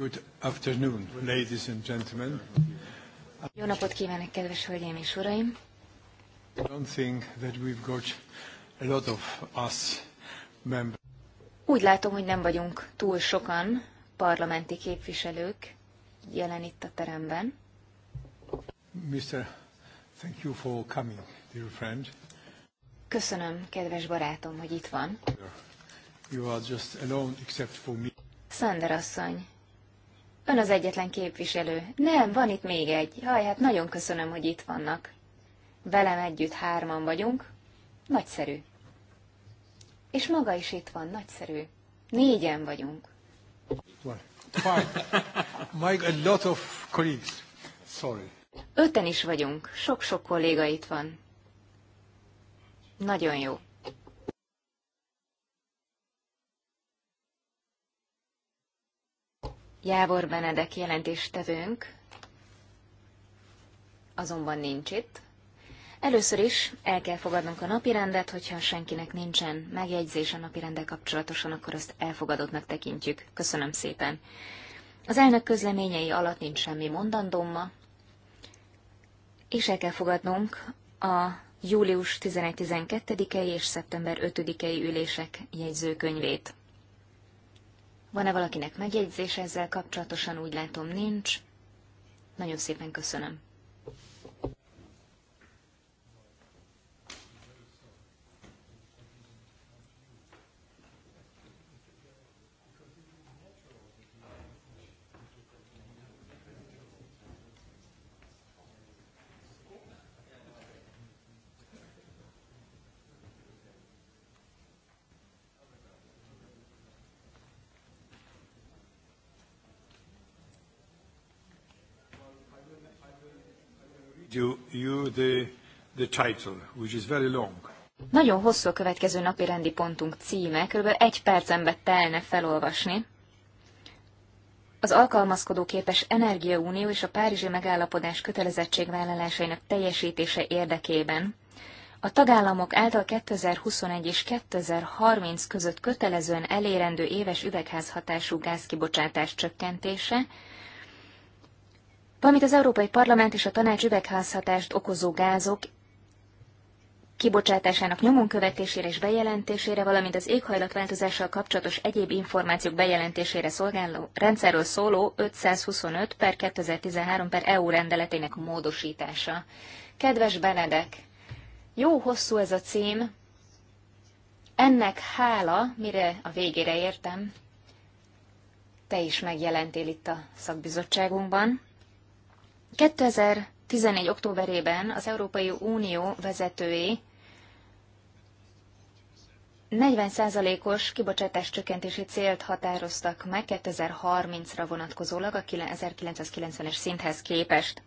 Good afternoon, ladies and gentlemen. Jó napot kívánok, kedves hölgyeim és uraim! I don't think that we've got a lot of us members. Úgy látom, hogy nem vagyunk túl sokan parlamenti képviselők jelen itt a teremben. Mr. Thank you for coming, dear friend. Köszönöm, kedves barátom, hogy itt van. You are just alone except for me. Sander asszony, Ön az egyetlen képviselő. Nem, van itt még egy. Jaj, hát nagyon köszönöm, hogy itt vannak. Velem együtt hárman vagyunk. Nagyszerű. És maga is itt van, nagyszerű. Négyen vagyunk. Mike, a lot of colleagues. Sorry. Öten is vagyunk. Sok-sok kolléga itt van. Nagyon jó. Jávor Benedek jelentéstevőnk azonban nincs itt. Először is el kell fogadnunk a napirendet, hogyha senkinek nincsen megjegyzés a napirendel kapcsolatosan, akkor azt elfogadottnak tekintjük. Köszönöm szépen. Az elnök közleményei alatt nincs semmi mondandóm ma, és el kell fogadnunk a július 11 12 i és szeptember 5 i ülések jegyzőkönyvét. Van-e valakinek megjegyzés ezzel kapcsolatosan? Úgy látom, nincs. Nagyon szépen köszönöm. Nagyon hosszú a következő napi rendi pontunk címe, kb. egy percen telne felolvasni. Az alkalmazkodó képes energiaunió és a Párizsi megállapodás kötelezettségvállalásainak teljesítése érdekében a tagállamok által 2021 és 2030 között kötelezően elérendő éves üvegházhatású gázkibocsátás csökkentése, valamint az Európai Parlament és a Tanács üvegházhatást okozó gázok kibocsátásának nyomon követésére és bejelentésére, valamint az éghajlatváltozással kapcsolatos egyéb információk bejelentésére szolgáló rendszerről szóló 525 per 2013 per EU rendeletének módosítása. Kedves Benedek, jó hosszú ez a cím, ennek hála, mire a végére értem, te is megjelentél itt a szakbizottságunkban. 2014. októberében az Európai Unió vezetői 40%-os kibocsátás csökkentési célt határoztak meg 2030-ra vonatkozólag a 1990-es szinthez képest.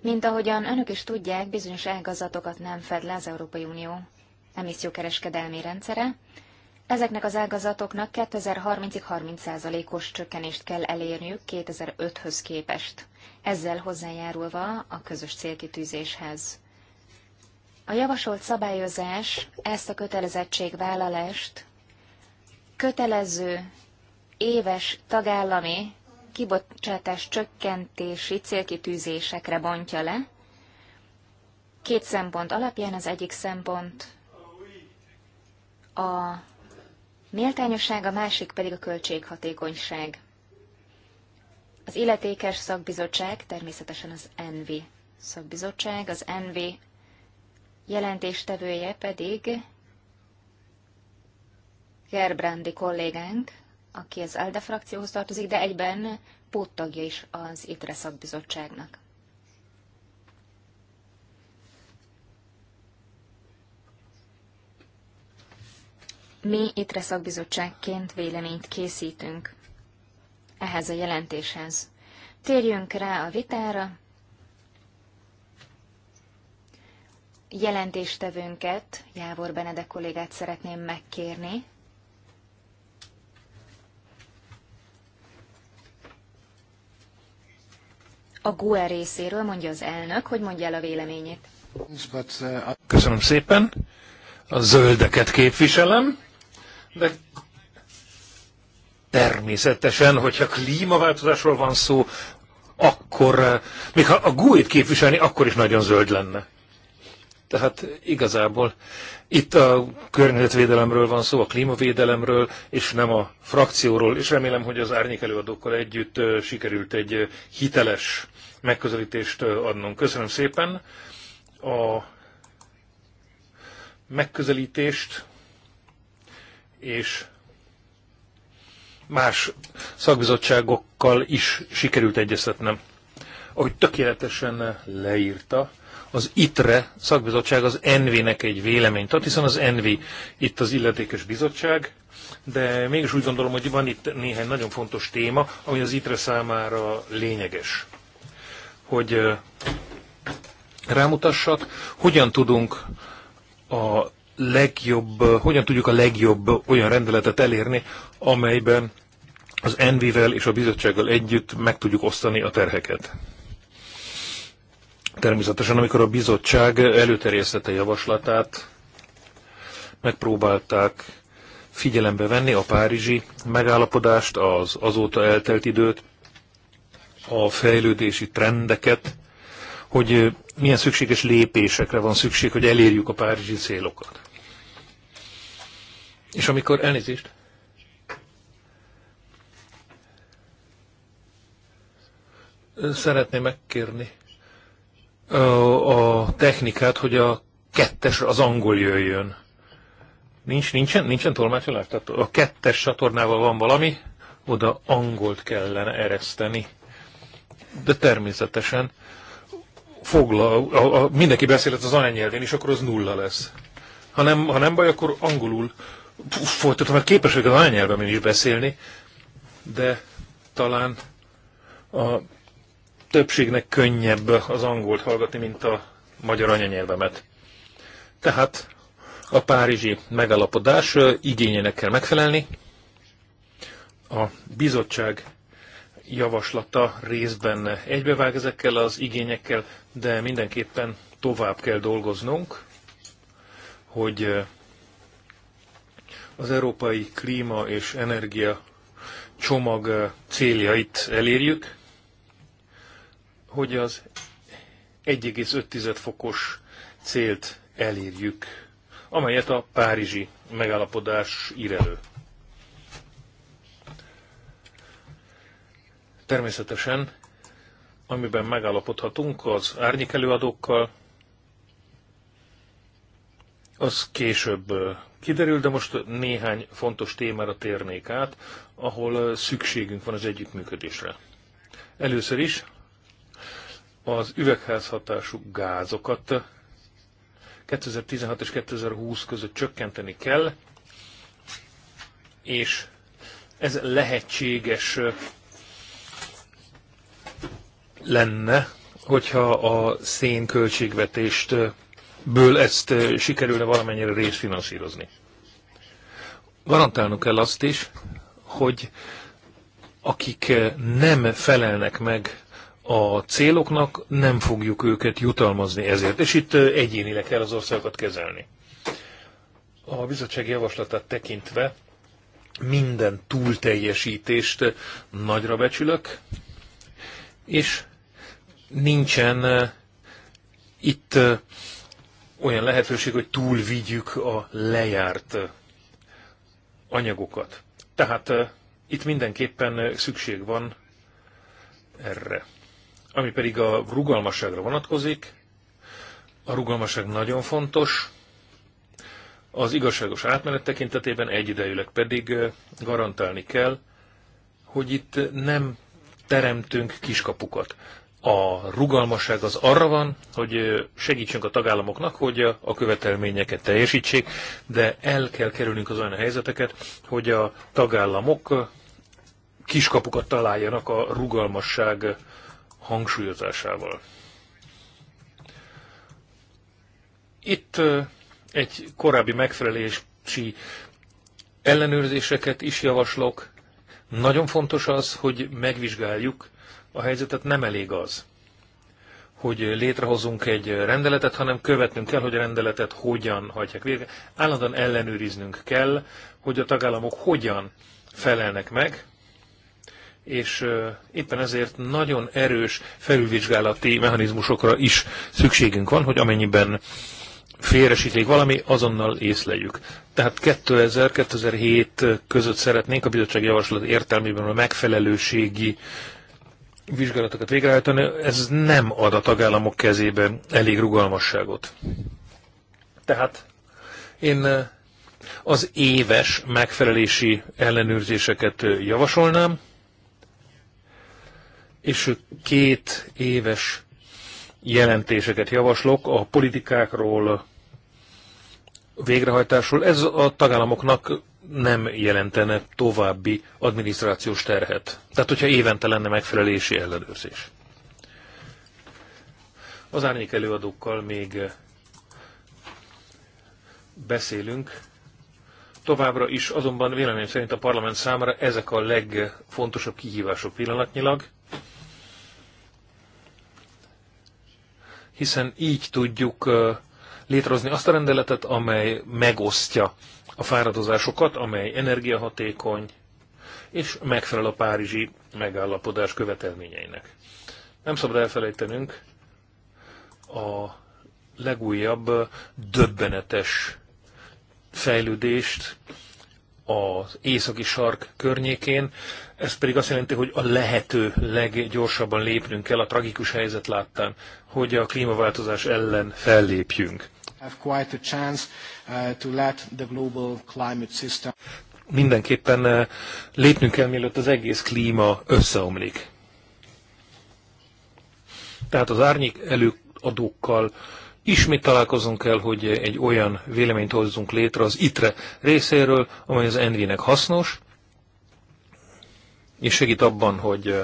Mint ahogyan önök is tudják, bizonyos ágazatokat nem fed le az Európai Unió emissziókereskedelmi rendszere. Ezeknek az ágazatoknak 2030-ig 30%-os csökkenést kell elérniük 2005-höz képest ezzel hozzájárulva a közös célkitűzéshez. A javasolt szabályozás ezt a kötelezettségvállalást kötelező éves tagállami kibocsátás csökkentési célkitűzésekre bontja le. Két szempont alapján az egyik szempont a méltányosság, a másik pedig a költséghatékonyság. Az illetékes szakbizottság természetesen az NV szakbizottság, az NV jelentéstevője pedig Gerbrandi kollégánk, aki az ALDE frakcióhoz tartozik, de egyben póttagja is az ITRE szakbizottságnak. Mi ITRE szakbizottságként véleményt készítünk ehhez a jelentéshez. Térjünk rá a vitára. Jelentéstevőnket, Jávor Benedek kollégát szeretném megkérni, a GUE részéről mondja az elnök, hogy mondja el a véleményét. Köszönöm szépen. A zöldeket képviselem, de Természetesen, hogyha klímaváltozásról van szó, akkor, eh, még ha a GUI-t képviselni, akkor is nagyon zöld lenne. Tehát igazából itt a környezetvédelemről van szó, a klímavédelemről, és nem a frakcióról, és remélem, hogy az árnyék előadókkal együtt eh, sikerült egy eh, hiteles megközelítést adnunk. Köszönöm szépen a megközelítést, és más szakbizottságokkal is sikerült egyeztetnem. Ahogy tökéletesen leírta, az ITRE szakbizottság az NV-nek egy véleményt ad, hiszen az NV itt az illetékes bizottság, de mégis úgy gondolom, hogy van itt néhány nagyon fontos téma, ami az ITRE számára lényeges. Hogy rámutassak, hogyan tudunk a legjobb, eh, hogyan tudjuk a legjobb olyan rendeletet elérni, amelyben az Envivel és a bizottsággal együtt meg tudjuk osztani a terheket. Természetesen, amikor a bizottság előterjesztette javaslatát, megpróbálták figyelembe venni a párizsi megállapodást, az azóta eltelt időt, a fejlődési trendeket, hogy milyen szükséges lépésekre van szükség, hogy elérjük a párizsi célokat. És amikor elnézést, szeretném megkérni a technikát, hogy a kettes az angol jöjjön. Nincs, nincsen, nincsen tolmácsolás? Tehát a kettes csatornával van valami, oda angolt kellene ereszteni. De természetesen foglal, a, a, mindenki beszélhet az anyanyelvén, és akkor az nulla lesz. Ha nem, ha nem baj, akkor angolul folytatom, mert képes vagyok az anyanyelvemen is beszélni, de talán a többségnek könnyebb az angolt hallgatni, mint a magyar anyanyelvemet. Tehát a párizsi megalapodás igényének kell megfelelni. A bizottság javaslata részben egybevág ezekkel az igényekkel, de mindenképpen tovább kell dolgoznunk, hogy eh, az európai klíma és energia csomag eh, céljait elérjük, hogy az 1,5 fokos célt elérjük, amelyet a párizsi megállapodás ír elő. Természetesen, amiben megállapodhatunk az árnyék előadókkal, az később kiderül, de most néhány fontos témára térnék át, ahol szükségünk van az együttműködésre. Először is az üvegházhatású gázokat 2016 és 2020 között csökkenteni kell, és ez lehetséges lenne, hogyha a szén költségvetést ből ezt sikerülne valamennyire részfinanszírozni. Garantálnunk kell azt is, hogy akik nem felelnek meg a céloknak, nem fogjuk őket jutalmazni ezért, és itt egyénileg kell az országokat kezelni. A bizottság javaslatát tekintve minden túlteljesítést nagyra becsülök, és nincsen itt olyan lehetőség, hogy túlvigyük a lejárt anyagokat. Tehát itt mindenképpen szükség van erre. Ami pedig a rugalmasságra vonatkozik, a rugalmasság nagyon fontos, az igazságos átmenet tekintetében egyidejűleg pedig garantálni kell, hogy itt nem teremtünk kiskapukat. A rugalmasság az arra van, hogy segítsünk a tagállamoknak, hogy a követelményeket teljesítsék, de el kell kerülnünk az olyan helyzeteket, hogy a tagállamok kiskapukat találjanak a rugalmasság hangsúlyozásával. Itt egy korábbi megfelelési ellenőrzéseket is javaslok, nagyon fontos az, hogy megvizsgáljuk a helyzetet, nem elég az, hogy létrehozunk egy rendeletet, hanem követnünk kell, hogy a rendeletet hogyan hagyják végre. Állandóan ellenőriznünk kell, hogy a tagállamok hogyan felelnek meg, és éppen ezért nagyon erős felülvizsgálati mechanizmusokra is szükségünk van, hogy amennyiben félresíték valami, azonnal észleljük. Tehát 2000-2007 között szeretnénk a bizottság javaslat értelmében a megfelelőségi vizsgálatokat végrehajtani, ez nem ad a tagállamok kezébe elég rugalmasságot. Tehát én eh, az éves megfelelési ellenőrzéseket eh, javasolnám, és két éves jelentéseket javaslok a politikákról, végrehajtásról. Ez a tagállamoknak nem jelentene további adminisztrációs terhet. Tehát, hogyha évente lenne megfelelési ellenőrzés. Az árnyék előadókkal még beszélünk. Továbbra is azonban véleményem szerint a parlament számára ezek a legfontosabb kihívások pillanatnyilag. hiszen így tudjuk létrehozni azt a rendeletet, amely megosztja a fáradozásokat, amely energiahatékony, és megfelel a párizsi megállapodás követelményeinek. Nem szabad elfelejtenünk a legújabb döbbenetes fejlődést az északi sark környékén. Ez pedig azt jelenti, hogy a lehető leggyorsabban lépnünk kell a tragikus helyzet láttán, hogy a klímaváltozás ellen fellépjünk. Uh, Mindenképpen uh, lépnünk kell, mielőtt az egész klíma összeomlik. Tehát az árnyék előadókkal ismét találkozunk kell, hogy egy olyan véleményt hozzunk létre az ITRE részéről, amely az ENVI-nek hasznos, és segít abban, hogy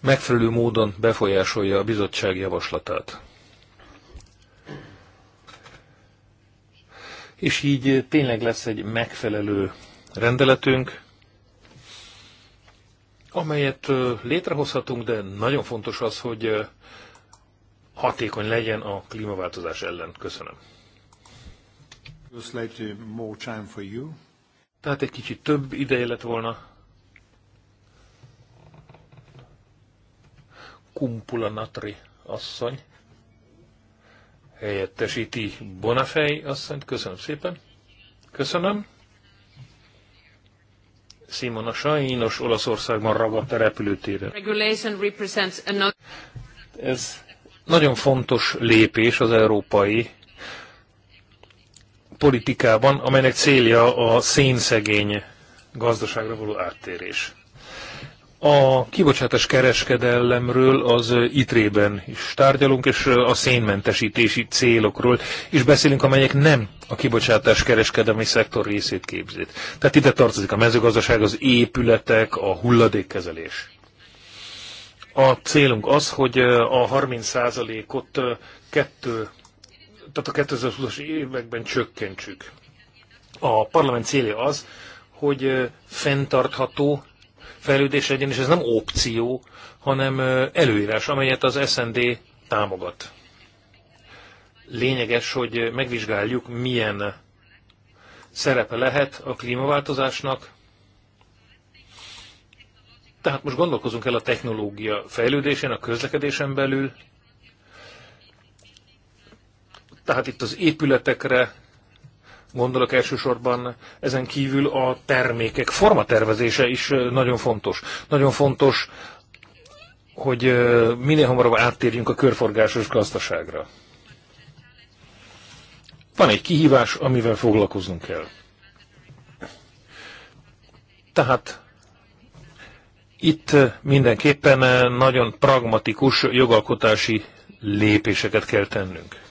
megfelelő módon befolyásolja a bizottság javaslatát. És így tényleg lesz egy megfelelő rendeletünk, amelyet létrehozhatunk, de nagyon fontos az, hogy hatékony legyen a klímaváltozás ellen. Köszönöm. Tehát egy kicsit több ideje lett volna Kumpula Natri asszony helyettesíti Bonafej asszonyt. Köszönöm szépen. Köszönöm. Simona sajnos Olaszországban ragadt a repülőtére. Ez nagyon fontos lépés az európai politikában, amelynek célja a szénszegény gazdaságra való áttérés. A kibocsátás kereskedelemről az ITRE-ben is tárgyalunk, és a szénmentesítési célokról is beszélünk, amelyek nem a kibocsátás kereskedelmi szektor részét képzik. Tehát ide tartozik a mezőgazdaság, az épületek, a hulladékkezelés. A célunk az, hogy a 30%-ot kettő, tehát a 2020-as években csökkentsük. A parlament célja az, hogy fenntartható fejlődés legyen, és ez nem opció, hanem előírás, amelyet az SND támogat. Lényeges, hogy megvizsgáljuk, milyen szerepe lehet a klímaváltozásnak. Tehát most gondolkozunk el a technológia fejlődésén, a közlekedésen belül. Tehát itt az épületekre Gondolok elsősorban ezen kívül a termékek formatervezése is nagyon fontos. Nagyon fontos, hogy minél hamarabb áttérjünk a körforgásos gazdaságra. Van egy kihívás, amivel foglalkoznunk kell. Tehát itt mindenképpen nagyon pragmatikus jogalkotási lépéseket kell tennünk.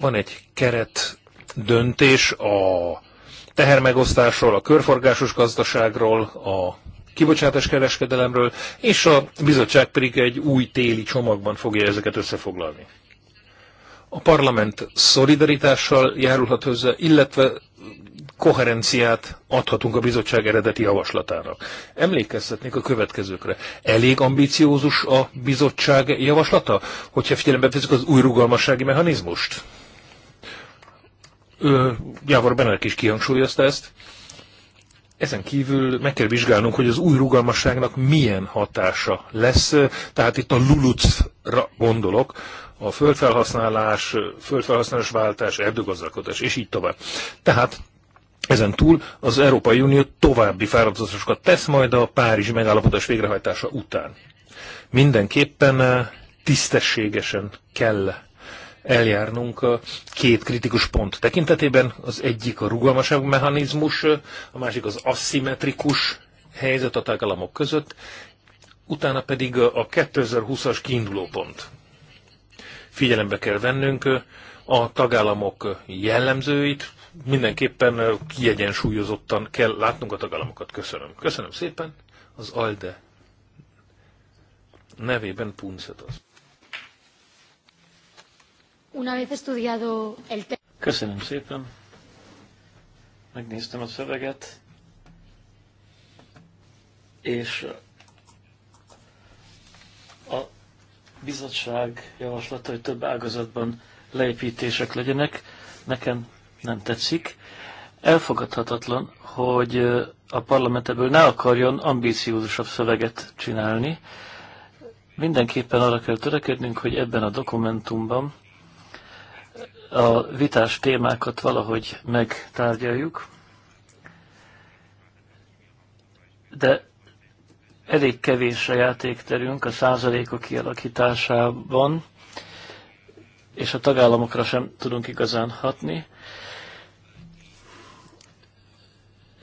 Van egy keret döntés a tehermegosztásról, a körforgásos gazdaságról, a kibocsátás kereskedelemről, és a bizottság pedig egy új téli csomagban fogja ezeket összefoglalni. A parlament szolidaritással járulhat hozzá, illetve koherenciát adhatunk a bizottság eredeti javaslatának. Emlékeztetnék a következőkre. Elég ambiciózus a bizottság javaslata, hogyha figyelembe veszük az új rugalmassági mechanizmust? Ö, Jávor Benelek is kihangsúlyozta ezt. Ezen kívül meg kell vizsgálnunk, hogy az új rugalmasságnak milyen hatása lesz. Tehát itt a lulucra gondolok, a földfelhasználás, földfelhasználás váltás, erdőgazdálkodás, és így tovább. Tehát ezen túl az Európai Unió további fáradozásokat tesz majd a Párizsi megállapodás végrehajtása után. Mindenképpen eh, tisztességesen kell eljárnunk a két kritikus pont tekintetében. Az egyik a rugalmasabb mechanizmus, a másik az aszimmetrikus helyzet a tagállamok között, utána pedig a 2020-as kiinduló pont. Figyelembe kell vennünk a tagállamok jellemzőit, mindenképpen kiegyensúlyozottan kell látnunk a tagállamokat. Köszönöm. Köszönöm szépen. Az ALDE nevében az. Una vez estudiado el tema. Köszönöm szépen. Megnéztem a szöveget. És a bizottság javaslata, hogy több ágazatban leépítések legyenek, nekem nem tetszik. Elfogadhatatlan, hogy a parlament ebből ne akarjon ambíciózusabb szöveget csinálni. Mindenképpen arra kell törekednünk, hogy ebben a dokumentumban a vitás témákat valahogy megtárgyaljuk, de elég kevés a játékterünk a százalékok kialakításában, és a tagállamokra sem tudunk igazán hatni.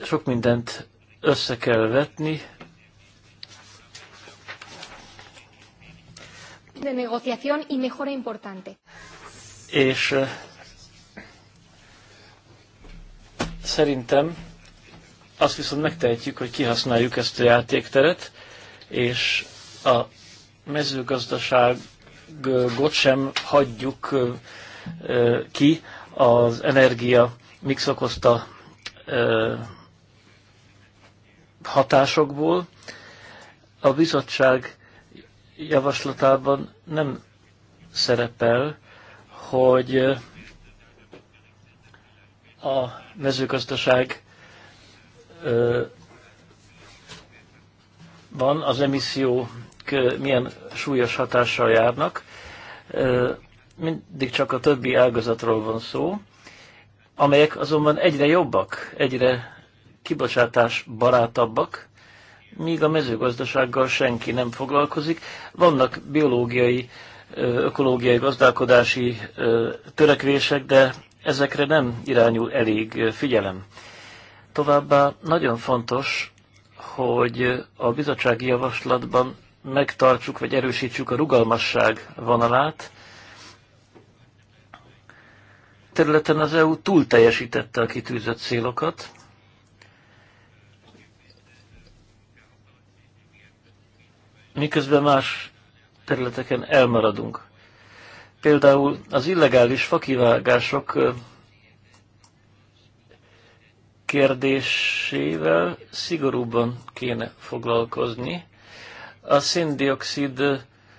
Sok mindent össze kell vetni. De negociación y mejora importante. És szerintem azt viszont megtehetjük, hogy kihasználjuk ezt a játékteret, és a mezőgazdaságot sem hagyjuk ki az energia mix okozta hatásokból. A bizottság javaslatában nem szerepel, hogy a mezőgazdaság van, az emissziók milyen súlyos hatással járnak. Mindig csak a többi ágazatról van szó, amelyek azonban egyre jobbak, egyre kibocsátás barátabbak, míg a mezőgazdasággal senki nem foglalkozik. Vannak biológiai ökológiai gazdálkodási törekvések, de ezekre nem irányul elég figyelem. Továbbá nagyon fontos, hogy a bizottsági javaslatban megtartsuk vagy erősítsük a rugalmasság vonalát. Területen az EU túl teljesítette a kitűzött célokat. Miközben más területeken elmaradunk. Például az illegális fakivágások kérdésével szigorúban kéne foglalkozni. A széndiokszid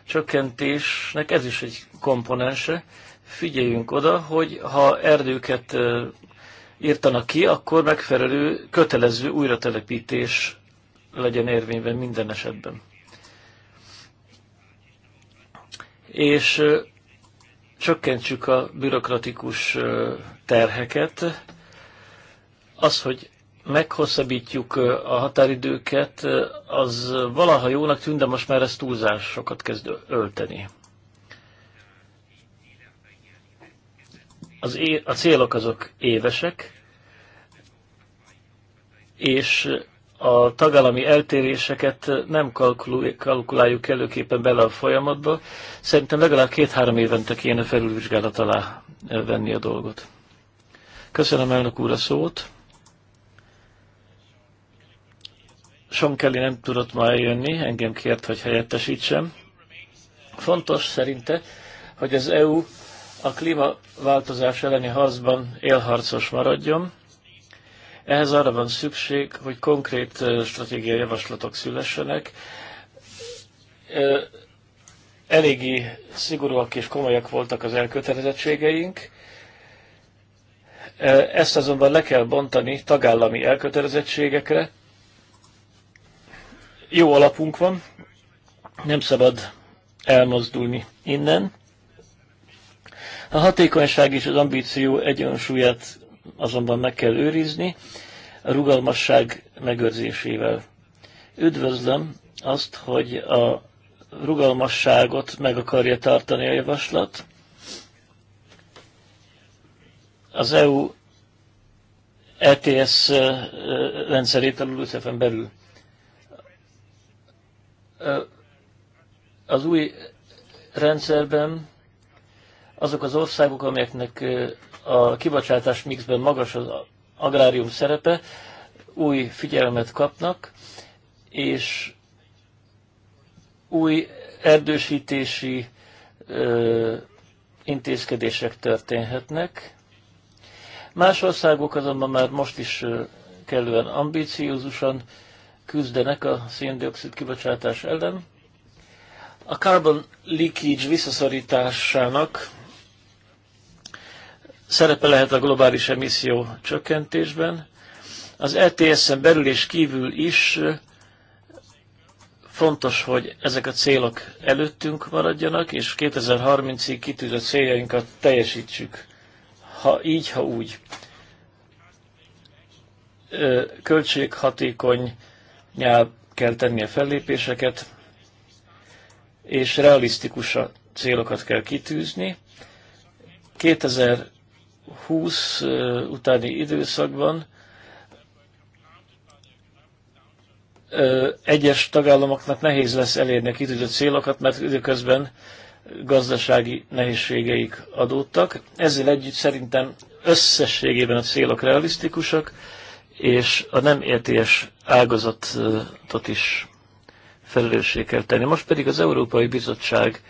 csökkentésnek ez is egy komponense. Figyeljünk oda, hogy ha erdőket írtanak ki, akkor megfelelő kötelező újratelepítés legyen érvényben minden esetben. és csökkentsük a bürokratikus terheket. Az, hogy meghosszabbítjuk a határidőket, az valaha jónak tűnt, de most már ez túlzásokat kezd ölteni. Az é- a célok azok évesek, és a tagállami eltéréseket nem kalkuláljuk előképpen bele a folyamatba. Szerintem legalább két-három évente kéne felülvizsgálat alá e, venni a dolgot. Köszönöm elnök úr a szót. Sean Kelly nem tudott ma eljönni, engem kért, hogy helyettesítsem. Fontos szerinte, hogy az EU a klímaváltozás elleni harcban élharcos maradjon, ehhez arra van szükség, hogy konkrét stratégiai javaslatok szülessenek. Eléggé szigorúak és komolyak voltak az elkötelezettségeink. Ezt azonban le kell bontani tagállami elkötelezettségekre. Jó alapunk van, nem szabad elmozdulni innen. A hatékonyság és az ambíció egyensúlyát azonban meg kell őrizni a rugalmasság megőrzésével. Üdvözlöm azt, hogy a rugalmasságot meg akarja tartani a javaslat. Az EU ETS rendszerét a LULUCF-en belül. Az új rendszerben azok az országok, amelyeknek a kibocsátás mixben magas az agrárium szerepe, új figyelmet kapnak, és új erdősítési ö, intézkedések történhetnek. Más országok azonban már most is kellően ambíciózusan küzdenek a széndiokszid kibocsátás ellen. A carbon leakage visszaszorításának szerepe lehet a globális emisszió csökkentésben. Az ETS-en belül és kívül is fontos, hogy ezek a célok előttünk maradjanak, és 2030-ig kitűzött céljainkat teljesítsük. Ha így, ha úgy. Költséghatékony nyelv kell tenni a fellépéseket, és realisztikus célokat kell kitűzni. 20 utáni időszakban egyes tagállamoknak nehéz lesz elérni a kitűzött célokat, mert időközben gazdasági nehézségeik adódtak. Ezzel együtt szerintem összességében a célok realisztikusak, és a nem értélyes ágazatot is felelősség kell tenni. Most pedig az Európai Bizottság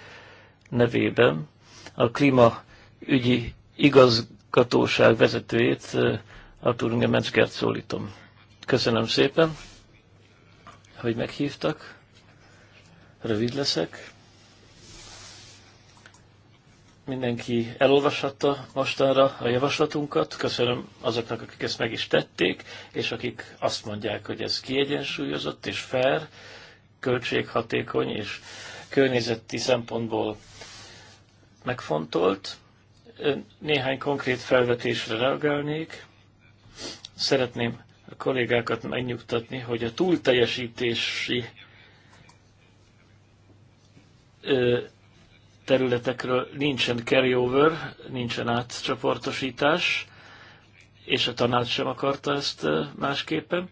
nevében a klímaügyi igaz katóság vezetőjét, Artur Inge Metzgert szólítom. Köszönöm szépen, hogy meghívtak. Rövid leszek. Mindenki elolvashatta mostanra a javaslatunkat. Köszönöm azoknak, akik ezt meg is tették, és akik azt mondják, hogy ez kiegyensúlyozott és fair, költséghatékony és környezeti szempontból megfontolt néhány konkrét felvetésre reagálnék. Szeretném a kollégákat megnyugtatni, hogy a túlteljesítési területekről nincsen carryover, nincsen átcsoportosítás, és a tanács sem akarta ezt másképpen.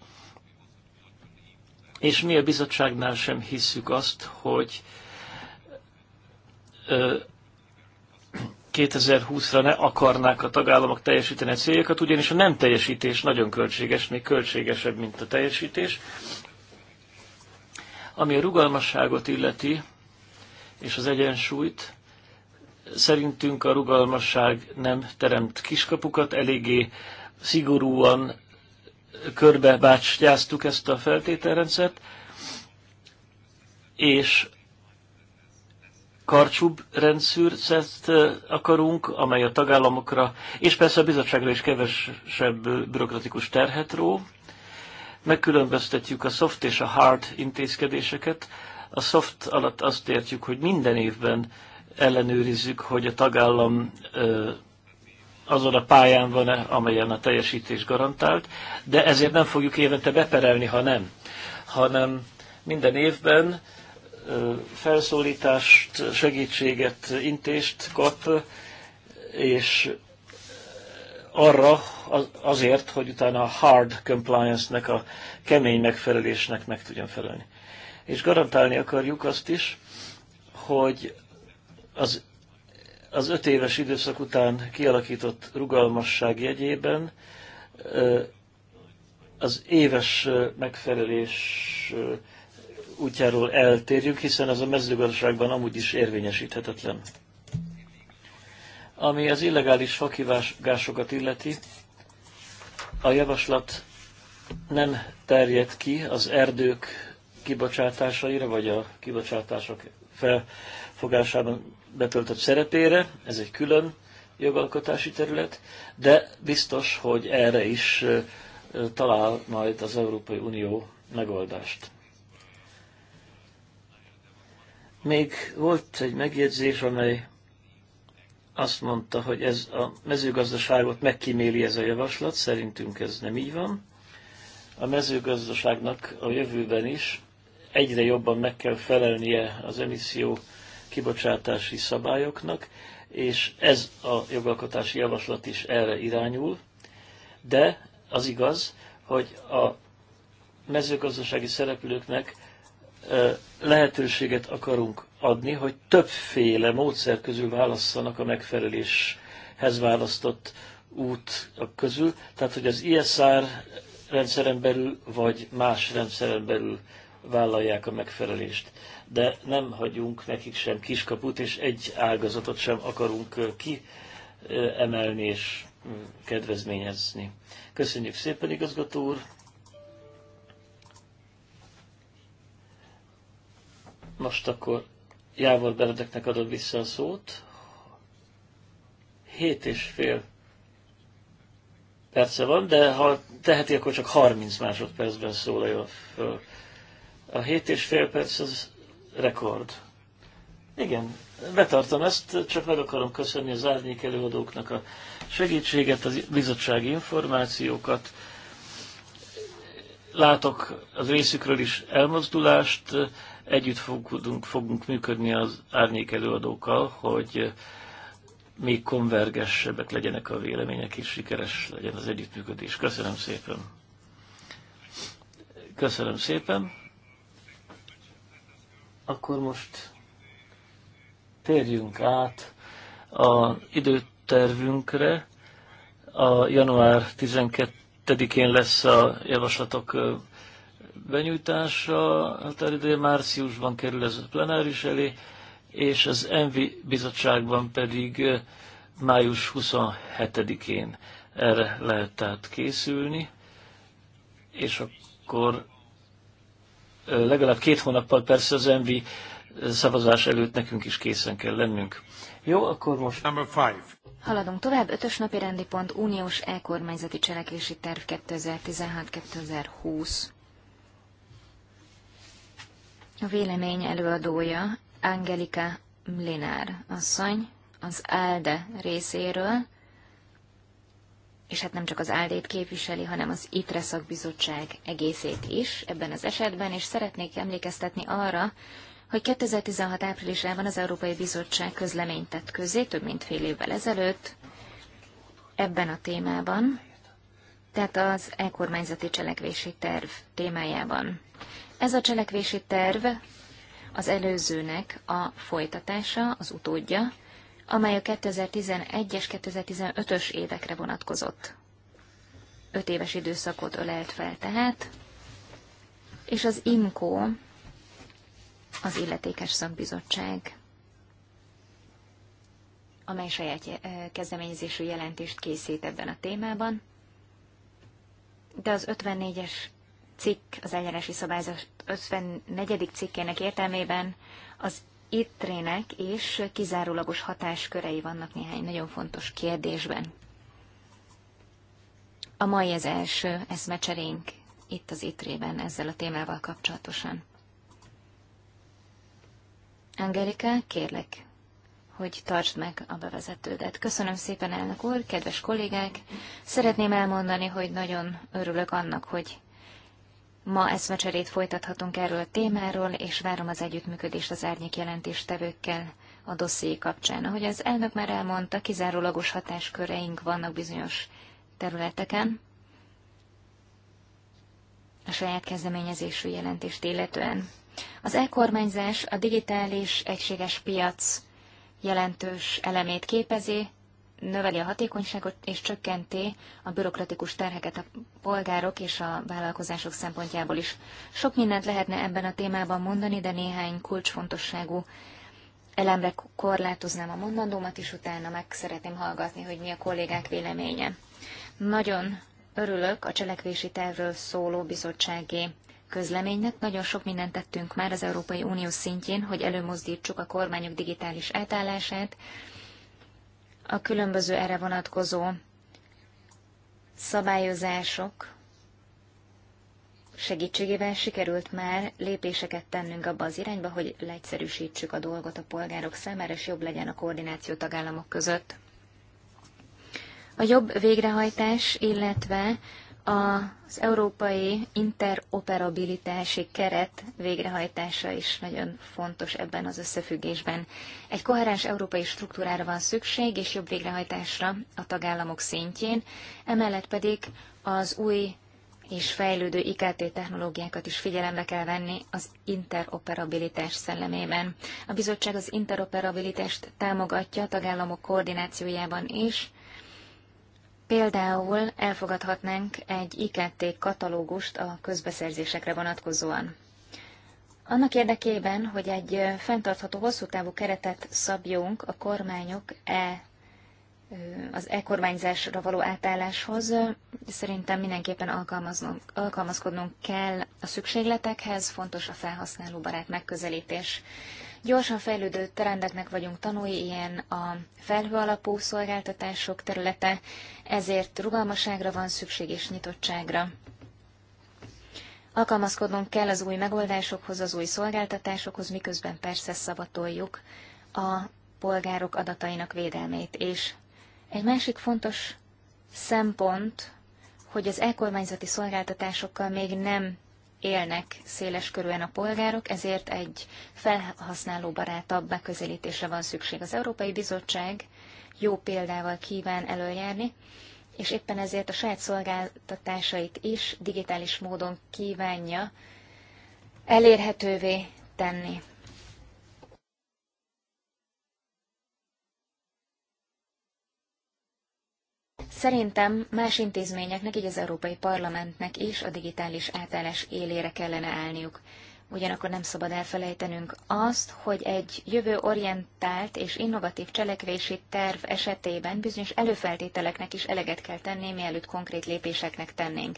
És mi a bizottságnál sem hisszük azt, hogy 2020-ra ne akarnák a tagállamok teljesíteni a céljakat, ugyanis a nem teljesítés nagyon költséges, még költségesebb, mint a teljesítés. Ami a rugalmasságot illeti, és az egyensúlyt, szerintünk a rugalmasság nem teremt kiskapukat, eléggé szigorúan körbebácsgyáztuk ezt a feltételrendszert, és karcsúbb rendszert akarunk, amely a tagállamokra, és persze a bizottságra is kevesebb bürokratikus terhet ró. Megkülönböztetjük a soft és a hard intézkedéseket. A soft alatt azt értjük, hogy minden évben ellenőrizzük, hogy a tagállam azon a pályán van-e, amelyen a teljesítés garantált, de ezért nem fogjuk évente beperelni, ha nem, hanem minden évben felszólítást, segítséget, intést kap, és arra azért, hogy utána a hard compliance-nek, a kemény megfelelésnek meg tudjon felelni. És garantálni akarjuk azt is, hogy az, az öt éves időszak után kialakított rugalmasság jegyében az éves megfelelés útjáról eltérjünk, hiszen az a mezőgazdaságban amúgy is érvényesíthetetlen. Ami az illegális fakivágásokat illeti, a javaslat nem terjed ki az erdők kibocsátásaira, vagy a kibocsátások felfogásában betöltött szerepére, ez egy külön jogalkotási terület, de biztos, hogy erre is talál majd az Európai Unió megoldást. Még volt egy megjegyzés, amely azt mondta, hogy ez a mezőgazdaságot megkíméli ez a javaslat, szerintünk ez nem így van. A mezőgazdaságnak a jövőben is egyre jobban meg kell felelnie az emisszió kibocsátási szabályoknak, és ez a jogalkotási javaslat is erre irányul, de az igaz, hogy a mezőgazdasági szereplőknek lehetőséget akarunk adni, hogy többféle módszer közül válasszanak a megfeleléshez választott út közül, tehát hogy az ISR rendszeren belül, vagy más rendszeren belül vállalják a megfelelést. De nem hagyunk nekik sem kiskaput, és egy ágazatot sem akarunk kiemelni és mm, kedvezményezni. Köszönjük szépen, igazgató úr! Most akkor Jávor Beredeknek adod vissza a szót. Hét és fél perce van, de ha teheti, akkor csak 30 másodpercben szólaljon föl. A hét és fél perc az rekord. Igen, betartom ezt, csak meg akarom köszönni az árnyék előadóknak a segítséget, a bizottsági információkat. Látok az részükről is elmozdulást, Együtt fogunk, fogunk működni az árnyék előadókkal, hogy még konvergensebbek legyenek a vélemények, és sikeres legyen az együttműködés. Köszönöm szépen! Köszönöm szépen! Akkor most térjünk át az időtervünkre. A január 12-én lesz a javaslatok benyújtása határideje márciusban kerül ez a plenáris elé, és az ENVI bizottságban pedig május 27-én erre lehet tehát készülni, és akkor legalább két hónappal persze az ENVI szavazás előtt nekünk is készen kell lennünk. Jó, akkor most... Number five. Haladunk tovább, ötös napi rendi pont, uniós e-kormányzati cselekvési terv 2016-2020. A vélemény előadója Angelika Mlinár asszony az ALDE részéről, és hát nem csak az áldét képviseli, hanem az ITRE szakbizottság egészét is ebben az esetben, és szeretnék emlékeztetni arra, hogy 2016 áprilisában az Európai Bizottság közleményt tett közé, több mint fél évvel ezelőtt, ebben a témában, tehát az e-kormányzati cselekvési terv témájában. Ez a cselekvési terv az előzőnek a folytatása, az utódja, amely a 2011-es, 2015-ös évekre vonatkozott. Öt éves időszakot ölelt fel tehát, és az IMCO az illetékes szakbizottság, amely saját eh, kezdeményezésű jelentést készít ebben a témában, de az 54-es cikk, az eljárási szabályzat 54. cikkének értelmében az ittrének és kizárólagos hatáskörei vannak néhány nagyon fontos kérdésben. A mai az első eszmecserénk itt az ittrében ezzel a témával kapcsolatosan. Angelika, kérlek, hogy tartsd meg a bevezetődet. Köszönöm szépen, elnök úr, kedves kollégák! Szeretném elmondani, hogy nagyon örülök annak, hogy Ma eszmecserét folytathatunk erről a témáról, és várom az együttműködést az árnyék jelentéstevőkkel a dosszié kapcsán. Ahogy az elnök már elmondta, kizárólagos hatásköreink vannak bizonyos területeken, a saját kezdeményezésű jelentést illetően. Az e-kormányzás a digitális egységes piac jelentős elemét képezi, növeli a hatékonyságot és csökkenti a bürokratikus terheket a polgárok és a vállalkozások szempontjából is. Sok mindent lehetne ebben a témában mondani, de néhány kulcsfontosságú elemre korlátoznám a mondandómat, és utána meg szeretném hallgatni, hogy mi a kollégák véleménye. Nagyon örülök a cselekvési tervről szóló bizottsági közleménynek. Nagyon sok mindent tettünk már az Európai Unió szintjén, hogy előmozdítsuk a kormányok digitális átállását, a különböző erre vonatkozó szabályozások segítségével sikerült már lépéseket tennünk abba az irányba, hogy leegyszerűsítsük a dolgot a polgárok számára, és jobb legyen a koordináció tagállamok között. A jobb végrehajtás, illetve az európai interoperabilitási keret végrehajtása is nagyon fontos ebben az összefüggésben. Egy koherens európai struktúrára van szükség, és jobb végrehajtásra a tagállamok szintjén, emellett pedig az új és fejlődő IKT technológiákat is figyelembe kell venni az interoperabilitás szellemében. A bizottság az interoperabilitást támogatja a tagállamok koordinációjában is, Például elfogadhatnánk egy IKT katalógust a közbeszerzésekre vonatkozóan. Annak érdekében, hogy egy fenntartható hosszú távú keretet szabjunk a kormányok e, az e-kormányzásra való átálláshoz, szerintem mindenképpen alkalmazkodnunk kell a szükségletekhez, fontos a felhasználóbarát megközelítés. Gyorsan fejlődő trendeknek vagyunk tanúi, ilyen a felhő alapú szolgáltatások területe, ezért rugalmaságra van szükség és nyitottságra. Alkalmazkodnunk kell az új megoldásokhoz, az új szolgáltatásokhoz, miközben persze szabatoljuk a polgárok adatainak védelmét. És egy másik fontos szempont, hogy az elkormányzati szolgáltatásokkal még nem élnek széles körűen a polgárok, ezért egy felhasználóbarátabb megközelítésre van szükség. Az Európai Bizottság jó példával kíván előjárni, és éppen ezért a saját szolgáltatásait is digitális módon kívánja elérhetővé tenni. Szerintem más intézményeknek, így az Európai Parlamentnek is a digitális átállás élére kellene állniuk. Ugyanakkor nem szabad elfelejtenünk azt, hogy egy jövőorientált és innovatív cselekvési terv esetében bizonyos előfeltételeknek is eleget kell tenni, mielőtt konkrét lépéseknek tennénk.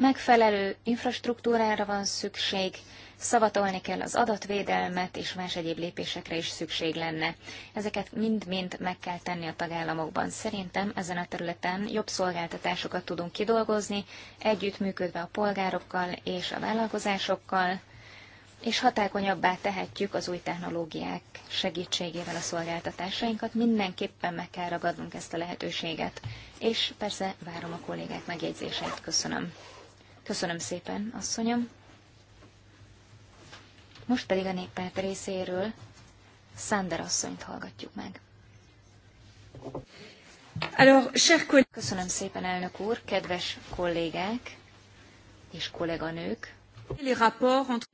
Megfelelő infrastruktúrára van szükség, szavatolni kell az adatvédelmet, és más egyéb lépésekre is szükség lenne. Ezeket mind-mind meg kell tenni a tagállamokban. Szerintem ezen a területen jobb szolgáltatásokat tudunk kidolgozni, együttműködve a polgárokkal és a vállalkozásokkal, és hatákonyabbá tehetjük az új technológiák segítségével a szolgáltatásainkat. Mindenképpen meg kell ragadnunk ezt a lehetőséget. És persze várom a kollégák megjegyzését. Köszönöm. Köszönöm szépen, asszonyom. Most pedig a néppárt részéről Szánder asszonyt hallgatjuk meg. Köszönöm szépen, elnök úr, kedves kollégák és kolléganők.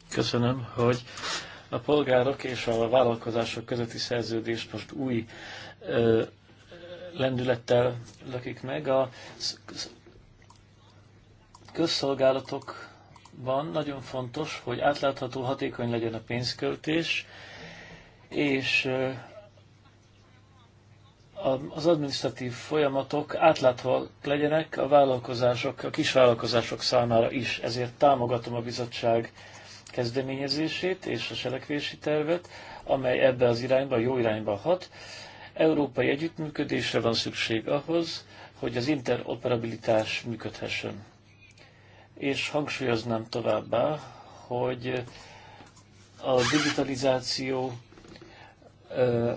Köszönöm, hogy a polgárok és a vállalkozások közötti szerződés most új ö, lendülettel lökik meg. A közszolgálatokban nagyon fontos, hogy átlátható, hatékony legyen a pénzköltés, és az administratív folyamatok átláthatóak legyenek a vállalkozások, a kisvállalkozások számára is. Ezért támogatom a bizottság kezdeményezését és a selekvési tervet, amely ebbe az irányba, jó irányba hat. Európai együttműködésre van szükség ahhoz, hogy az interoperabilitás működhessen és hangsúlyoznám továbbá, hogy a digitalizáció,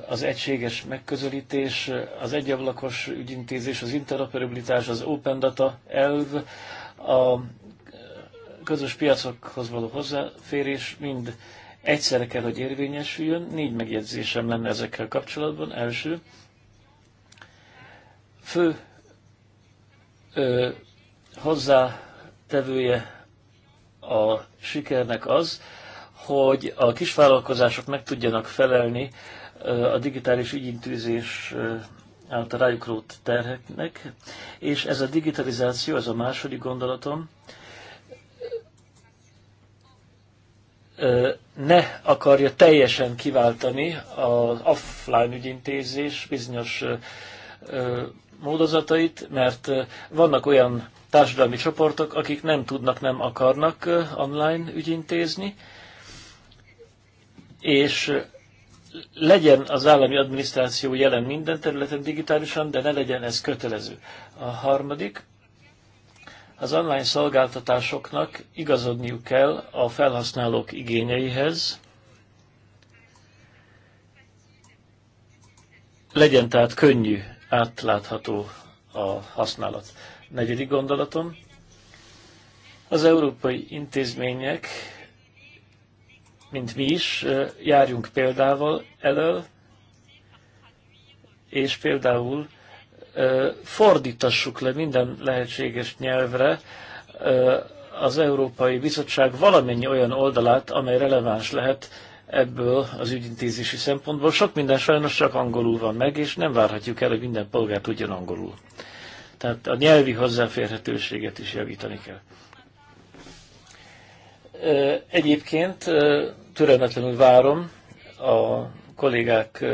az egységes megközelítés, az egyablakos ügyintézés, az interoperabilitás, az open data elv, a közös piacokhoz való hozzáférés mind egyszerre kell, hogy érvényesüljön. Négy megjegyzésem lenne ezekkel kapcsolatban. Első, fő ö, hozzá tevője a sikernek az, hogy a kisvállalkozások meg tudjanak felelni a digitális ügyintűzés által rájuk rót terheknek, és ez a digitalizáció, ez a második gondolatom, ne akarja teljesen kiváltani az offline ügyintézés bizonyos módozatait, mert vannak olyan társadalmi csoportok, akik nem tudnak, nem akarnak online ügyintézni, és legyen az állami adminisztráció jelen minden területen digitálisan, de ne legyen ez kötelező. A harmadik, az online szolgáltatásoknak igazodniuk kell a felhasználók igényeihez, legyen tehát könnyű, átlátható a használat negyedik gondolatom. Az európai intézmények, mint mi is, járjunk példával elől, és például fordítassuk le minden lehetséges nyelvre az Európai Bizottság valamennyi olyan oldalát, amely releváns lehet ebből az ügyintézési szempontból. Sok minden sajnos csak angolul van meg, és nem várhatjuk el, hogy minden polgár tudjon angolul. Tehát a nyelvi hozzáférhetőséget is javítani kell. Egyébként türelmetlenül várom a kollégák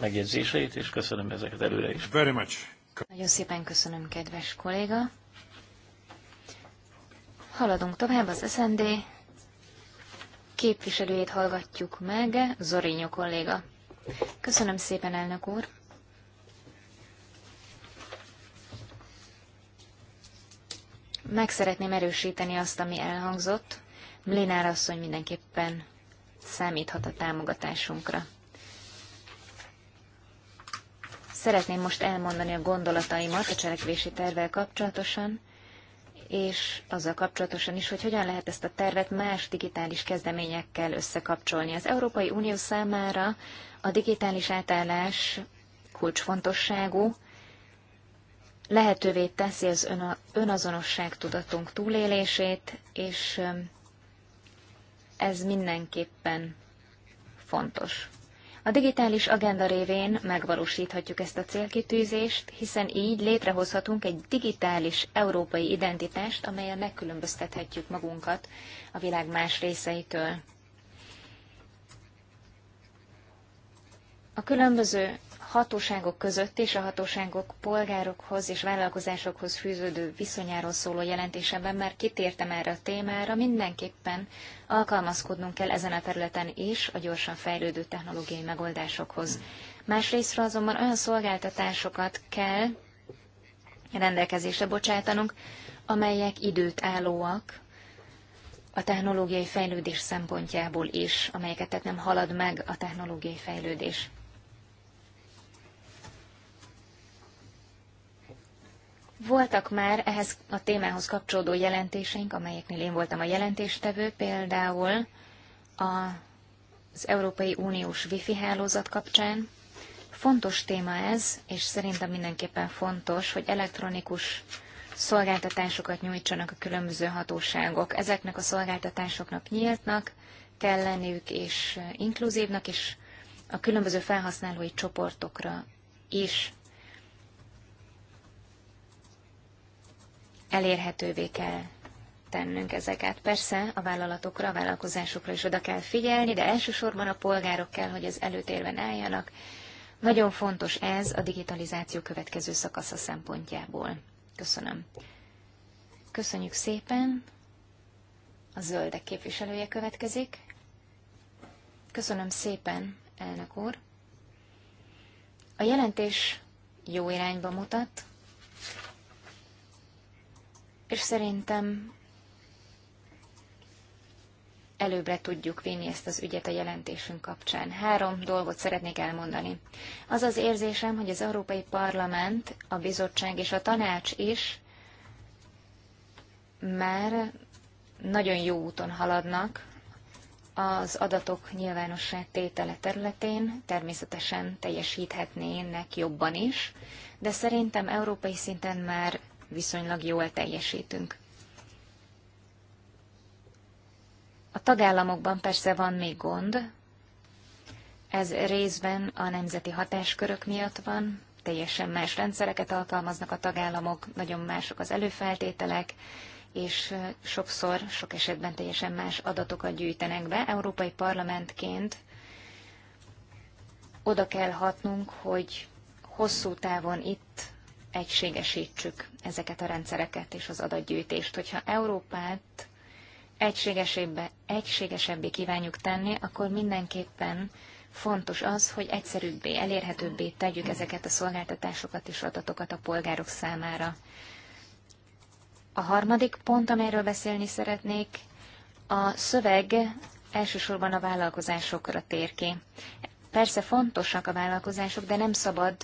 megjegyzéseit, és köszönöm ezeket előre is. Very much. Nagyon szépen köszönöm, kedves kolléga. Haladunk tovább az SND képviselőjét hallgatjuk meg, Zorinyó kolléga. Köszönöm szépen, elnök úr. Meg szeretném erősíteni azt, ami elhangzott. Mlinár asszony mindenképpen számíthat a támogatásunkra. Szeretném most elmondani a gondolataimat a cselekvési tervvel kapcsolatosan, és azzal kapcsolatosan is, hogy hogyan lehet ezt a tervet más digitális kezdeményekkel összekapcsolni. Az Európai Unió számára a digitális átállás kulcsfontosságú, lehetővé teszi az ön, önazonosság tudatunk túlélését, és ez mindenképpen fontos. A digitális agenda révén megvalósíthatjuk ezt a célkitűzést, hiszen így létrehozhatunk egy digitális európai identitást, amelyen megkülönböztethetjük magunkat a világ más részeitől. A különböző hatóságok között és a hatóságok polgárokhoz és vállalkozásokhoz fűződő viszonyáról szóló jelentésemben már kitértem erre a témára, mindenképpen alkalmazkodnunk kell ezen a területen is a gyorsan fejlődő technológiai megoldásokhoz. Másrésztről azonban olyan szolgáltatásokat kell rendelkezésre bocsátanunk, amelyek időt állóak, a technológiai fejlődés szempontjából is, amelyeket tehát nem halad meg a technológiai fejlődés. Voltak már ehhez a témához kapcsolódó jelentéseink, amelyeknél én voltam a jelentéstevő, például az Európai Uniós wifi hálózat kapcsán. Fontos téma ez, és szerintem mindenképpen fontos, hogy elektronikus szolgáltatásokat nyújtsanak a különböző hatóságok. Ezeknek a szolgáltatásoknak nyíltnak kell lenniük, és inkluzívnak, és a különböző felhasználói csoportokra is elérhetővé kell tennünk ezeket. Persze a vállalatokra, a vállalkozásokra is oda kell figyelni, de elsősorban a polgárok kell, hogy az előtérben álljanak. Nagyon fontos ez a digitalizáció következő szakasza szempontjából. Köszönöm. Köszönjük szépen. A zöldek képviselője következik. Köszönöm szépen, elnök úr. A jelentés jó irányba mutat, és szerintem előbbre tudjuk vinni ezt az ügyet a jelentésünk kapcsán. Három dolgot szeretnék elmondani. Az az érzésem, hogy az Európai Parlament, a bizottság és a tanács is már nagyon jó úton haladnak az adatok nyilvánossá tétele területén, természetesen teljesíthetnének jobban is, de szerintem európai szinten már viszonylag jól teljesítünk. A tagállamokban persze van még gond, ez részben a nemzeti hatáskörök miatt van, teljesen más rendszereket alkalmaznak a tagállamok, nagyon mások az előfeltételek, és sokszor, sok esetben teljesen más adatokat gyűjtenek be. Európai Parlamentként oda kell hatnunk, hogy hosszú távon itt egységesítsük ezeket a rendszereket és az adatgyűjtést. Hogyha Európát egységesebbé, egységesebbé kívánjuk tenni, akkor mindenképpen fontos az, hogy egyszerűbbé, elérhetőbbé tegyük ezeket a szolgáltatásokat és adatokat a polgárok számára. A harmadik pont, amelyről beszélni szeretnék, a szöveg elsősorban a vállalkozásokra tér ki. Persze fontosak a vállalkozások, de nem szabad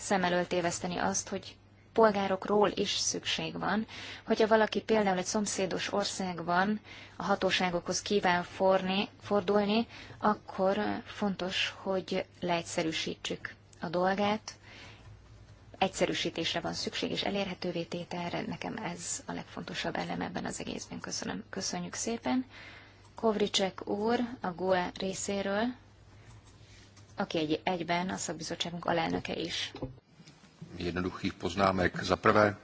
szem elől téveszteni azt, hogy polgárokról is szükség van. Hogyha valaki például egy szomszédos országban a hatóságokhoz kíván forni, fordulni, akkor fontos, hogy leegyszerűsítsük a dolgát. Egyszerűsítésre van szükség, és elérhetővé tételre. Nekem ez a legfontosabb elem ebben az egészben. Köszönöm. Köszönjük szépen. Kovricsek úr a GUE részéről aki egy, egyben a szakbizottságunk alelnöke is. Jednoduchých poznámek. Za prvé.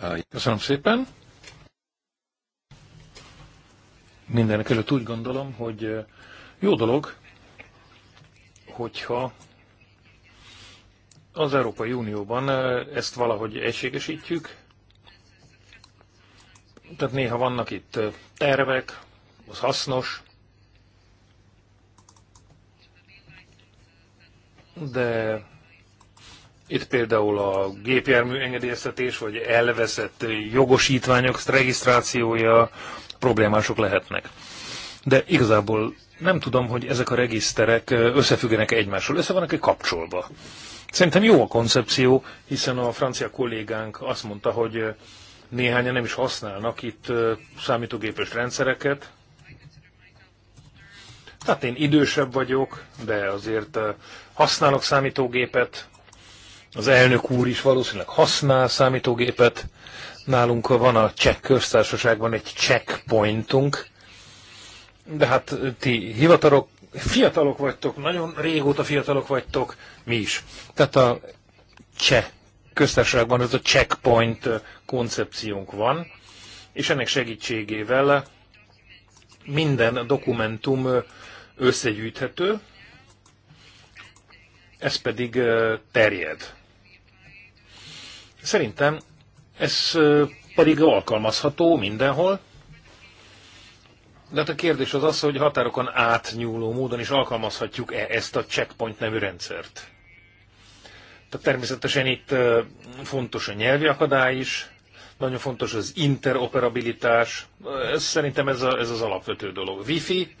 Eh, Köszönöm szépen. Mindenek előtt úgy gondolom, hogy eh, jó dolog, hogyha az Európai Unióban eh, ezt valahogy egységesítjük. Tehát néha vannak itt tervek, az hasznos, de itt például a gépjármű engedélyeztetés, vagy elveszett jogosítványok regisztrációja problémások lehetnek. De igazából nem tudom, hogy ezek a regiszterek összefüggenek egymással, össze vannak-e kapcsolva. Szerintem jó a koncepció, hiszen a francia kollégánk azt mondta, hogy néhányan nem is használnak itt számítógépes rendszereket. Tehát én idősebb vagyok, de azért használok számítógépet, az elnök úr is valószínűleg használ számítógépet. Nálunk van a cseh köztársaságban egy checkpointunk, de hát ti hivatalok, fiatalok vagytok, nagyon régóta fiatalok vagytok, mi is. Tehát a cseh köztársaságban ez a checkpoint koncepciónk van, és ennek segítségével minden dokumentum összegyűjthető, ez pedig terjed. Szerintem ez pedig alkalmazható mindenhol, de hát a kérdés az az, hogy határokon átnyúló módon is alkalmazhatjuk-e ezt a checkpoint nevű rendszert. Tehát természetesen itt fontos a nyelvi akadály is, nagyon fontos az interoperabilitás, ez, szerintem ez, a, ez az alapvető dolog. Wi-Fi,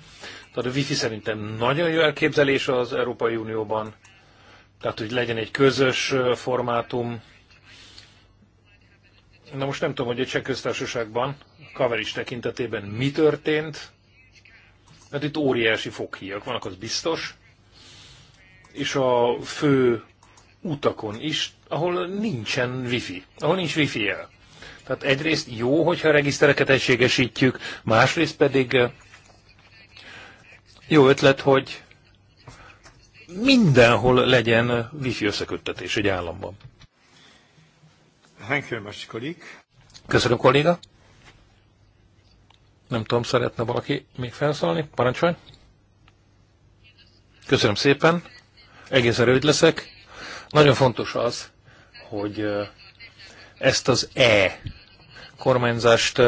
tehát a Wi-Fi szerintem nagyon jó elképzelés az Európai Unióban, tehát, hogy legyen egy közös formátum. Na most nem tudom, hogy a cseh köztársaságban, Kaveris tekintetében mi történt, mert itt óriási foghíjak vannak, az biztos, és a fő utakon is, ahol nincsen wifi, ahol nincs wifi jel. Tehát egyrészt jó, hogyha a regisztereket egységesítjük, másrészt pedig jó ötlet, hogy mindenhol legyen wifi összeköttetés egy államban. Thank you much, Köszönöm, kolléga. Nem tudom, szeretne valaki még felszólni? Parancsolj. Köszönöm szépen. Egészen rövid leszek. Nagyon fontos az, hogy ezt az E kormányzást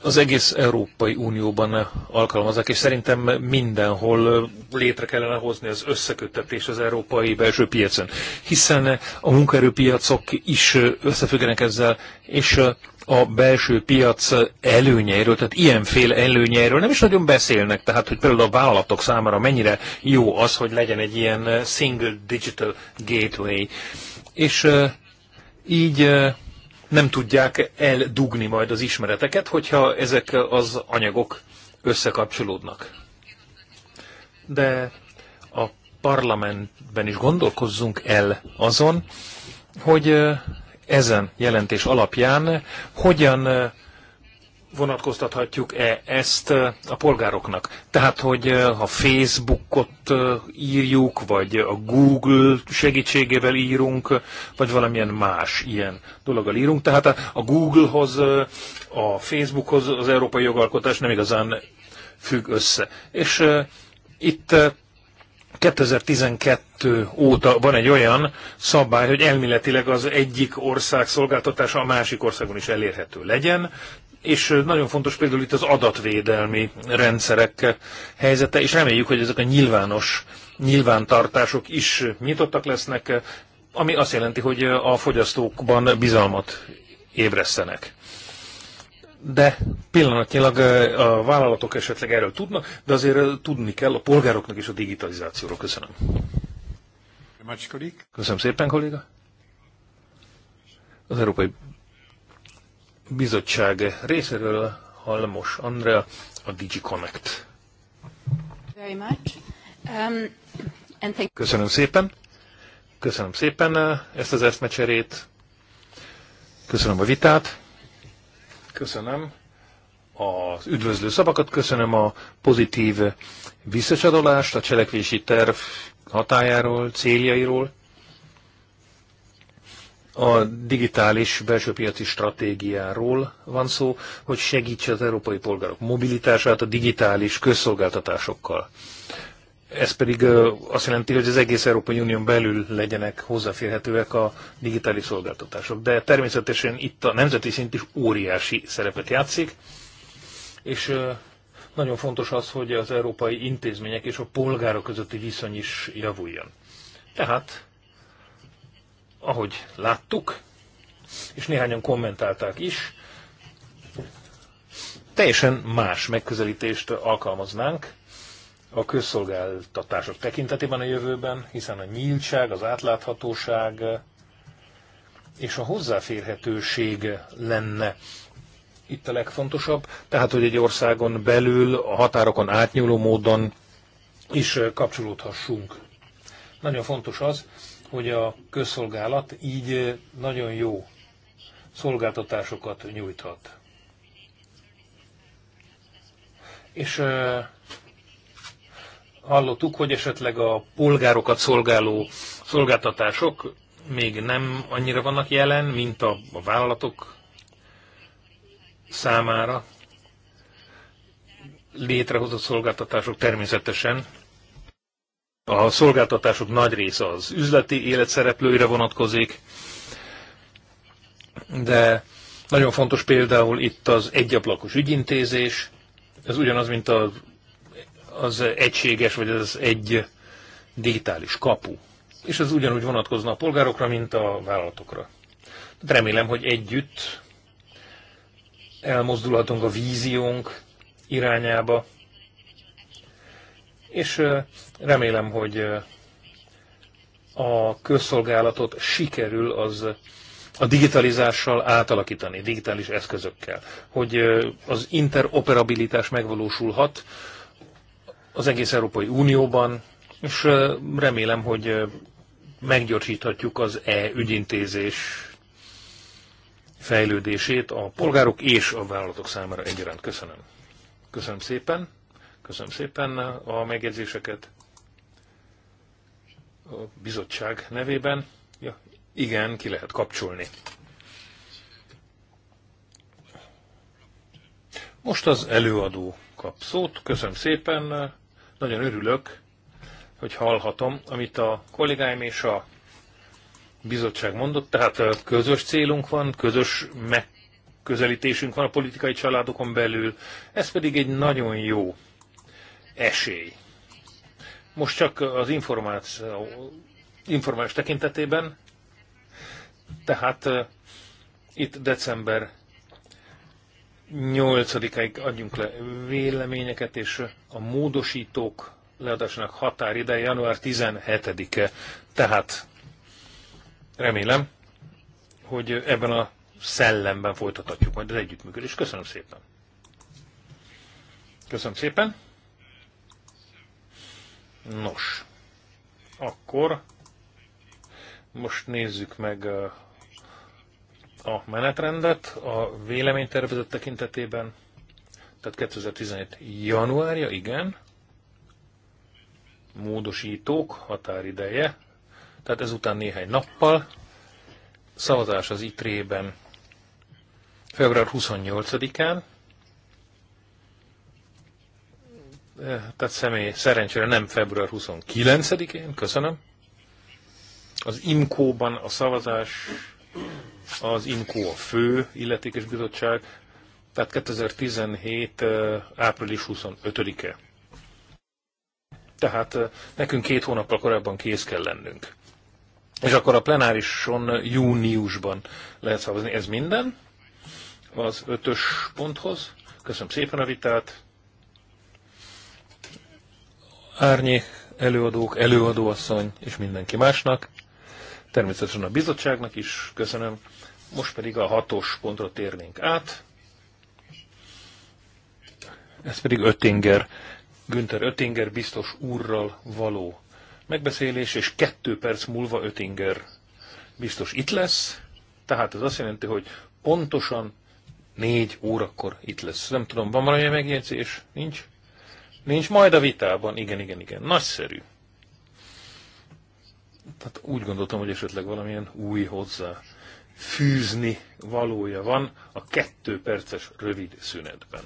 az egész Európai Unióban alkalmazzák, és szerintem mindenhol létre kellene hozni az összeköttetés az európai belső piacon, hiszen a munkaerőpiacok is összefüggenek ezzel, és a belső piac előnyeiről, tehát ilyenféle előnyeiről nem is nagyon beszélnek, tehát hogy például a vállalatok számára mennyire jó az, hogy legyen egy ilyen single digital gateway. És így nem tudják eldugni majd az ismereteket, hogyha ezek az anyagok összekapcsolódnak. De a parlamentben is gondolkozzunk el azon, hogy ezen jelentés alapján hogyan vonatkoztathatjuk-e ezt a polgároknak? Tehát, hogy ha Facebookot írjuk, vagy a Google segítségével írunk, vagy valamilyen más ilyen dologgal írunk. Tehát a Googlehoz, a Facebookhoz az európai jogalkotás nem igazán függ össze. És itt 2012 óta van egy olyan szabály, hogy elméletileg az egyik ország szolgáltatása a másik országon is elérhető legyen, és nagyon fontos például itt az adatvédelmi rendszerek helyzete, és reméljük, hogy ezek a nyilvános nyilvántartások is nyitottak lesznek, ami azt jelenti, hogy a fogyasztókban bizalmat ébresztenek. De pillanatnyilag a vállalatok esetleg erről tudnak, de azért tudni kell a polgároknak is a digitalizációról. Köszönöm. Köszönöm szépen, kolléga. Az Európai bizottság részéről Halmos Andrea, a DigiConnect. Um, köszönöm szépen. Köszönöm szépen uh, ezt az eszmecserét. Köszönöm a vitát. Köszönöm az üdvözlő szavakat, köszönöm a pozitív visszacsadolást a cselekvési terv hatájáról, céljairól a digitális belső piaci stratégiáról van szó, hogy segítse az európai polgárok mobilitását a digitális közszolgáltatásokkal. Ez pedig azt jelenti, hogy az egész Európai Unión belül legyenek hozzáférhetőek a digitális szolgáltatások. De természetesen itt a nemzeti szint is óriási szerepet játszik, és nagyon fontos az, hogy az európai intézmények és a polgárok közötti viszony is javuljon. Tehát ahogy láttuk, és néhányan kommentálták is, teljesen más megközelítést alkalmaznánk a közszolgáltatások tekintetében a jövőben, hiszen a nyíltság, az átláthatóság és a hozzáférhetőség lenne itt a legfontosabb, tehát hogy egy országon belül, a határokon átnyúló módon is kapcsolódhassunk. Nagyon fontos az, hogy a közszolgálat így nagyon jó szolgáltatásokat nyújthat. És hallottuk, hogy esetleg a polgárokat szolgáló szolgáltatások még nem annyira vannak jelen, mint a, vállalatok számára létrehozott szolgáltatások természetesen a szolgáltatások nagy része az üzleti élet szereplőire vonatkozik, de nagyon fontos például itt az egyablakos ügyintézés, ez ugyanaz, mint az, az egységes, vagy az egy digitális kapu. És ez ugyanúgy vonatkozna a polgárokra, mint a vállalatokra. Remélem, hogy együtt elmozdulhatunk a víziónk irányába, és remélem, hogy a közszolgálatot sikerül az a digitalizással átalakítani, digitális eszközökkel, hogy az interoperabilitás megvalósulhat az egész Európai Unióban, és remélem, hogy meggyorsíthatjuk az e-ügyintézés fejlődését a polgárok és a vállalatok számára egyaránt. Köszönöm. Köszönöm szépen. Köszönöm szépen a megjegyzéseket a bizottság nevében. Ja, igen, ki lehet kapcsolni. Most az előadó kap szót. Köszönöm szépen, nagyon örülök, hogy hallhatom, amit a kollégáim és a bizottság mondott. Tehát eh, közös célunk van, közös megközelítésünk van a politikai családokon belül. Ez pedig egy nagyon jó esély. Most csak az információ, információs tekintetében, tehát itt december 8 ig adjunk le véleményeket, és a módosítók leadásának határideje január 17-e. Tehát remélem, hogy ebben a szellemben folytathatjuk majd az együttműködést. Köszönöm szépen! Köszönöm szépen! Nos, akkor most nézzük meg a menetrendet a véleménytervezet tekintetében. Tehát 2017. januárja, igen. Módosítók határideje. Tehát ezután néhány nappal. Szavazás az ITRE-ben február 28-án, Eh, tehát személy szerencsére nem február 29-én, köszönöm. Az IMKO-ban a szavazás, az IMKO a fő illetékes bizottság, tehát 2017. Eh, április 25-e. Tehát eh, nekünk két hónappal korábban kész kell lennünk. És akkor a plenárison júniusban lehet szavazni. Ez minden az ötös ponthoz. Köszönöm szépen a vitát árnyék előadók, előadóasszony és mindenki másnak. Természetesen a bizottságnak is köszönöm. Most pedig a hatos pontra térnénk át. Ez pedig Öttinger, Günther Öttinger biztos úrral való megbeszélés, és kettő perc múlva Öttinger biztos itt lesz. Tehát ez azt jelenti, hogy pontosan négy órakor itt lesz. Nem tudom, van valami megjegyzés? Nincs? Nincs majd a vitában. Igen, igen, igen. Nagyszerű. Tehát úgy gondoltam, hogy esetleg valamilyen új hozzá fűzni valója van a kettő perces rövid szünetben.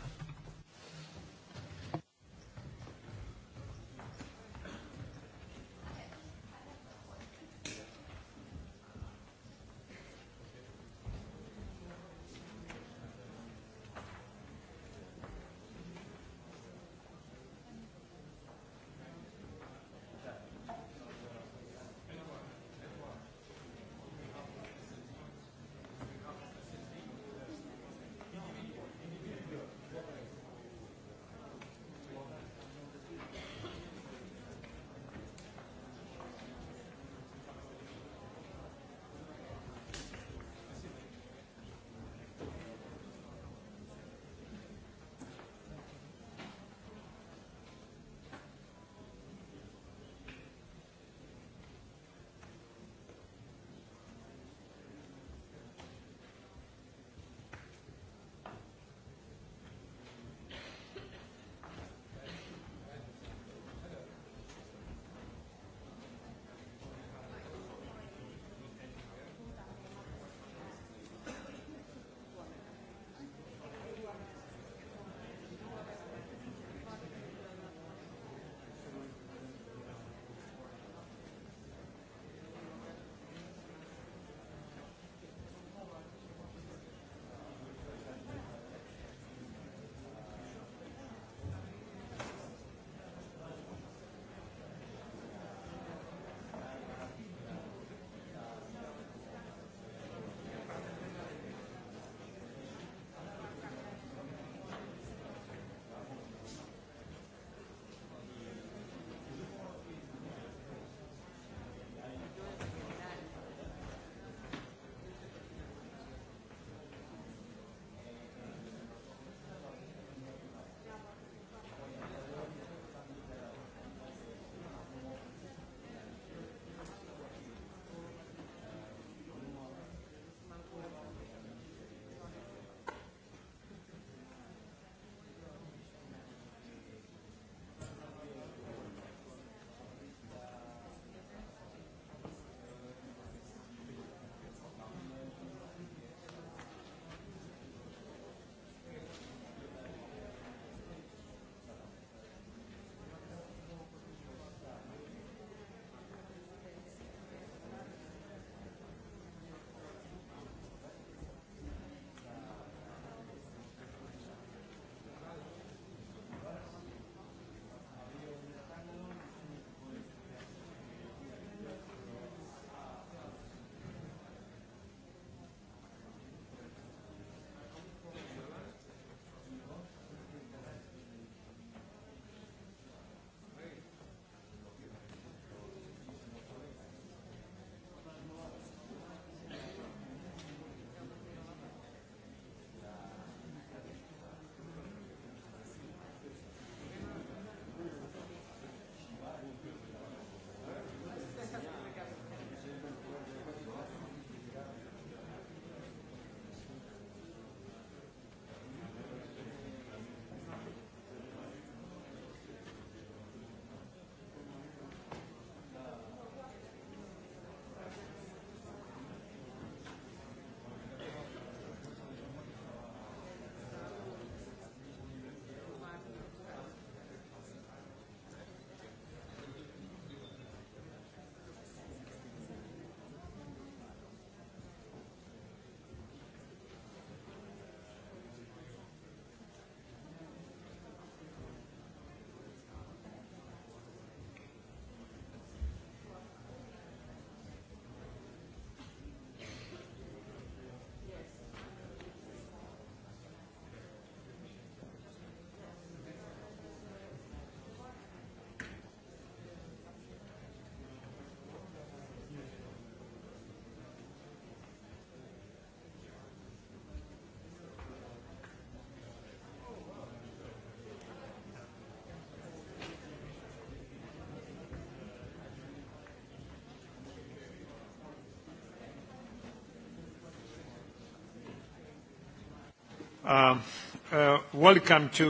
Um, uh, welcome to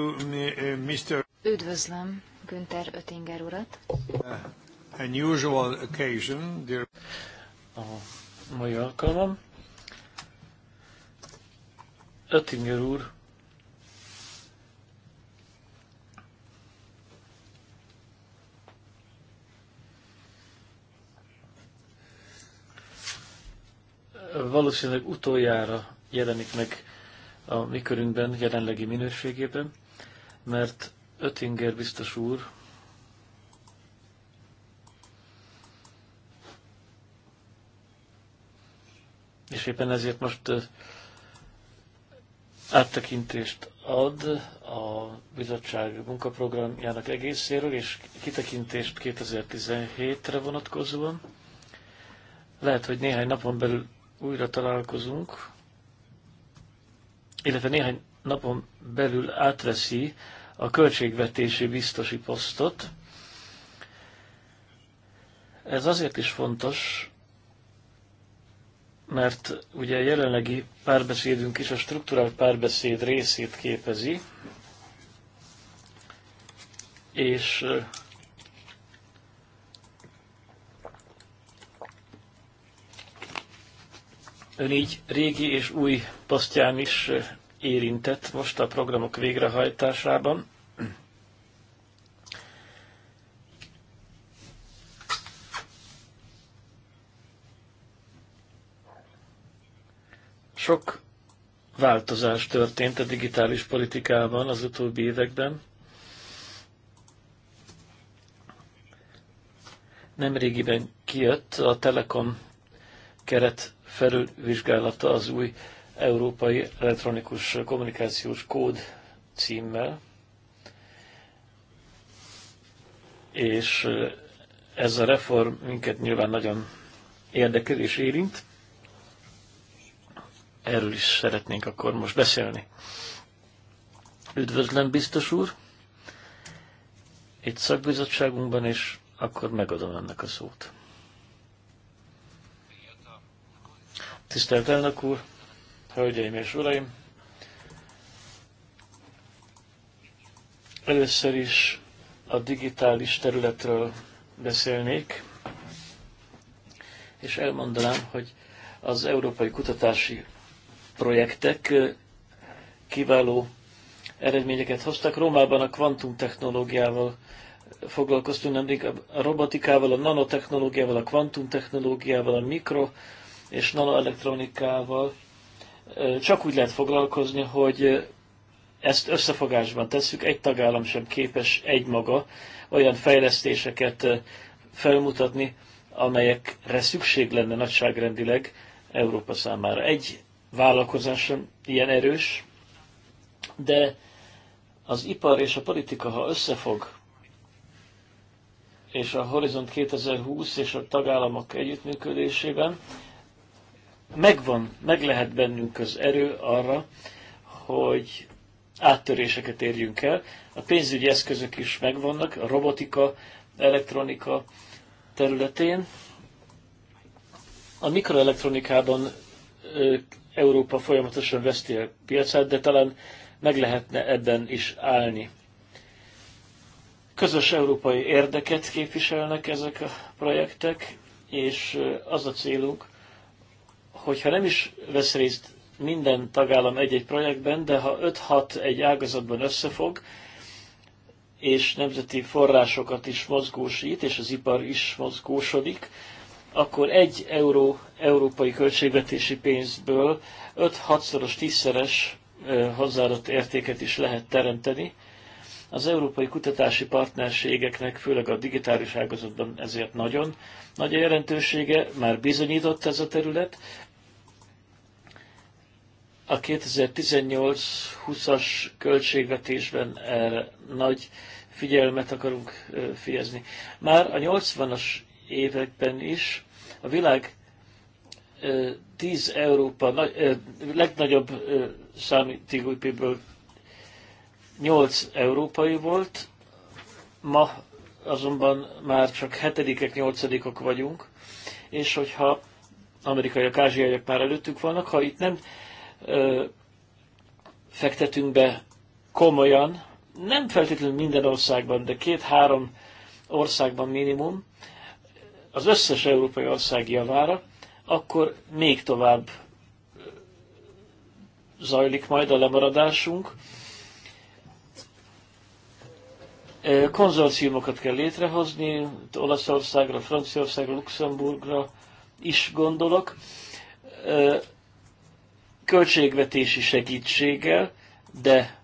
Mr. Uh, Üdvözlöm Günther Oettinger urat. Uh, unusual occasion, dear. A mai alkalmam. Oettinger úr valószínűleg utoljára jelenik meg a mi körünkben, jelenlegi minőségében, mert Ötinger biztos úr és éppen ezért most áttekintést ad a bizottság munkaprogramjának egészéről, és kitekintést 2017-re vonatkozóan. Lehet, hogy néhány napon belül újra találkozunk, illetve néhány napon belül átveszi a költségvetési biztosi posztot. Ez azért is fontos, mert ugye a jelenlegi párbeszédünk is a strukturált párbeszéd részét képezi, és Ön így régi és új posztján is érintett most a programok végrehajtásában. Sok változás történt a digitális politikában az utóbbi években. Nemrégiben kijött a Telekom keret felülvizsgálata az új Európai Elektronikus Kommunikációs Kód címmel, és eh, ez a reform minket nyilván nagyon érdekel és érint. Erről is szeretnénk akkor most beszélni. Üdvözlöm, biztos úr! Itt szakbizottságunkban, és akkor megadom ennek a szót. Tisztelt elnök úr, hölgyeim és uraim! Először is a digitális területről beszélnék, és elmondanám, hogy az európai kutatási projektek kiváló eredményeket hoztak. Rómában a kvantumtechnológiával foglalkoztunk nemrég, a robotikával, a nanotechnológiával, a kvantumtechnológiával, a mikro és nanoelektronikával csak úgy lehet foglalkozni, hogy ezt összefogásban tesszük, egy tagállam sem képes egymaga olyan fejlesztéseket felmutatni, amelyekre szükség lenne nagyságrendileg Európa számára. Egy vállalkozás sem ilyen erős, de az ipar és a politika, ha összefog, és a Horizont 2020 és a tagállamok együttműködésében, megvan, meg lehet bennünk az erő arra, hogy áttöréseket érjünk el. A pénzügyi eszközök is megvannak, a robotika, elektronika területén. A mikroelektronikában Európa folyamatosan veszti a piacát, de talán meg lehetne ebben is állni. Közös európai érdeket képviselnek ezek a projektek, és az a célunk, hogyha nem is vesz részt minden tagállam egy-egy projektben, de ha 5-6 egy ágazatban összefog, és nemzeti forrásokat is mozgósít, és az ipar is mozgósodik, akkor egy euró európai költségvetési pénzből 5-6-szoros, 10-szeres hozzáadott értéket is lehet teremteni. Az európai kutatási partnerségeknek, főleg a digitális ágazatban ezért nagyon nagy a jelentősége, már bizonyított ez a terület, a 2018-20-as költségvetésben erre nagy figyelmet akarunk fiezni. Már a 80-as években is a világ 10 Európa legnagyobb számítógépéből 8 európai volt, ma azonban már csak hetedikek, nyolcadikok vagyunk, és hogyha amerikaiak, ázsiaiak már előttük vannak, ha itt nem ö, fektetünk be komolyan, nem feltétlenül minden országban, de két-három országban minimum, az összes európai ország javára, akkor még tovább zajlik majd a lemaradásunk. Konzorciumokat kell létrehozni, Olaszországra, Franciaországra, Luxemburgra is gondolok költségvetési segítséggel, de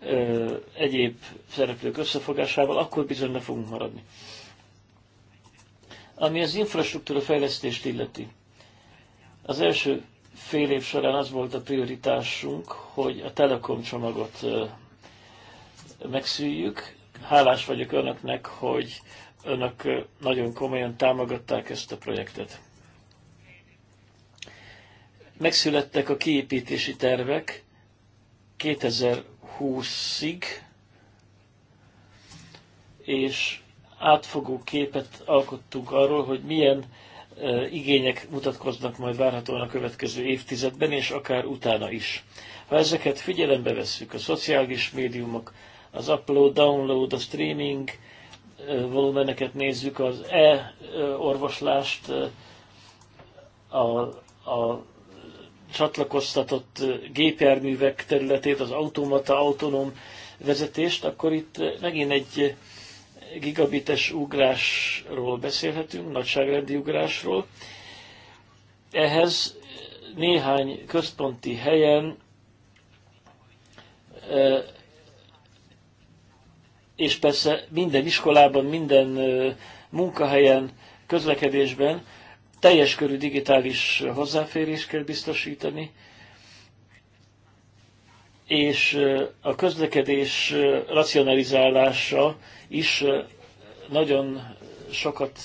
ö, egyéb szereplők összefogásával, akkor bizony le fogunk maradni. Ami az infrastruktúra fejlesztést illeti. Az első fél év során az volt a prioritásunk, hogy a Telekom csomagot ö, megszűjjük. Hálás vagyok önöknek, hogy önök nagyon komolyan támogatták ezt a projektet megszülettek a kiépítési tervek 2020-ig, és átfogó képet alkottunk arról, hogy milyen igények mutatkoznak majd várhatóan a következő évtizedben, és akár utána is. Ha ezeket figyelembe vesszük, a szociális médiumok, az upload, download, a streaming volumeneket nézzük, az e-orvoslást, a, a csatlakoztatott gépjárművek területét, az automata, autonóm vezetést, akkor itt megint egy gigabites ugrásról beszélhetünk, nagyságrendi ugrásról. Ehhez néhány központi helyen és persze minden iskolában, minden munkahelyen, közlekedésben teljes körű digitális hozzáférés kell biztosítani, és a közlekedés racionalizálása is nagyon sokat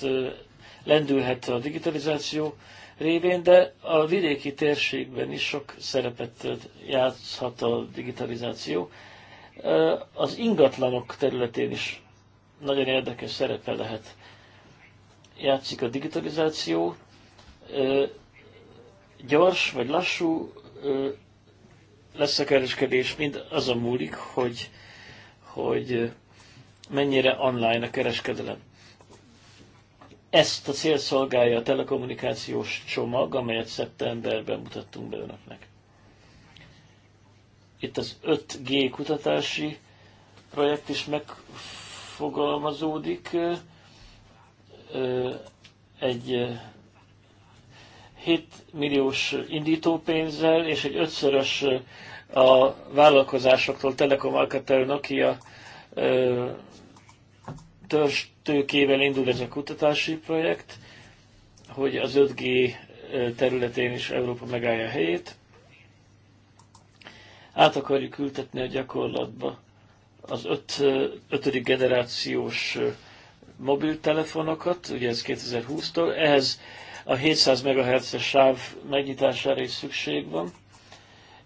lendülhet a digitalizáció révén, de a vidéki térségben is sok szerepet játszhat a digitalizáció. Az ingatlanok területén is nagyon érdekes szerepe lehet. Játszik a digitalizáció, gyors vagy lassú lesz a kereskedés, mind az a múlik, hogy, hogy mennyire online a kereskedelem. Ezt a cél szolgálja a telekommunikációs csomag, amelyet szeptemberben mutattunk be önöknek. Itt az 5G kutatási projekt is megfogalmazódik. Egy 7 milliós indítópénzzel és egy ötszörös a vállalkozásoktól Telekom Alcatel Nokia törstőkével indul ez a kutatási projekt, hogy az 5G területén is Európa megállja a helyét. Át akarjuk ültetni a gyakorlatba az öt, ötödik generációs mobiltelefonokat, ugye ez 2020-tól, ehhez a 700 MHz-es sáv megnyitására is szükség van,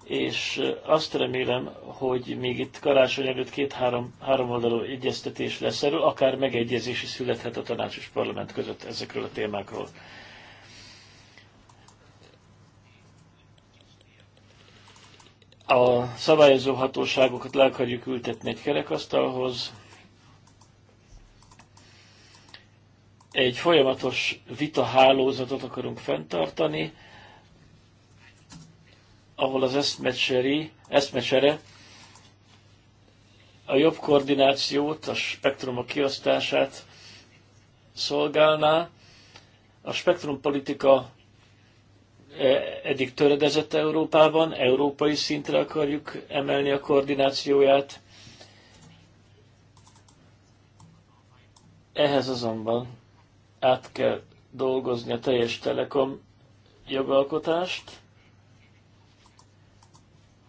és azt remélem, hogy még itt karácsony előtt két-három három oldalú egyeztetés lesz erről, akár megegyezés is születhet a tanács és parlament között ezekről a témákról. a szabályozó hatóságokat le akarjuk ültetni egy kerekasztalhoz, egy folyamatos vita hálózatot akarunk fenntartani, ahol az eszmecseri, eszmecsere a jobb koordinációt, a spektrumok kiosztását szolgálná. A spektrumpolitika e, eddig töredezett Európában, európai szintre akarjuk emelni a koordinációját. Ehhez azonban át kell dolgozni a teljes telekom jogalkotást,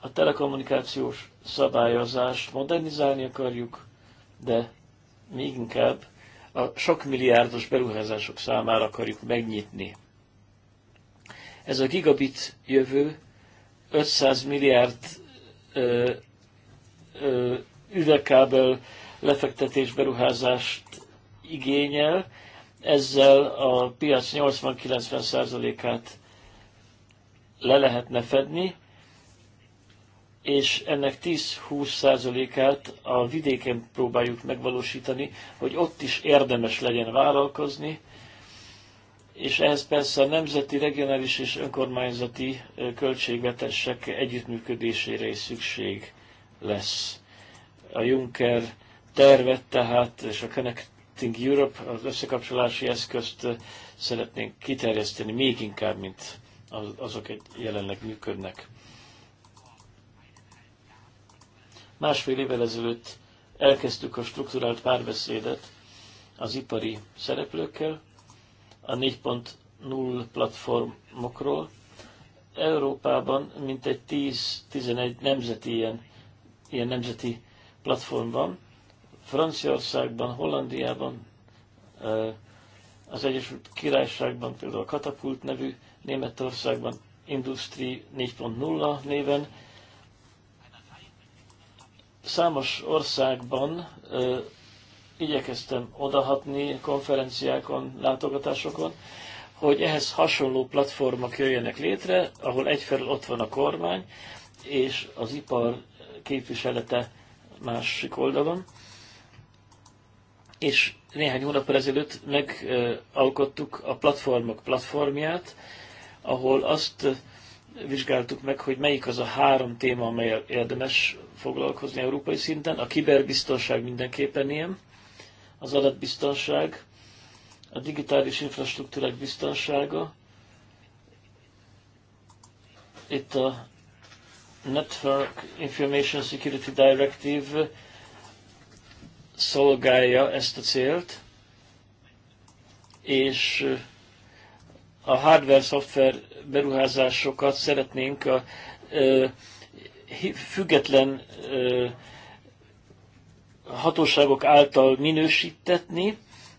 a telekommunikációs szabályozást modernizálni akarjuk, de még inkább a sok milliárdos beruházások számára akarjuk megnyitni. Ez a gigabit jövő 500 milliárd ö, ö, üvegkábel lefektetés beruházást igényel, ezzel a piac 80-90%-át le lehetne fedni, és ennek 10-20%-át a vidéken próbáljuk megvalósítani, hogy ott is érdemes legyen vállalkozni, és ehhez persze a nemzeti, regionális és önkormányzati költségvetések együttműködésére is szükség lesz. A Juncker tervet tehát, és a Connect Connecting Europe, az összekapcsolási eszközt eh, szeretnénk kiterjeszteni még inkább, mint azok jelenleg működnek. Másfél évvel ezelőtt elkezdtük a strukturált párbeszédet az ipari szereplőkkel, a 4.0 platformokról. Európában mintegy 10-11 nemzeti ilyen, ilyen nemzeti platform van, Franciaországban, Hollandiában, az Egyesült Királyságban, például a Katapult nevű, Németországban Industri 4.0 néven. Számos országban ö, igyekeztem odahatni konferenciákon, látogatásokon, hogy ehhez hasonló platformok jöjjenek létre, ahol egyfelől ott van a kormány, és az ipar képviselete másik oldalon, és néhány hónap ezelőtt megalkottuk a platformok platformját, ahol azt vizsgáltuk meg, hogy melyik az a három téma, amely érdemes foglalkozni európai szinten. A kiberbiztonság mindenképpen ilyen, az adatbiztonság, a digitális infrastruktúrák biztonsága, itt a Network Information Security Directive szolgálja ezt a célt, és a hardware szoftver beruházásokat szeretnénk a független hatóságok által minősítetni,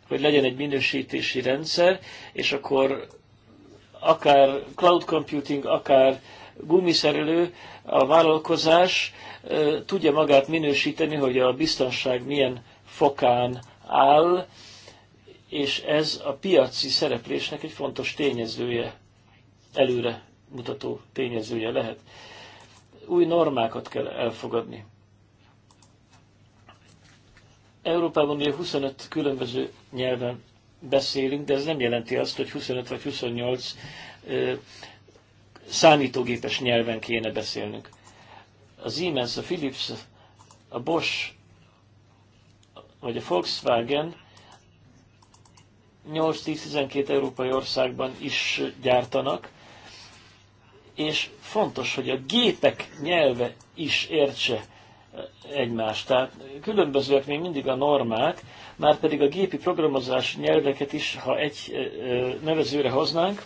hogy legyen egy minősítési rendszer, és akkor akár cloud computing, akár gumiszerelő, a vállalkozás tudja magát minősíteni, hogy a biztonság milyen fokán áll, és ez a piaci szereplésnek egy fontos tényezője, előre mutató tényezője lehet. Új normákat kell elfogadni. Európában ugye 25 különböző nyelven beszélünk, de ez nem jelenti azt, hogy 25 vagy 28 ö, számítógépes nyelven kéne beszélnünk. A Siemens, a Philips, a Bosch hogy a Volkswagen 8-10-12 európai országban is gyártanak, és fontos, hogy a gépek nyelve is értse eh, egymást. Tehát különbözőek még mindig a normák, már pedig a gépi programozás nyelveket is, ha egy eh, eh, nevezőre hoznánk,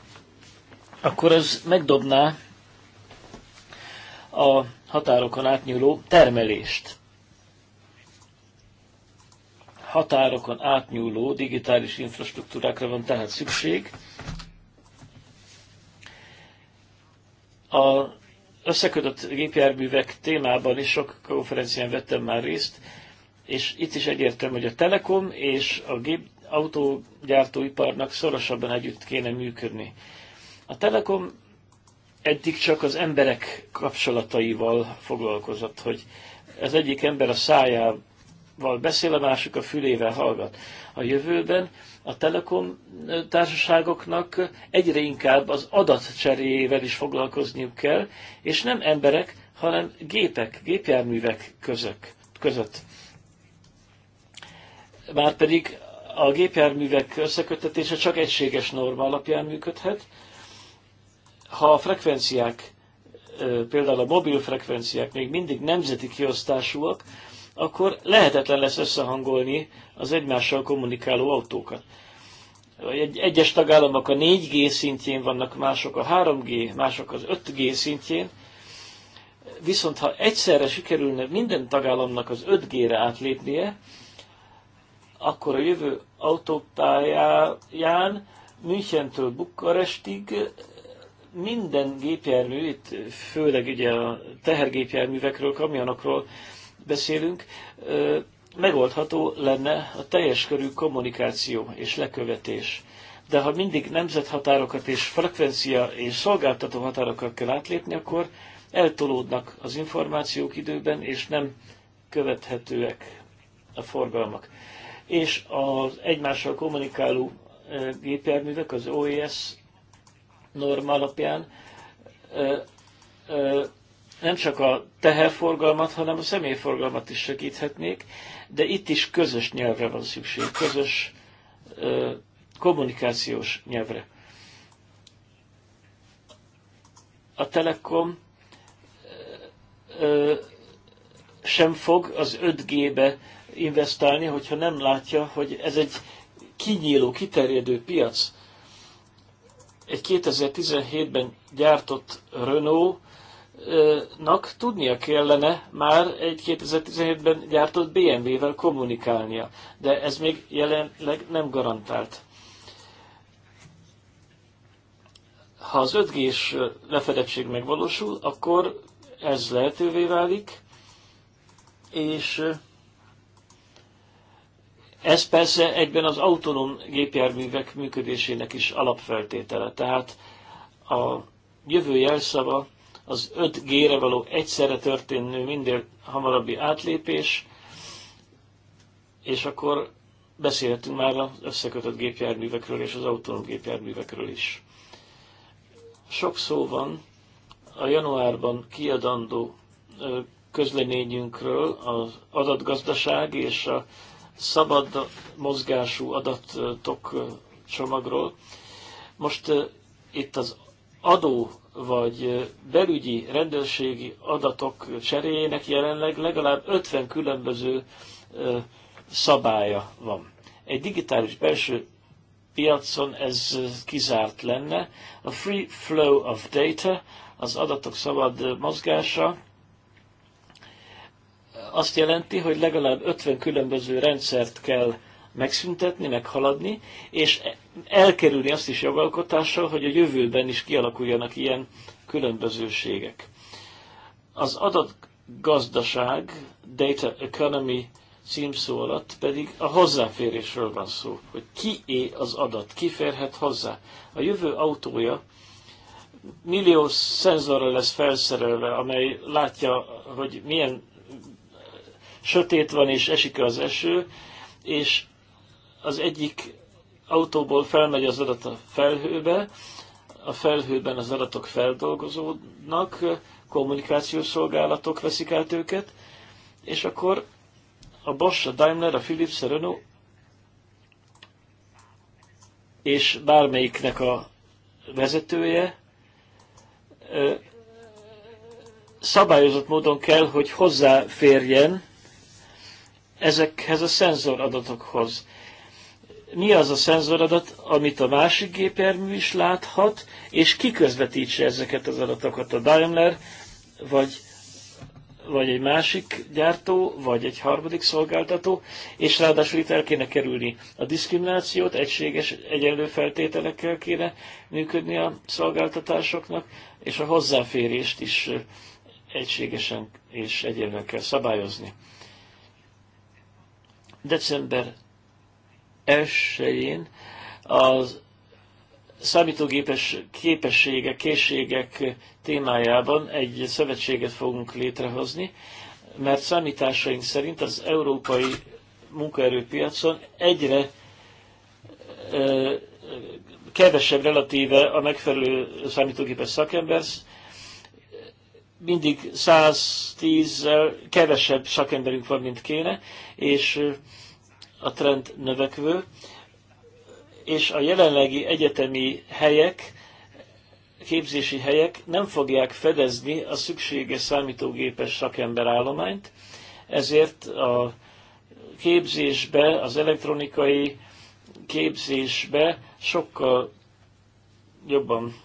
akkor ez megdobná a határokon átnyúló termelést határokon átnyúló digitális infrastruktúrákra van tehát szükség. A összekötött gépjárművek témában is sok konferencián vettem már részt, és itt is egyértelmű, hogy a telekom és a gép, autógyártóiparnak szorosabban együtt kéne működni. A telekom eddig csak az emberek kapcsolataival foglalkozott, hogy az egyik ember a szájával val beszél, a másik a fülével hallgat. A jövőben a telekom társaságoknak egyre inkább az adatcserével is foglalkozniuk kell, és nem emberek, hanem gépek, gépjárművek közök, között. Márpedig a gépjárművek összekötetése csak egységes norma alapján működhet. Ha a frekvenciák, például a mobil frekvenciák még mindig nemzeti kiosztásúak, akkor lehetetlen lesz összehangolni az egymással kommunikáló autókat. Egy, egyes tagállamok a 4G szintjén vannak, mások a 3G, mások az 5G szintjén, viszont ha egyszerre sikerülne minden tagállamnak az 5G-re átlépnie, akkor a jövő autópályáján Münchentől Bukarestig minden gépjármű, itt főleg ugye a tehergépjárművekről, kamionokról beszélünk, megoldható lenne a teljes körű kommunikáció és lekövetés. De ha mindig nemzethatárokat és frekvencia és szolgáltató határokat kell átlépni, akkor eltolódnak az információk időben, és nem követhetőek a forgalmak. És az egymással kommunikáló gépjárművek, az OES norma alapján nem csak a teherforgalmat, hanem a személyforgalmat is segíthetnék, de itt is közös nyelvre van szükség, közös ö, kommunikációs nyelvre. A Telekom ö, sem fog az 5G-be investálni, hogyha nem látja, hogy ez egy kinyíló, kiterjedő piac. Egy 2017-ben gyártott Renault nak tudnia kellene már egy 2017-ben gyártott BMW-vel kommunikálnia, de ez még jelenleg nem garantált. Ha az 5G-s lefedettség megvalósul, akkor ez lehetővé válik, és ez persze egyben az autonóm gépjárművek működésének is alapfeltétele. Tehát a jövő jelszava az 5G-re való egyszerre történő minden hamarabbi átlépés, és akkor beszéltünk már az összekötött gépjárművekről és az autonóm gépjárművekről is. Sok szó van a januárban kiadandó közleményünkről az adatgazdaság és a szabad mozgású adatok csomagról. Most itt az adó vagy belügyi rendőrségi adatok cseréjének jelenleg legalább 50 különböző szabálya van. Egy digitális belső piacon ez kizárt lenne. A free flow of data, az adatok szabad mozgása, azt jelenti, hogy legalább 50 különböző rendszert kell megszüntetni, meghaladni, és elkerülni azt is jogalkotással, hogy a jövőben is kialakuljanak ilyen különbözőségek. Az adatgazdaság, data economy címszó alatt pedig a hozzáférésről van szó, hogy é az adat, ki férhet hozzá. A jövő autója millió szenzorra lesz felszerelve, amely látja, hogy milyen sötét van és esik az eső, és az egyik autóból felmegy az adat a felhőbe, a felhőben az adatok feldolgozódnak, kommunikációs szolgálatok veszik át őket, és akkor a Bosch, a Daimler, a Philips, a Renault és bármelyiknek a vezetője szabályozott módon kell, hogy hozzáférjen ezekhez a szenzoradatokhoz mi az a szenzoradat, amit a másik gépjármű is láthat, és kiközvetítse ezeket az adatokat a Daimler, vagy, vagy egy másik gyártó, vagy egy harmadik szolgáltató, és ráadásul itt el kéne kerülni a diszkriminációt, egységes, egyenlő feltételekkel kéne működni a szolgáltatásoknak, és a hozzáférést is egységesen és egyenlően kell szabályozni. December 1 a az számítógépes képességek, készségek témájában egy szövetséget fogunk létrehozni, mert számításaink szerint az európai munkaerőpiacon egyre kevesebb relatíve a megfelelő számítógépes szakember, mindig 110 kevesebb szakemberünk van, mint kéne, és a trend növekvő, és a jelenlegi egyetemi helyek, képzési helyek nem fogják fedezni a szükséges számítógépes szakember állományt, ezért a képzésbe, az elektronikai képzésbe sokkal jobban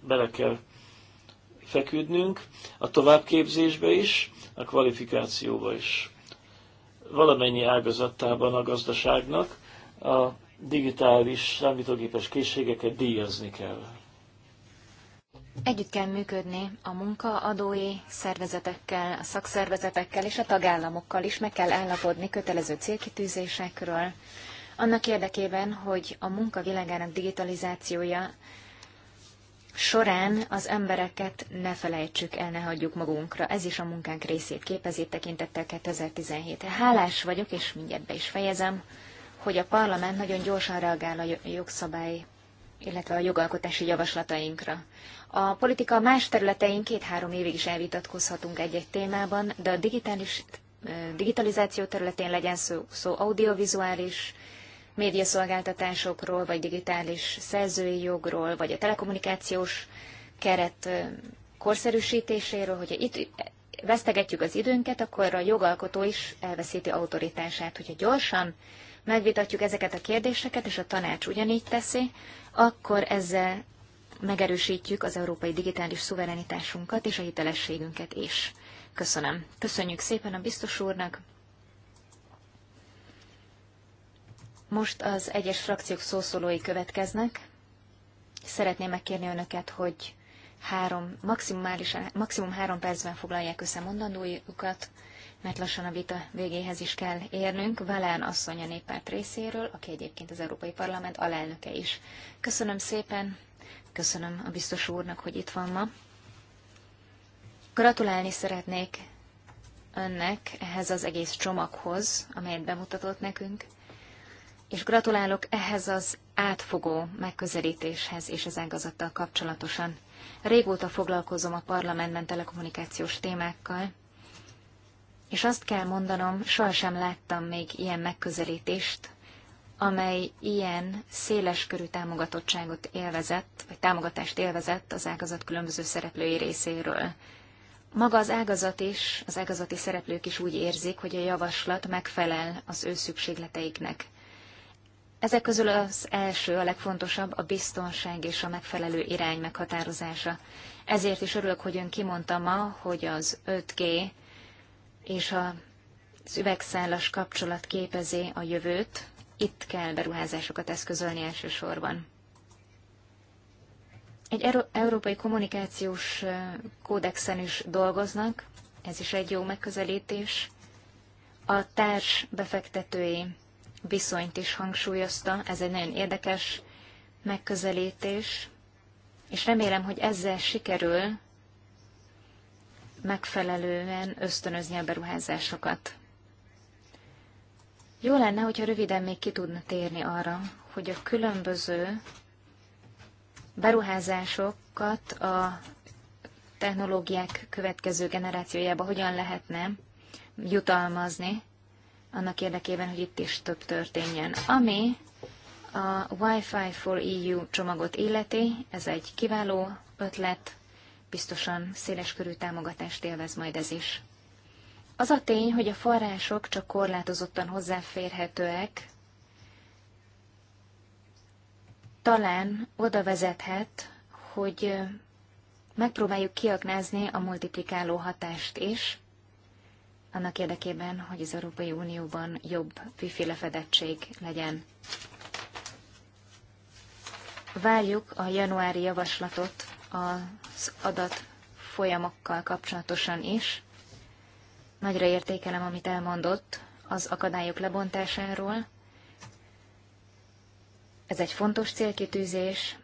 bele kell feküdnünk, a továbbképzésbe is, a kvalifikációba is valamennyi ágazatában a gazdaságnak a digitális számítógépes készségeket díjazni kell. Együtt kell működni a munkaadói szervezetekkel, a szakszervezetekkel és a tagállamokkal is, meg kell állapodni kötelező célkitűzésekről, annak érdekében, hogy a munka világának digitalizációja során az embereket ne felejtsük el, ne hagyjuk magunkra. Ez is a munkánk részét képezi, tekintettel 2017-re. Hálás vagyok, és mindjárt be is fejezem, hogy a parlament nagyon gyorsan reagál a jogszabály, illetve a jogalkotási javaslatainkra. A politika más területein két-három évig is elvitatkozhatunk egy-egy témában, de a digitális digitalizáció területén legyen szó, szó audiovizuális, médiaszolgáltatásokról, vagy digitális szerzői jogról, vagy a telekommunikációs keret korszerűsítéséről, hogyha itt vesztegetjük az időnket, akkor a jogalkotó is elveszíti autoritását. Hogyha gyorsan megvitatjuk ezeket a kérdéseket, és a tanács ugyanígy teszi, akkor ezzel megerősítjük az európai digitális szuverenitásunkat és a hitelességünket is. Köszönöm. Köszönjük szépen a biztos úrnak. Most az egyes frakciók szószólói következnek. Szeretném megkérni önöket, hogy három, maximálisan, maximum három percben foglalják össze mondandójukat, mert lassan a vita végéhez is kell érnünk. Valán asszony a néppárt részéről, aki egyébként az Európai Parlament alelnöke is. Köszönöm szépen, köszönöm a biztos úrnak, hogy itt van ma. Gratulálni szeretnék önnek ehhez az egész csomaghoz, amelyet bemutatott nekünk és gratulálok ehhez az átfogó megközelítéshez és az ágazattal kapcsolatosan. Régóta foglalkozom a parlamentben telekommunikációs témákkal, és azt kell mondanom, sohasem láttam még ilyen megközelítést, amely ilyen széleskörű támogatottságot élvezett, vagy támogatást élvezett az ágazat különböző szereplői részéről. Maga az ágazat is, az ágazati szereplők is úgy érzik, hogy a javaslat megfelel az ő szükségleteiknek. Ezek közül az első, a legfontosabb a biztonság és a megfelelő irány meghatározása. Ezért is örülök, hogy ön kimondta ma, hogy az 5G és az üvegszálas kapcsolat képezi a jövőt. Itt kell beruházásokat eszközölni elsősorban. Egy európai kommunikációs kódexen is dolgoznak, ez is egy jó megközelítés. A társ befektetői viszonyt is hangsúlyozta. Ez egy nagyon érdekes megközelítés, és remélem, hogy ezzel sikerül megfelelően ösztönözni a beruházásokat. Jó lenne, hogyha röviden még ki tudna térni arra, hogy a különböző beruházásokat a technológiák következő generációjába hogyan lehetne jutalmazni, annak érdekében, hogy itt is több történjen. Ami a Wi-Fi for EU csomagot illeti, ez egy kiváló ötlet, biztosan széles körű támogatást élvez majd ez is. Az a tény, hogy a források csak korlátozottan hozzáférhetőek, talán oda vezethet, hogy megpróbáljuk kiaknázni a multiplikáló hatást is, annak érdekében, hogy az Európai Unióban jobb wifi lefedettség legyen. Várjuk a januári javaslatot az adat folyamokkal kapcsolatosan is. Nagyra értékelem, amit elmondott az akadályok lebontásáról. Ez egy fontos célkitűzés,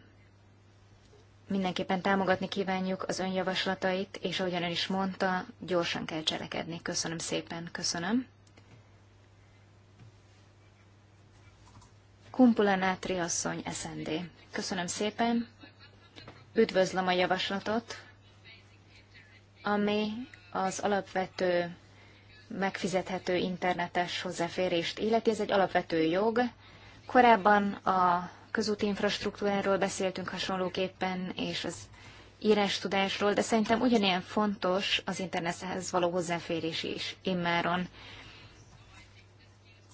mindenképpen támogatni kívánjuk az ön javaslatait, és ahogyan ön is mondta, gyorsan kell cselekedni. Köszönöm szépen, köszönöm. Nátri asszony, SND. Köszönöm szépen. Üdvözlöm a javaslatot, ami az alapvető megfizethető internetes hozzáférést illeti. Ez egy alapvető jog. Korábban a közúti infrastruktúráról beszéltünk hasonlóképpen, és az írás tudásról, de szerintem ugyanilyen fontos az internethez való hozzáférés is immáron.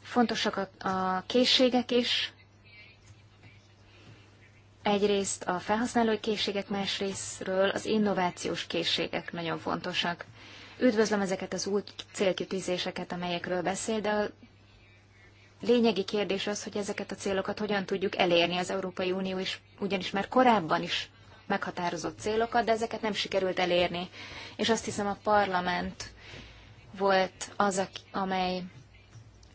Fontosak a, a készségek is, egyrészt a felhasználói készségek, másrésztről az innovációs készségek nagyon fontosak. Üdvözlöm ezeket az új célkitűzéseket, amelyekről beszél, de a lényegi kérdés az, hogy ezeket a célokat hogyan tudjuk elérni. Az Európai Unió is ugyanis már korábban is meghatározott célokat, de ezeket nem sikerült elérni. És azt hiszem a parlament volt az, amely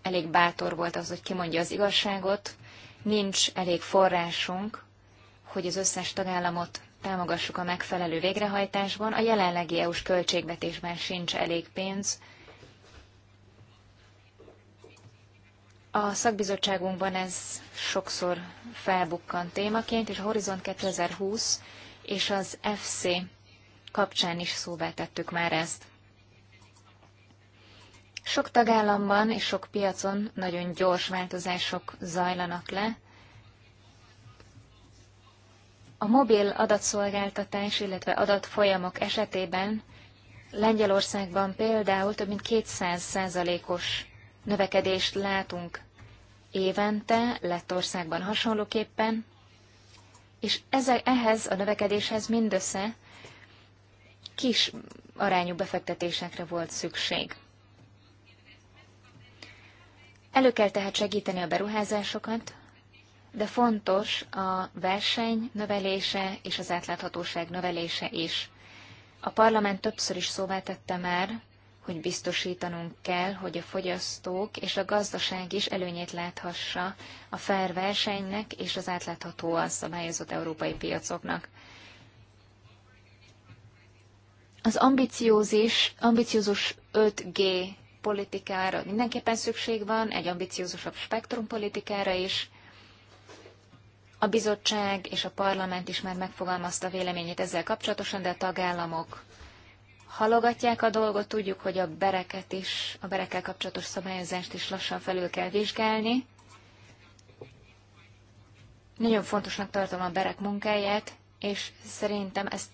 elég bátor volt az, hogy kimondja az igazságot. Nincs elég forrásunk, hogy az összes tagállamot támogassuk a megfelelő végrehajtásban. A jelenlegi EU-s költségvetésben sincs elég pénz, A szakbizottságunkban ez sokszor felbukkan témaként, és a Horizont 2020 és az FC kapcsán is szóvá tettük már ezt. Sok tagállamban és sok piacon nagyon gyors változások zajlanak le. A mobil adatszolgáltatás, illetve adatfolyamok esetében Lengyelországban például több mint 200 os növekedést látunk évente, Lettországban hasonlóképpen, és ezek, ehhez a növekedéshez mindössze kis arányú befektetésekre volt szükség. Elő kell tehát segíteni a beruházásokat, de fontos a verseny növelése és az átláthatóság növelése is. A parlament többször is szóvá tette már, hogy biztosítanunk kell, hogy a fogyasztók és a gazdaság is előnyét láthassa a fair versenynek és az átláthatóan szabályozott európai piacoknak. Az ambiciózis, ambiciózus 5G politikára mindenképpen szükség van, egy ambiciózusabb spektrumpolitikára is. A bizottság és a parlament is már megfogalmazta véleményét ezzel kapcsolatosan, de a tagállamok halogatják a dolgot, tudjuk, hogy a bereket is, a berekkel kapcsolatos szabályozást is lassan felül kell vizsgálni. Nagyon fontosnak tartom a berek munkáját, és szerintem ezt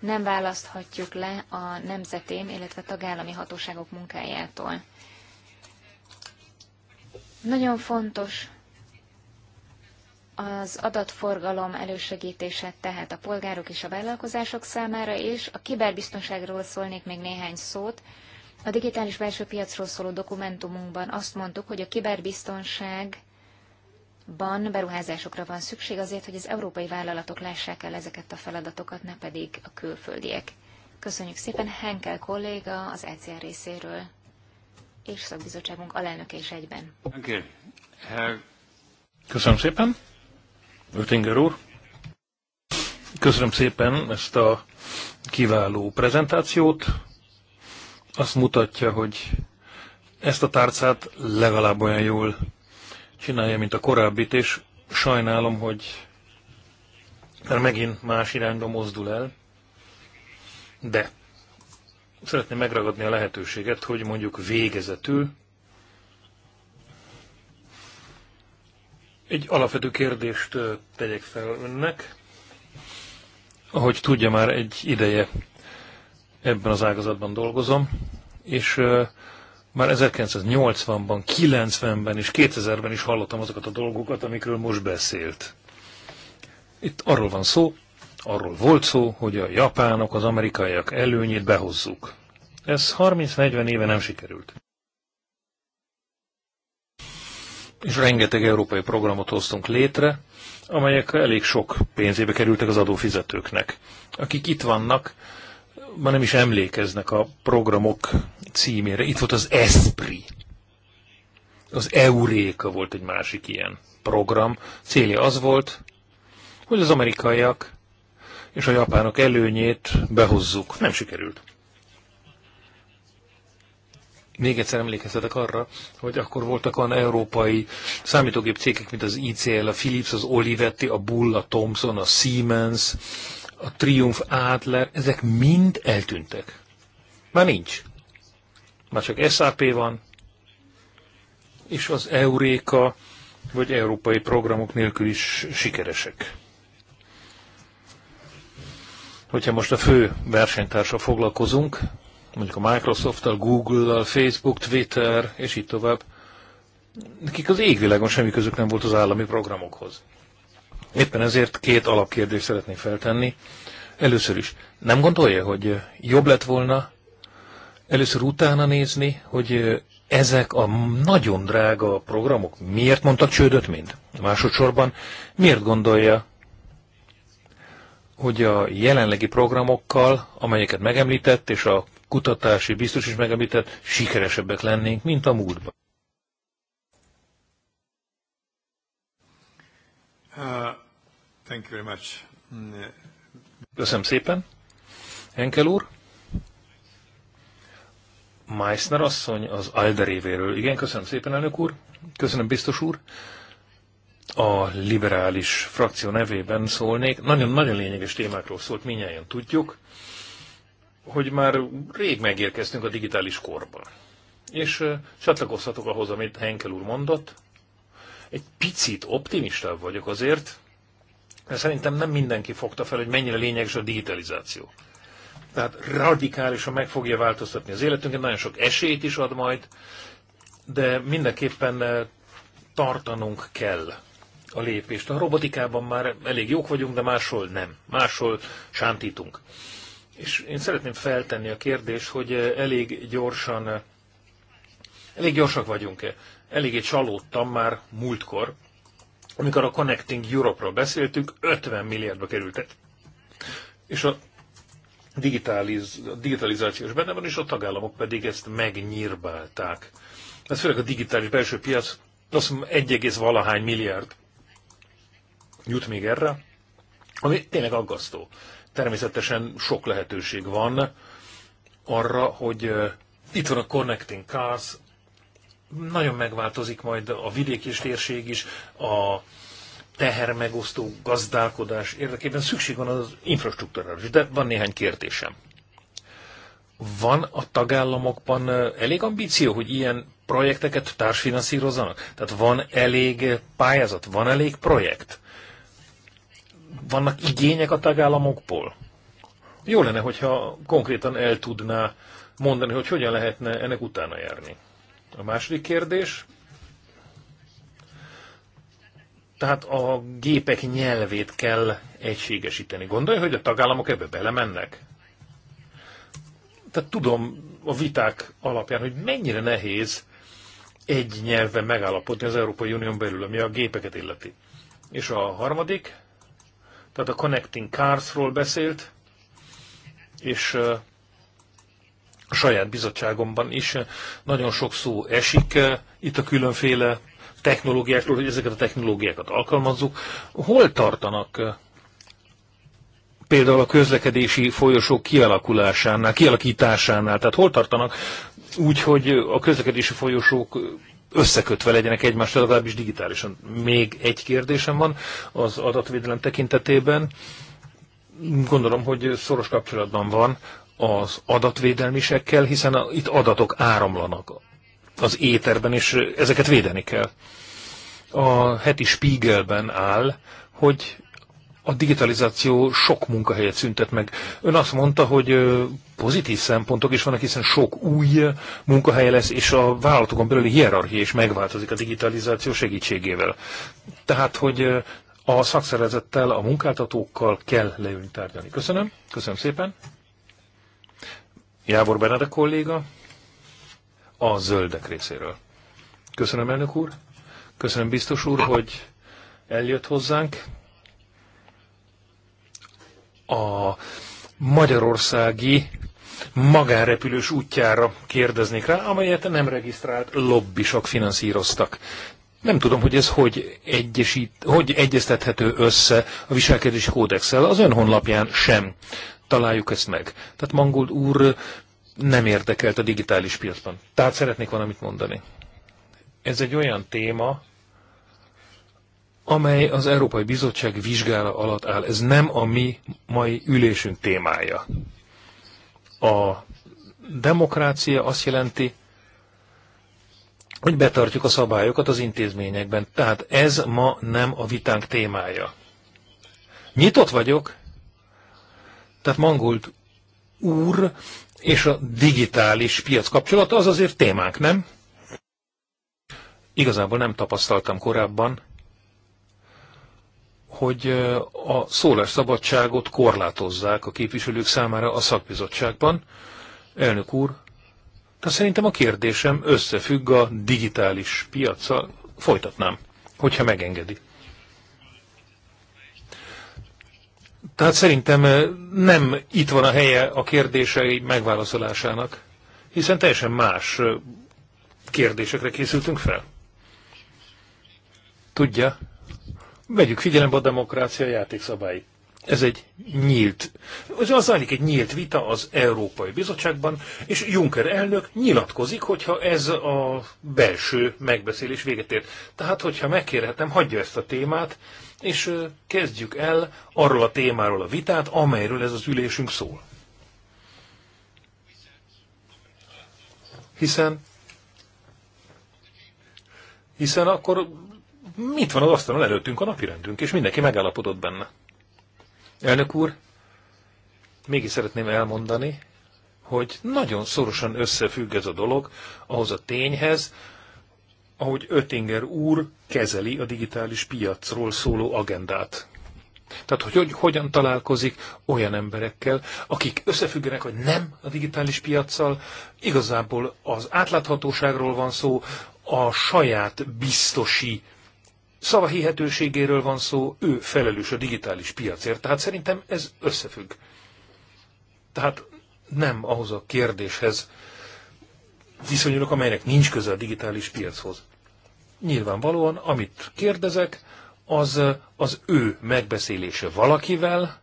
nem választhatjuk le a nemzetém, illetve tagállami hatóságok munkájától. Nagyon fontos az adatforgalom elősegítése tehát a polgárok és a vállalkozások számára, és a kiberbiztonságról szólnék még néhány szót. A digitális belső piacról szóló dokumentumunkban azt mondtuk, hogy a kiberbiztonság Ban beruházásokra van szükség azért, hogy az európai vállalatok lássák el ezeket a feladatokat, ne pedig a külföldiek. Köszönjük szépen Henkel kolléga az ECR részéről, és szakbizottságunk alelnöke is egyben. Köszönöm szépen. Ötinger úr. Köszönöm szépen ezt a kiváló prezentációt. Azt mutatja, hogy ezt a tárcát legalább olyan jól csinálja, mint a korábbit, és sajnálom, hogy mert megint más irányba mozdul el, de szeretném megragadni a lehetőséget, hogy mondjuk végezetül Egy alapvető kérdést tegyek fel önnek. Ahogy tudja, már egy ideje ebben az ágazatban dolgozom, és már 1980-ban, 90-ben és 2000-ben is hallottam azokat a dolgokat, amikről most beszélt. Itt arról van szó, arról volt szó, hogy a japánok, az amerikaiak előnyét behozzuk. Ez 30-40 éve nem sikerült. és rengeteg európai programot hoztunk létre, amelyek elég sok pénzébe kerültek az adófizetőknek. Akik itt vannak, ma nem is emlékeznek a programok címére. Itt volt az ESPRI. Az Euréka volt egy másik ilyen program. Célja az volt, hogy az amerikaiak és a japánok előnyét behozzuk. Nem sikerült még egyszer emlékeztetek arra, hogy akkor voltak olyan európai számítógép cégek, mint az ICL, a Philips, az Olivetti, a Bull, a Thomson, a Siemens, a Triumph Adler, ezek mind eltűntek. Már nincs. Már csak SAP van, és az Euréka, vagy európai programok nélkül is sikeresek. Hogyha most a fő versenytársa foglalkozunk, mondjuk a Microsoft-tal, Google-al, Facebook, Twitter, és így tovább, nekik az égvilágon semmi közük nem volt az állami programokhoz. Éppen ezért két alapkérdést szeretnék feltenni. Először is, nem gondolja, hogy jobb lett volna először utána nézni, hogy ezek a nagyon drága programok miért mondtak csődöt mind? Másodszorban miért gondolja, hogy a jelenlegi programokkal, amelyeket megemlített, és a kutatási biztos is megemlített, sikeresebbek lennénk, mint a múltban. Uh, thank you very much. Köszönöm szépen. Henkel úr? Meissner asszony az Alderévéről. Igen, köszönöm szépen, elnök úr. Köszönöm, biztos úr. A liberális frakció nevében szólnék. Nagyon-nagyon lényeges témákról szólt, minnyáján tudjuk hogy már rég megérkeztünk a digitális korba, És csatlakozhatok ahhoz, amit Henkel úr mondott. Egy picit optimistább vagyok azért, mert szerintem nem mindenki fogta fel, hogy mennyire lényeges a digitalizáció. Tehát radikálisan meg fogja változtatni az életünket, nagyon sok esélyt is ad majd, de mindenképpen tartanunk kell a lépést. A robotikában már elég jók vagyunk, de máshol nem. Máshol sántítunk. És én szeretném feltenni a kérdést, hogy eh, elég gyorsan, eh, elég gyorsak vagyunk-e? Eléggé csalódtam már múltkor, amikor a Connecting Europe-ról beszéltünk, 50 milliárdba került. És a digitaliz, a digitalizációs benne van, és a tagállamok pedig ezt megnyírbálták. Ez hát főleg a digitális belső piac, azt mondom, 1, valahány milliárd jut még erre, ami tényleg aggasztó természetesen sok lehetőség van arra, hogy itt van a Connecting Cars, nagyon megváltozik majd a vidék és térség is, a tehermegosztó gazdálkodás érdekében szükség van az infrastruktúrára is, de van néhány kérdésem. Van a tagállamokban elég ambíció, hogy ilyen projekteket társfinanszírozzanak? Tehát van elég pályázat, van elég projekt? vannak igények a tagállamokból? Jó lenne, hogyha konkrétan el tudná mondani, hogy hogyan lehetne ennek utána járni. A második kérdés, tehát a gépek nyelvét kell egységesíteni. Gondolja, hogy a tagállamok ebbe belemennek? Tehát tudom a viták alapján, hogy mennyire nehéz egy nyelven megállapodni az Európai Unión belül, ami a gépeket illeti. És a harmadik, tehát a Connecting Cars-ról beszélt, és a saját bizottságomban is nagyon sok szó esik itt a különféle technológiákról, hogy ezeket a technológiákat alkalmazzuk. Hol tartanak például a közlekedési folyosók kialakulásánál, kialakításánál, tehát hol tartanak úgy, hogy a közlekedési folyosók összekötve legyenek egymással, legalábbis digitálisan. Még egy kérdésem van az adatvédelem tekintetében. Gondolom, hogy szoros kapcsolatban van az adatvédelmisekkel, hiszen a, itt adatok áramlanak az éterben, és ezeket védeni kell. A heti Spiegelben áll, hogy a digitalizáció sok munkahelyet szüntet meg. Ön azt mondta, hogy pozitív szempontok is vannak, hiszen sok új munkahely lesz, és a vállalatokon belüli hierarchia is megváltozik a digitalizáció segítségével. Tehát, hogy a szakszervezettel, a munkáltatókkal kell leülni tárgyalni. Köszönöm, köszönöm szépen. Jávor Benedek kolléga a zöldek részéről. Köszönöm, elnök úr. Köszönöm, biztos úr, hogy eljött hozzánk a magyarországi magánrepülős útjára kérdeznék rá, amelyet nem regisztrált lobbisok finanszíroztak. Nem tudom, hogy ez hogy, egyesít, hogy egyeztethető össze a viselkedési kódexsel. Az ön honlapján sem találjuk ezt meg. Tehát Mangold úr nem érdekelt a digitális piacban. Tehát szeretnék valamit mondani. Ez egy olyan téma, amely az Európai Bizottság vizsgála alatt áll. Ez nem a mi mai ülésünk témája. A demokrácia azt jelenti, hogy betartjuk a szabályokat az intézményekben. Tehát ez ma nem a vitánk témája. Nyitott vagyok, tehát Mangult úr és a digitális piac kapcsolata az azért témánk, nem? Igazából nem tapasztaltam korábban, hogy a szólásszabadságot korlátozzák a képviselők számára a szakbizottságban. Elnök úr, de szerintem a kérdésem összefügg a digitális piacsal. Folytatnám, hogyha megengedi. Tehát szerintem nem itt van a helye a kérdései megválaszolásának, hiszen teljesen más kérdésekre készültünk fel. Tudja, vegyük figyelembe a demokrácia játékszabályt. Ez egy nyílt, az zajlik egy nyílt vita az Európai Bizottságban, és Juncker elnök nyilatkozik, hogyha ez a belső megbeszélés véget ér. Tehát, hogyha megkérhetem, hagyja ezt a témát, és kezdjük el arról a témáról a vitát, amelyről ez az ülésünk szól. Hiszen hiszen akkor mit van az asztalon előttünk a napirendünk, és mindenki megállapodott benne. Elnök úr, mégis szeretném elmondani, hogy nagyon szorosan összefügg ez a dolog ahhoz a tényhez, ahogy Öttinger úr kezeli a digitális piacról szóló agendát. Tehát, hogy, hogy hogyan találkozik olyan emberekkel, akik összefüggenek, hogy nem a digitális piaccal, igazából az átláthatóságról van szó, a saját biztosi szava hihetőségéről van szó, ő felelős a digitális piacért, tehát szerintem ez összefügg. Tehát nem ahhoz a kérdéshez viszonyulok, amelynek nincs köze a digitális piachoz. Nyilvánvalóan, amit kérdezek, az az ő megbeszélése valakivel,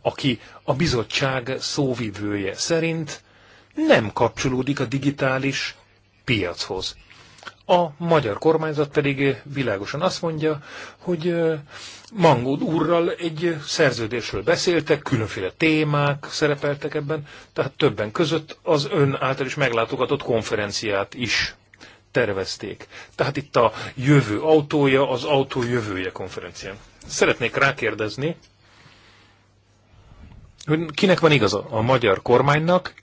aki a bizottság szóvivője szerint nem kapcsolódik a digitális piachoz. A magyar kormányzat pedig világosan azt mondja, hogy Mangód úrral egy szerződésről beszéltek, különféle témák szerepeltek ebben, tehát többen között az ön által is meglátogatott konferenciát is tervezték. Tehát itt a jövő autója, az autó jövője konferencián. Szeretnék rákérdezni, hogy kinek van igaza a magyar kormánynak,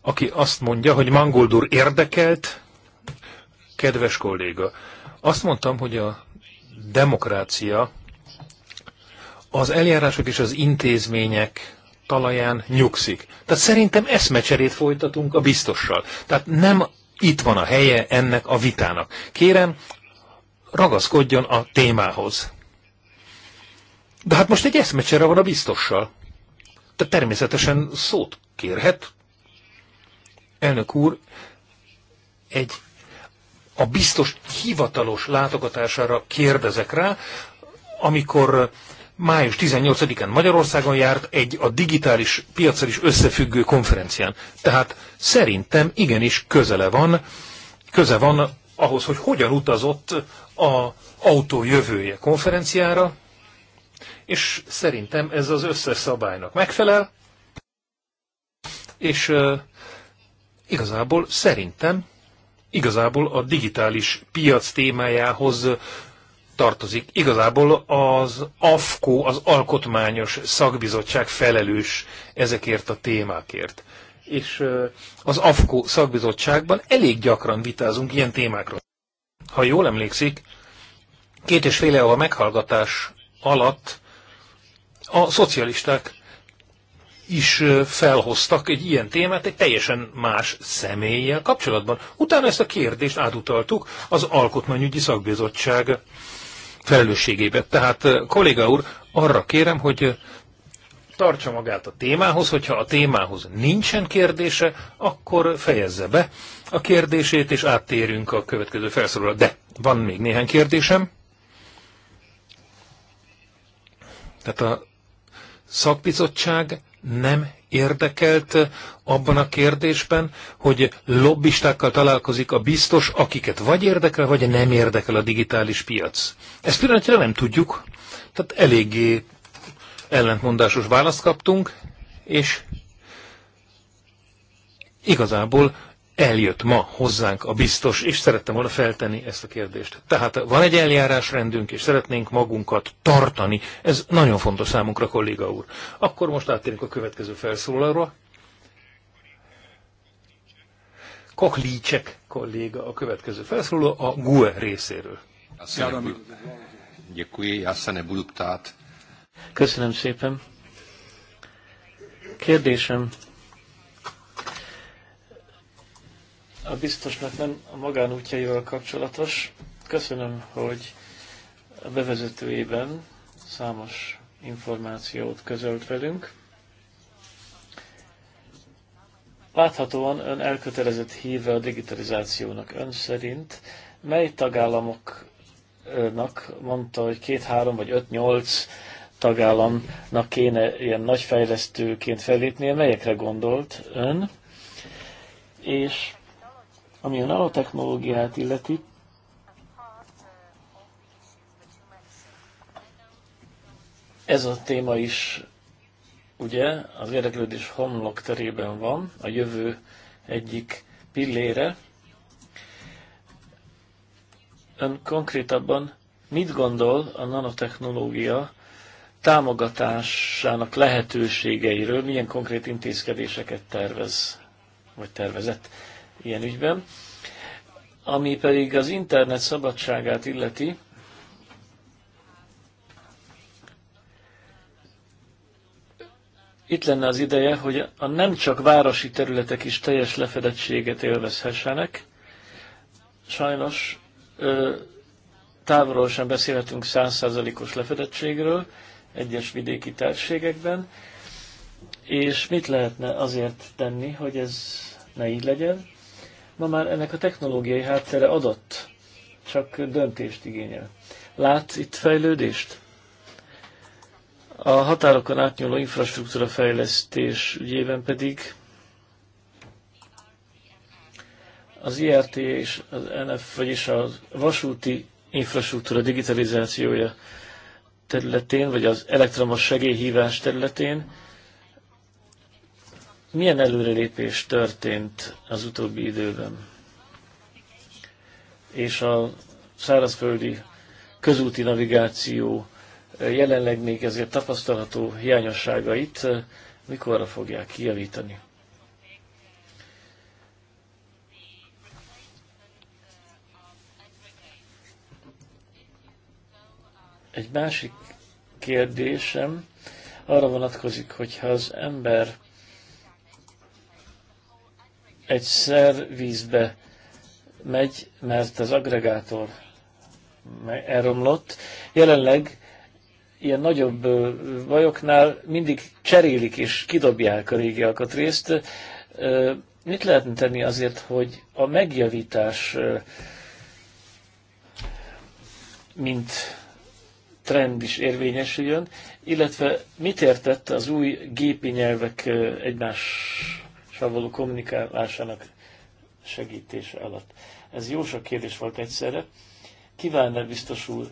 aki azt mondja, hogy Mangoldur érdekelt, Kedves kolléga, azt mondtam, hogy a demokrácia az eljárások és az intézmények talaján nyugszik. Tehát szerintem eszmecserét folytatunk a biztossal. Tehát nem itt van a helye ennek a vitának. Kérem, ragaszkodjon a témához. De hát most egy eszmecsere van a biztossal. Tehát természetesen szót kérhet. Elnök úr, egy a biztos hivatalos látogatására kérdezek rá, amikor május 18-án Magyarországon járt egy a digitális piacsal is összefüggő konferencián. Tehát szerintem igenis közele van, köze van ahhoz, hogy hogyan utazott a autó jövője konferenciára, és szerintem ez az összes szabálynak megfelel, és uh, igazából szerintem igazából a digitális piac témájához tartozik. Igazából az AFKO, az Alkotmányos Szakbizottság felelős ezekért a témákért. És az AFKO szakbizottságban elég gyakran vitázunk ilyen témákról. Ha jól emlékszik, két és fél a meghallgatás alatt a szocialisták is felhoztak egy ilyen témát egy teljesen más személlyel kapcsolatban. Utána ezt a kérdést átutaltuk az Alkotmányügyi Szakbizottság felelősségébe. Tehát kolléga úr, arra kérem, hogy tartsa magát a témához, hogyha a témához nincsen kérdése, akkor fejezze be a kérdését, és áttérünk a következő felszólalra. De van még néhány kérdésem. Tehát a szakbizottság nem érdekelt abban a kérdésben, hogy lobbistákkal találkozik a biztos, akiket vagy érdekel, vagy nem érdekel a digitális piac. Ezt pillanatnyilag nem tudjuk, tehát eléggé ellentmondásos választ kaptunk, és igazából eljött ma hozzánk a biztos, és szerettem volna feltenni ezt a kérdést. Tehát van egy eljárásrendünk, és szeretnénk magunkat tartani. Ez nagyon fontos számunkra, kolléga úr. Akkor most áttérünk a következő felszólalóra. Koklícsek kolléga a következő felszólaló a GUE részéről. Köszönöm szépen. Kérdésem a biztosnak nem a magánútjaival kapcsolatos. Köszönöm, hogy a bevezetőjében számos információt közölt velünk. Láthatóan ön elkötelezett híve a digitalizációnak. Ön szerint mely tagállamoknak mondta, hogy két-három vagy öt-nyolc tagállamnak kéne ilyen nagy fejlesztőként fellépnie, melyekre gondolt ön? És ami a nanotechnológiát illeti, ez a téma is ugye az érdeklődés homlok terében van, a jövő egyik pillére. Ön konkrétabban mit gondol a nanotechnológia támogatásának lehetőségeiről, milyen konkrét intézkedéseket tervez, vagy tervezett? ilyen ügyben. Ami pedig az internet szabadságát illeti, itt lenne az ideje, hogy a nem csak városi területek is teljes lefedettséget élvezhessenek. Sajnos távolról sem beszélhetünk százszázalékos lefedettségről egyes vidéki térségekben, és mit lehetne azért tenni, hogy ez ne így legyen? Ma már ennek a technológiai háttere adott, csak döntést igényel. Lát itt fejlődést? A határokon átnyúló infrastruktúra fejlesztés ügyében pedig az IRT és az NF, vagyis a vasúti infrastruktúra digitalizációja területén, vagy az elektromos segélyhívás területén milyen előrelépés történt az utóbbi időben? És a szárazföldi közúti navigáció jelenleg még ezért tapasztalható hiányosságait eh, mikorra fogják kijavítani? Egy másik kérdésem arra vonatkozik, hogyha az ember egy vízbe megy, mert az agregátor elromlott. Jelenleg ilyen nagyobb bajoknál mindig cserélik és kidobják a régi alkatrészt. Mit lehetne tenni azért, hogy a megjavítás mint trend is érvényesüljön, illetve mit értett az új gépi nyelvek egymás való kommunikálásának segítése alatt. Ez jó sok kérdés volt egyszerre. Kívánna biztos úr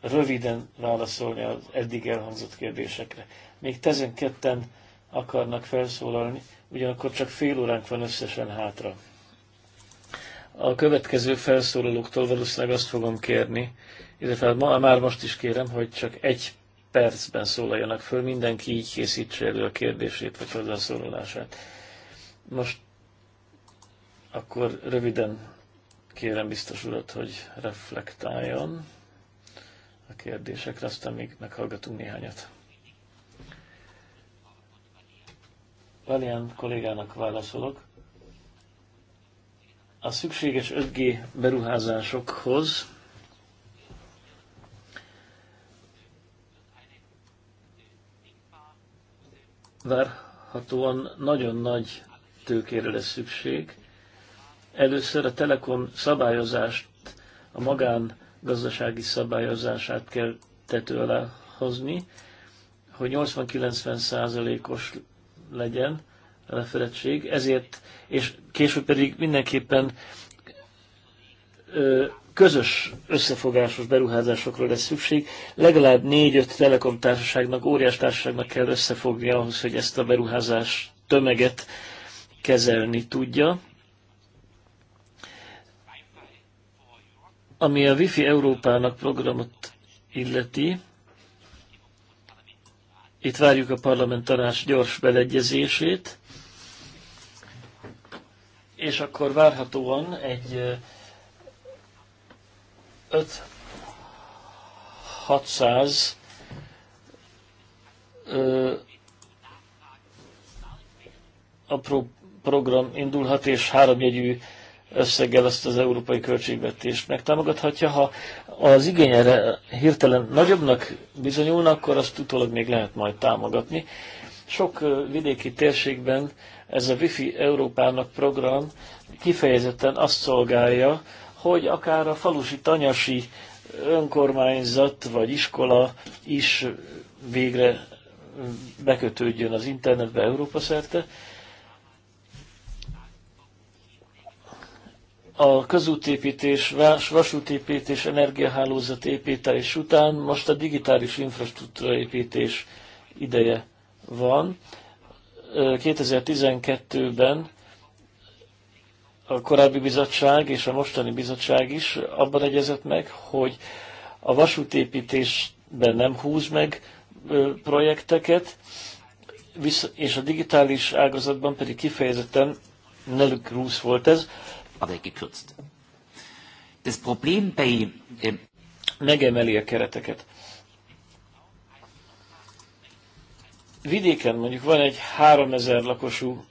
röviden válaszolni az eddig elhangzott kérdésekre. Még tezen ketten akarnak felszólalni, ugyanakkor csak fél óránk van összesen hátra. A következő felszólalóktól valószínűleg azt fogom kérni, illetve már most is kérem, hogy csak egy percben szólaljanak föl, mindenki így készítse elő a kérdését vagy hozzászólalását. Most akkor röviden kérem biztos urat, hogy reflektáljon a kérdésekre, aztán még meghallgatunk néhányat. Valian kollégának válaszolok. A szükséges 5G beruházásokhoz várhatóan nagyon nagy tőkére lesz szükség. Először a Telekom szabályozást, a magán gazdasági szabályozását kell tető alá hozni, hogy 80-90 százalékos legyen a lefedettség, ezért, és később pedig mindenképpen ö, közös összefogásos beruházásokra lesz szükség. Legalább négy-öt telekom társaságnak, óriás társaságnak kell összefogni ahhoz, hogy ezt a beruházás tömeget kezelni tudja. Ami a Wi-Fi Európának programot illeti, itt várjuk a parlament tanács gyors beleegyezését, és akkor várhatóan egy 5-600 apró program indulhat, és háromjegyű összeggel ezt az európai költségvetést megtámogathatja. Ha az igény erre hirtelen nagyobbnak bizonyulna, akkor azt utólag még lehet majd támogatni. Sok vidéki térségben ez a Wifi Európának program kifejezetten azt szolgálja, hogy akár a falusi tanyasi önkormányzat vagy iskola is végre bekötődjön az internetbe Európa szerte, a közútépítés, vasútépítés, energiahálózat építés után most a digitális infrastruktúra építés ideje van. 2012-ben a korábbi bizottság és a mostani bizottság is abban egyezett meg, hogy a vasútépítésben nem húz meg projekteket, és a digitális ágazatban pedig kifejezetten Nelük Cruz volt ez, aber gekürzt. Das Problem bei... Ähm, Megemeli a kereteket. Vidéken mondjuk van egy 3000 lakosú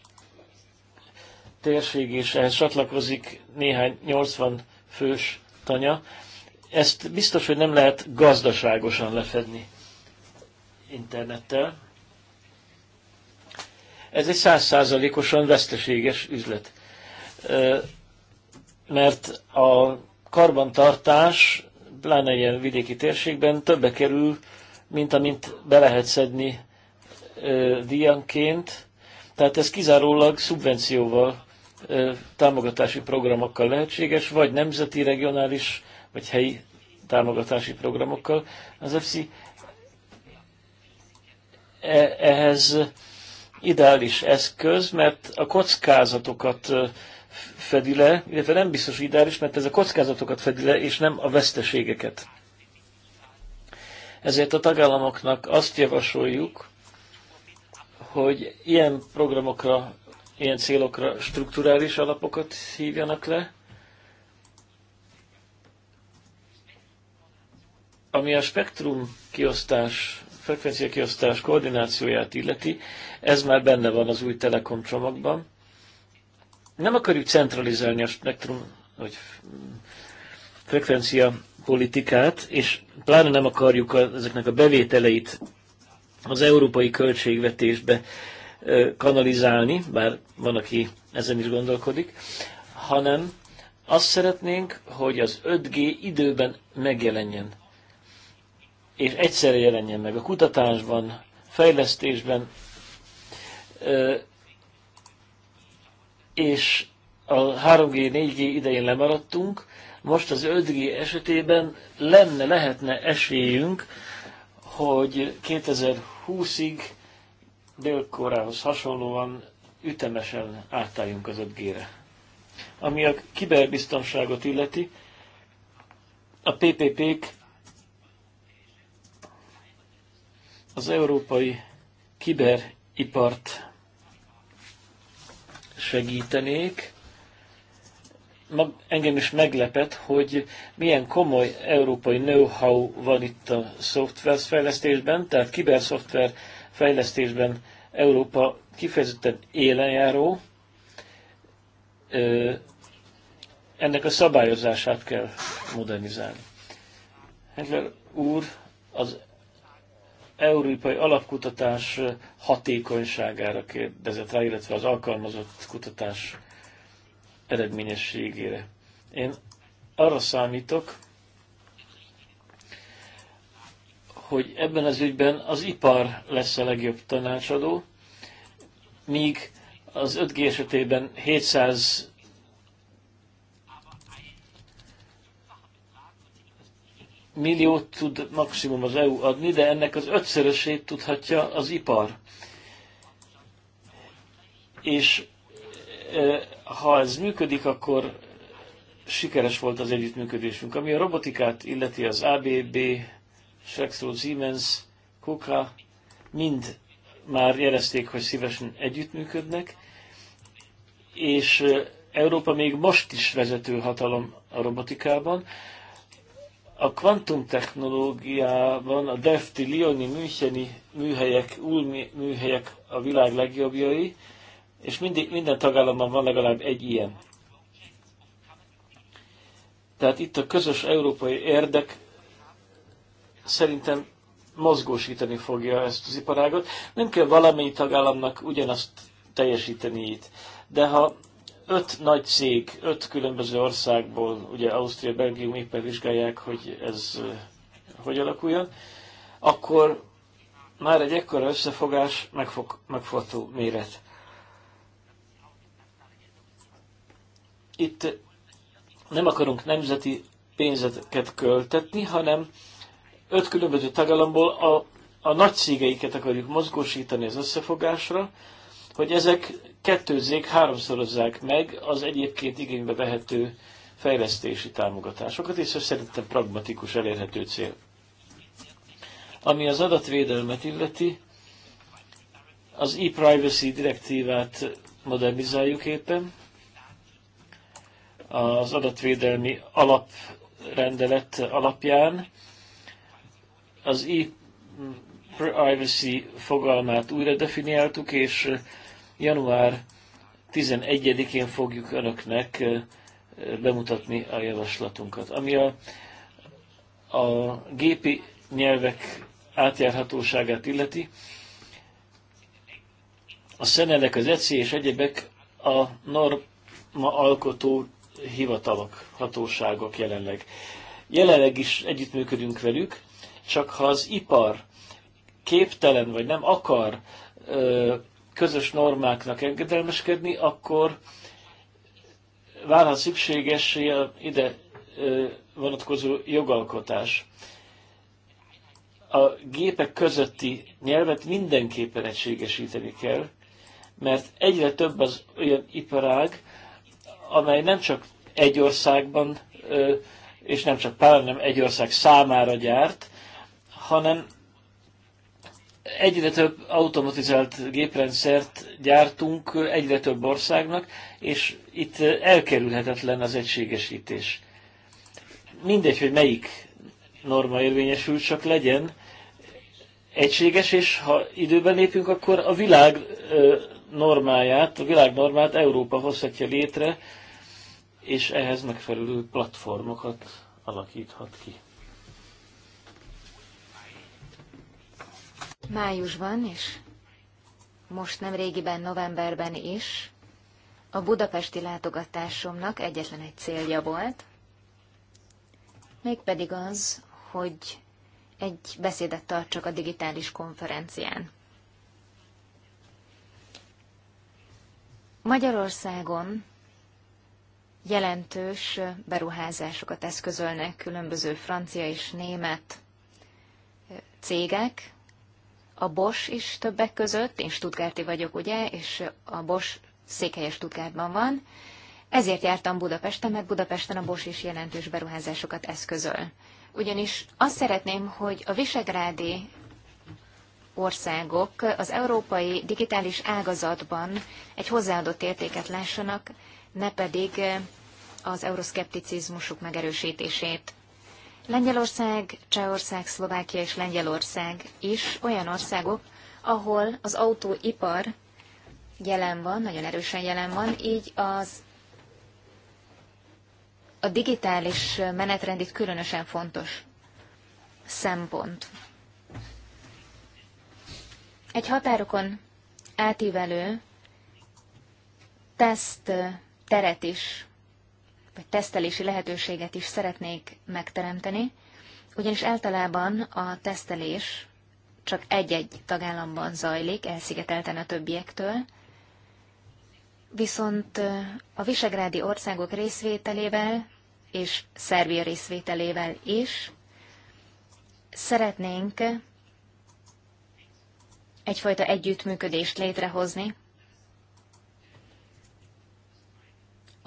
térség, és ehhez csatlakozik néhány 80 fős tanya. Ezt biztos, hogy nem lehet gazdaságosan lefedni internettel. Ez egy százszázalékosan veszteséges üzlet mert a karbantartás, pláne ilyen vidéki térségben többe kerül, mint amint be lehet szedni ö, díjanként. Tehát ez kizárólag szubvencióval, ö, támogatási programokkal lehetséges, vagy nemzeti, regionális, vagy helyi támogatási programokkal. Az EFSI ehhez ideális eszköz, mert a kockázatokat fedi le, illetve nem biztos, hogy ideális, mert ez a kockázatokat fedi le, és nem a veszteségeket. Ezért a tagállamoknak azt javasoljuk, hogy ilyen programokra, ilyen célokra strukturális alapokat hívjanak le, ami a spektrum kiosztás, frekvencia kiosztás koordinációját illeti, ez már benne van az új Telekom csomagban. Nem akarjuk centralizálni a spektrum, hogy frekvencia politikát, és pláne nem akarjuk a, ezeknek a bevételeit az európai költségvetésbe kanalizálni, bár van, aki ezen is gondolkodik, hanem azt szeretnénk, hogy az 5G időben megjelenjen. És egyszerre jelenjen meg a kutatásban, fejlesztésben, és a 3G, 4G idején lemaradtunk, most az 5G esetében lenne, lehetne esélyünk, hogy 2020-ig délkorához hasonlóan ütemesen átálljunk az 5G-re. Ami a kiberbiztonságot illeti, a PPP-k az európai kiberipart segítenék. Mag, engem is meglepet, hogy milyen komoly európai know-how van itt a szoftver fejlesztésben, tehát kiberszoftver fejlesztésben Európa kifejezetten élenjáró. Ennek a szabályozását kell modernizálni. Hát, úr az európai alapkutatás hatékonyságára kérdezett rá, illetve az alkalmazott kutatás eredményességére. Én arra számítok, hogy ebben az ügyben az ipar lesz a legjobb tanácsadó, míg az 5G esetében 700 milliót tud maximum az EU adni, de ennek az ötszörösét tudhatja az ipar. És ha ez működik, akkor sikeres volt az együttműködésünk. Ami a robotikát illeti, az ABB, Sextro, Siemens, Kuka, mind már jelezték, hogy szívesen együttműködnek, és Európa még most is vezető hatalom a robotikában a kvantumtechnológiában a Defti, Lioni, Müncheni műhelyek, új műhelyek a világ legjobbjai, és mindig, minden tagállamban van legalább egy ilyen. Tehát itt a közös európai érdek szerintem mozgósítani fogja ezt az iparágot. Nem kell valamennyi tagállamnak ugyanazt teljesíteni itt. De ha öt nagy cég, öt különböző országból, ugye Ausztria, Belgium éppen vizsgálják, hogy ez hogy alakuljon, akkor már egy ekkora összefogás megfog, megfogható méret. Itt nem akarunk nemzeti pénzeket költetni, hanem öt különböző tagállamból a, a nagy cégeiket akarjuk mozgósítani az összefogásra, hogy ezek kettőzzék, háromszorozzák meg az egyébként igénybe vehető fejlesztési támogatásokat, és ez szerintem pragmatikus, elérhető cél. Ami az adatvédelmet illeti, az e-privacy direktívát modernizáljuk éppen, az adatvédelmi alaprendelet alapján az e-privacy fogalmát újra definiáltuk, és Január 11-én fogjuk önöknek bemutatni a javaslatunkat. Ami a, a gépi nyelvek átjárhatóságát illeti, a szenelek, az ECI és egyebek a norma alkotó hivatalok, hatóságok jelenleg. Jelenleg is együttműködünk velük, csak ha az ipar képtelen vagy nem akar ö, közös normáknak engedelmeskedni, akkor válhat szükségessé ide vonatkozó jogalkotás. A gépek közötti nyelvet mindenképpen egységesíteni kell, mert egyre több az olyan iparág, amely nem csak egy országban, és nem csak pár, nem egy ország számára gyárt, hanem egyre több automatizált géprendszert gyártunk egyre több országnak, és itt elkerülhetetlen az egységesítés. Mindegy, hogy melyik norma érvényesül, csak legyen egységes, és ha időben lépünk, akkor a világ normáját, a világ normát Európa hozhatja létre, és ehhez megfelelő platformokat alakíthat ki. Májusban és most nem régiben novemberben is a budapesti látogatásomnak egyetlen egy célja volt, mégpedig az, hogy egy beszédet tartsak a digitális konferencián. Magyarországon jelentős beruházásokat eszközölnek különböző francia és német cégek, a Bos is többek között, én Stuttgarti vagyok, ugye, és a Bos székhelye Stuttgartban van, ezért jártam Budapesten, mert Budapesten a Bos is jelentős beruházásokat eszközöl. Ugyanis azt szeretném, hogy a visegrádi országok az európai digitális ágazatban egy hozzáadott értéket lássanak, ne pedig az euroszkepticizmusuk megerősítését. Lengyelország, Csehország, Szlovákia és Lengyelország is olyan országok, ahol az autóipar jelen van, nagyon erősen jelen van, így az a digitális menetrend itt különösen fontos szempont. Egy határokon átívelő teszt teret is vagy tesztelési lehetőséget is szeretnék megteremteni, ugyanis általában a tesztelés csak egy-egy tagállamban zajlik, elszigetelten a többiektől, viszont a visegrádi országok részvételével és Szerbia részvételével is szeretnénk egyfajta együttműködést létrehozni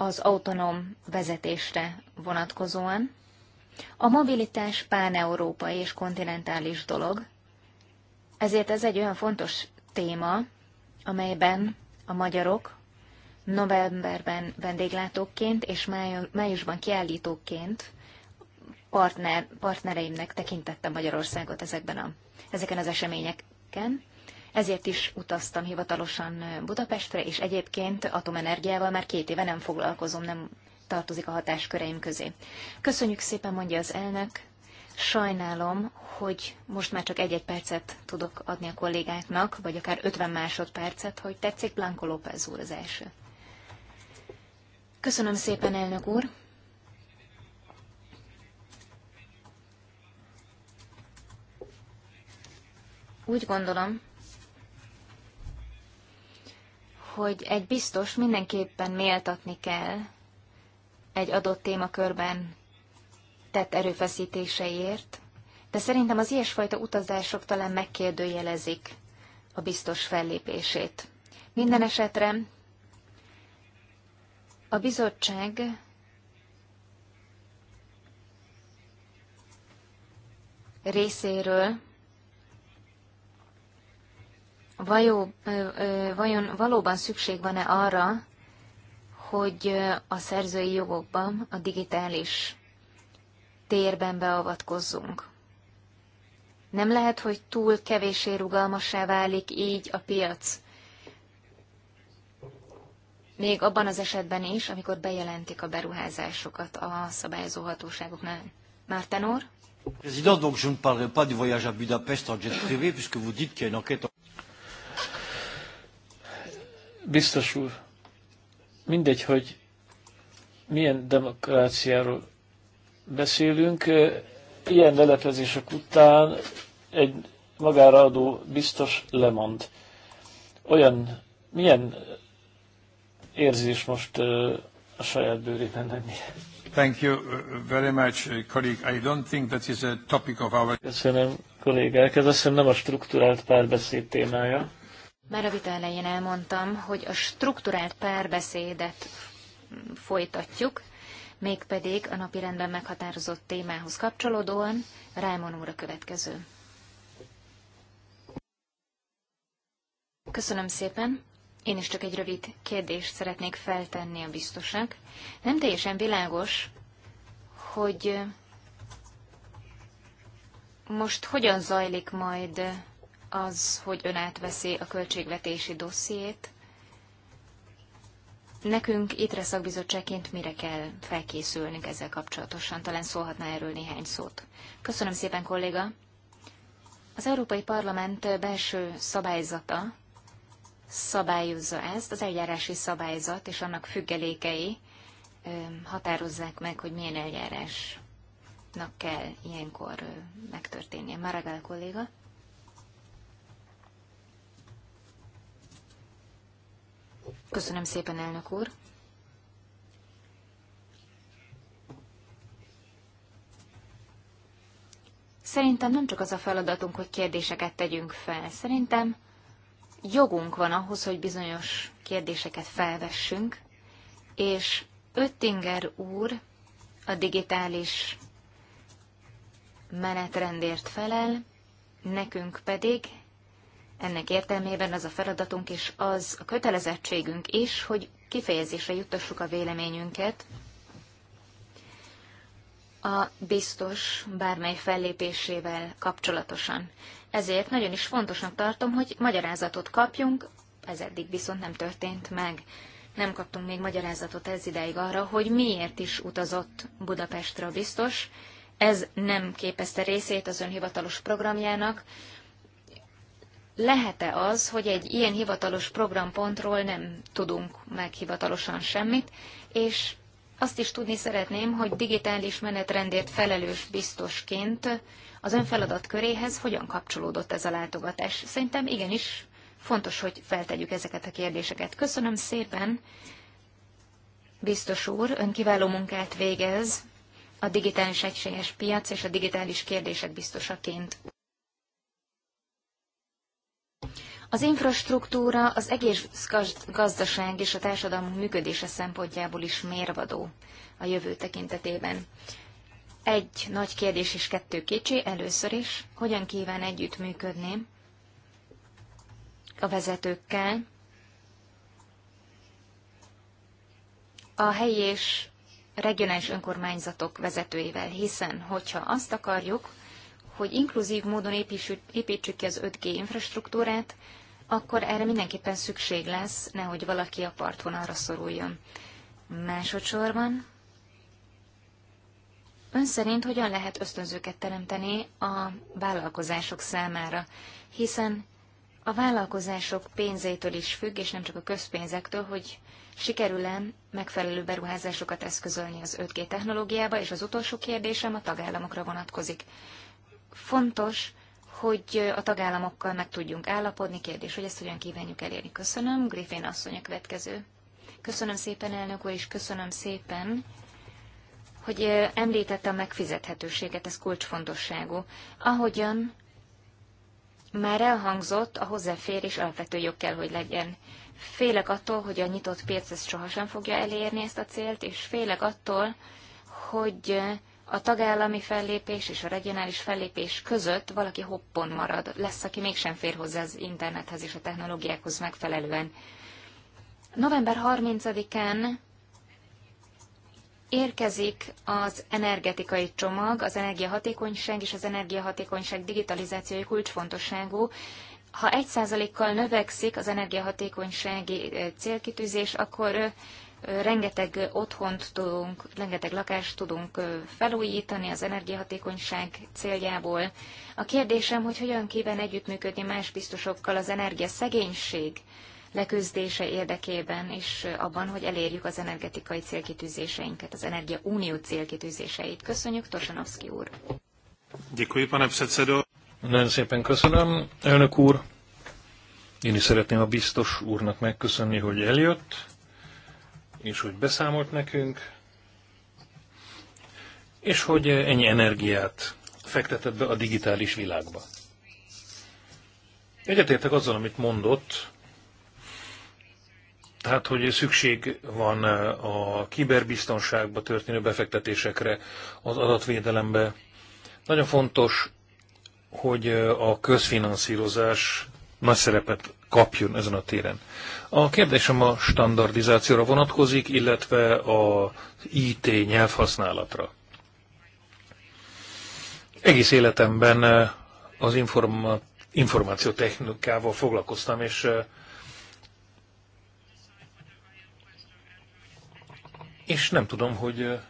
az autonóm vezetésre vonatkozóan. A mobilitás páneurópai és kontinentális dolog, ezért ez egy olyan fontos téma, amelyben a magyarok novemberben vendéglátóként és májusban kiállítóként partner, partnereimnek tekintette Magyarországot ezekben a, ezeken az eseményeken. Ezért is utaztam hivatalosan Budapestre, és egyébként atomenergiával már két éve nem foglalkozom, nem tartozik a hatásköreim közé. Köszönjük szépen, mondja az elnök. Sajnálom, hogy most már csak egy-egy percet tudok adni a kollégáknak, vagy akár 50 másodpercet, hogy tetszik Blanco López úr az első. Köszönöm szépen, elnök úr. Úgy gondolom, hogy egy biztos mindenképpen méltatni kell egy adott témakörben tett erőfeszítéseért, de szerintem az ilyesfajta utazások talán megkérdőjelezik a biztos fellépését. Minden esetre a bizottság részéről Vajó, vajon valóban szükség van-e arra, hogy a szerzői jogokban, a digitális térben beavatkozzunk? Nem lehet, hogy túl kevésé rugalmassá válik így a piac. Még abban az esetben is, amikor bejelentik a beruházásokat a szabályozó hatóságoknál. Márten úr? Président, donc je ne parlerai pas du voyage à Budapest en jet privé, puisque vous dites qu'il y a une enquête Biztos úr, mindegy, hogy milyen demokráciáról beszélünk, ilyen leleplezések után egy magára adó biztos lemond. Olyan, milyen érzés most a saját bőrében lenni? Thank you uh, very much, uh, colleague. I don't think that is a topic of our... Köszönöm, kollégák. Ez azt hiszem nem a struktúrált párbeszéd témája. Már a vita elején elmondtam, hogy a strukturált párbeszédet folytatjuk, mégpedig a napi rendben meghatározott témához kapcsolódóan Rámon úr a következő. Köszönöm szépen. Én is csak egy rövid kérdést szeretnék feltenni a biztosnak. Nem teljesen világos, hogy most hogyan zajlik majd az, hogy ön átveszi a költségvetési dossziét. Nekünk ITRE szakbizottságként mire kell felkészülnünk ezzel kapcsolatosan? Talán szólhatná erről néhány szót. Köszönöm szépen, kolléga! Az Európai Parlament belső szabályzata szabályozza ezt, az eljárási szabályzat és annak függelékei határozzák meg, hogy milyen eljárásnak kell ilyenkor megtörténnie. Maragál kolléga. Köszönöm szépen, elnök úr. Szerintem nem csak az a feladatunk, hogy kérdéseket tegyünk fel. Szerintem jogunk van ahhoz, hogy bizonyos kérdéseket felvessünk, és Öttinger úr a digitális menetrendért felel, nekünk pedig ennek értelmében az a feladatunk és az a kötelezettségünk is, hogy kifejezésre juttassuk a véleményünket. A biztos bármely fellépésével kapcsolatosan. Ezért nagyon is fontosnak tartom, hogy magyarázatot kapjunk, ez eddig viszont nem történt meg. Nem kaptunk még magyarázatot ez ideig arra, hogy miért is utazott Budapestre a biztos. Ez nem képezte részét az önhivatalos programjának, lehet-e az, hogy egy ilyen hivatalos programpontról nem tudunk meg hivatalosan semmit, és azt is tudni szeretném, hogy digitális menetrendért felelős biztosként az ön feladatköréhez hogyan kapcsolódott ez a látogatás. Szerintem igenis fontos, hogy feltegyük ezeket a kérdéseket. Köszönöm szépen, biztos úr, ön kiváló munkát végez a digitális egységes piac és a digitális kérdések biztosaként. Az infrastruktúra az egész gazdaság és a társadalom működése szempontjából is mérvadó a jövő tekintetében. Egy nagy kérdés és kettő kicsi, először is, hogyan kíván együttműködni a vezetőkkel, a helyi és regionális önkormányzatok vezetőivel, hiszen hogyha azt akarjuk, hogy inkluzív módon építsük, építsük ki az 5G infrastruktúrát, akkor erre mindenképpen szükség lesz, nehogy valaki a partvonalra szoruljon. Másodszorban, ön szerint hogyan lehet ösztönzőket teremteni a vállalkozások számára, hiszen a vállalkozások pénzétől is függ, és nem csak a közpénzektől, hogy sikerül-e megfelelő beruházásokat eszközölni az 5G technológiába, és az utolsó kérdésem a tagállamokra vonatkozik. Fontos, hogy a tagállamokkal meg tudjunk állapodni. Kérdés, hogy ezt hogyan kívánjuk elérni. Köszönöm. Griffin asszony a következő. Köszönöm szépen, elnök úr, és köszönöm szépen, hogy említette a megfizethetőséget, ez kulcsfontosságú. Ahogyan már elhangzott, a hozzáférés alapvető jog kell, hogy legyen. Félek attól, hogy a nyitott piac ezt sohasem fogja elérni ezt a célt, és félek attól, hogy a tagállami fellépés és a regionális fellépés között valaki hoppon marad, lesz, aki mégsem fér hozzá az internethez és a technológiákhoz megfelelően. November 30-án érkezik az energetikai csomag, az energiahatékonyság és az energiahatékonyság digitalizációi kulcsfontosságú, ha 1%-kal növekszik az energiahatékonysági eh, célkitűzés, akkor eh, rengeteg otthont tudunk, rengeteg lakást tudunk felújítani az energiahatékonyság céljából. A kérdésem, hogy hogyan kíván együttműködni más biztosokkal az energiaszegénység leküzdése érdekében, és abban, hogy elérjük az energetikai célkitűzéseinket, az Energia Unió célkitűzéseit. Köszönjük, Tosanovszki úr! Děkuji, pane předsedo. Nagyon szépen köszönöm, elnök úr. Én is szeretném a biztos úrnak megköszönni, hogy eljött is, hogy beszámolt nekünk, és hogy ennyi energiát fektetett be a digitális világba. Egyetértek azzal, amit mondott, tehát, hogy szükség van eh, a kiberbiztonságba történő befektetésekre, az adatvédelembe. Nagyon fontos, hogy eh, a közfinanszírozás nagy szerepet kapjon ezen a téren. A kérdésem a standardizációra vonatkozik, illetve a IT nyelvhasználatra. Egész életemben eh, az informa- technikával foglalkoztam, és eh, és nem tudom, hogy eh,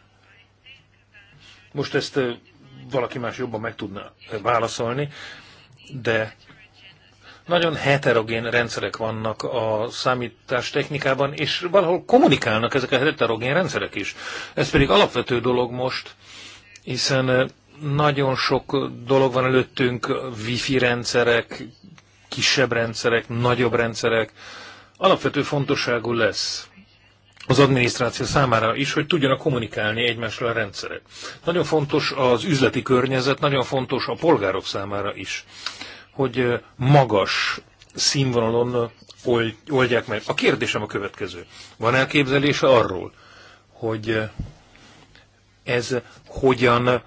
most ezt valaki más jobban meg tudna válaszolni, de nagyon heterogén rendszerek vannak a számítástechnikában, és valahol kommunikálnak ezek a heterogén rendszerek is. Ez pedig alapvető dolog most, hiszen eh, nagyon sok dolog van előttünk, wifi rendszerek, kisebb rendszerek, nagyobb rendszerek. Alapvető fontosságú lesz az adminisztráció számára is, hogy tudjanak kommunikálni egymással a rendszerek. Nagyon fontos az üzleti környezet, nagyon fontos a polgárok számára is hogy magas színvonalon oldják meg. A kérdésem a következő. Van elképzelése arról, hogy ez hogyan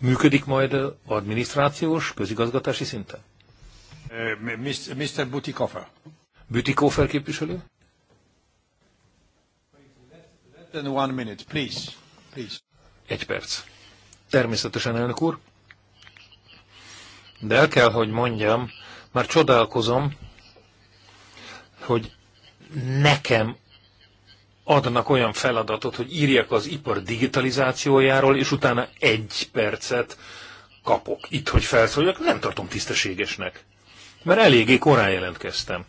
működik majd adminisztrációs, közigazgatási szinten? Mr. Butikofer. Butikofer képviselő? One minute, please. Please. Egy perc. Természetesen, elnök úr. De el kell, hogy mondjam, már csodálkozom, hogy nekem adnak olyan feladatot, hogy írjak az ipar digitalizációjáról, és utána egy percet kapok itt, hogy felszóljak, nem tartom tisztességesnek. Mert eléggé korán jelentkeztem.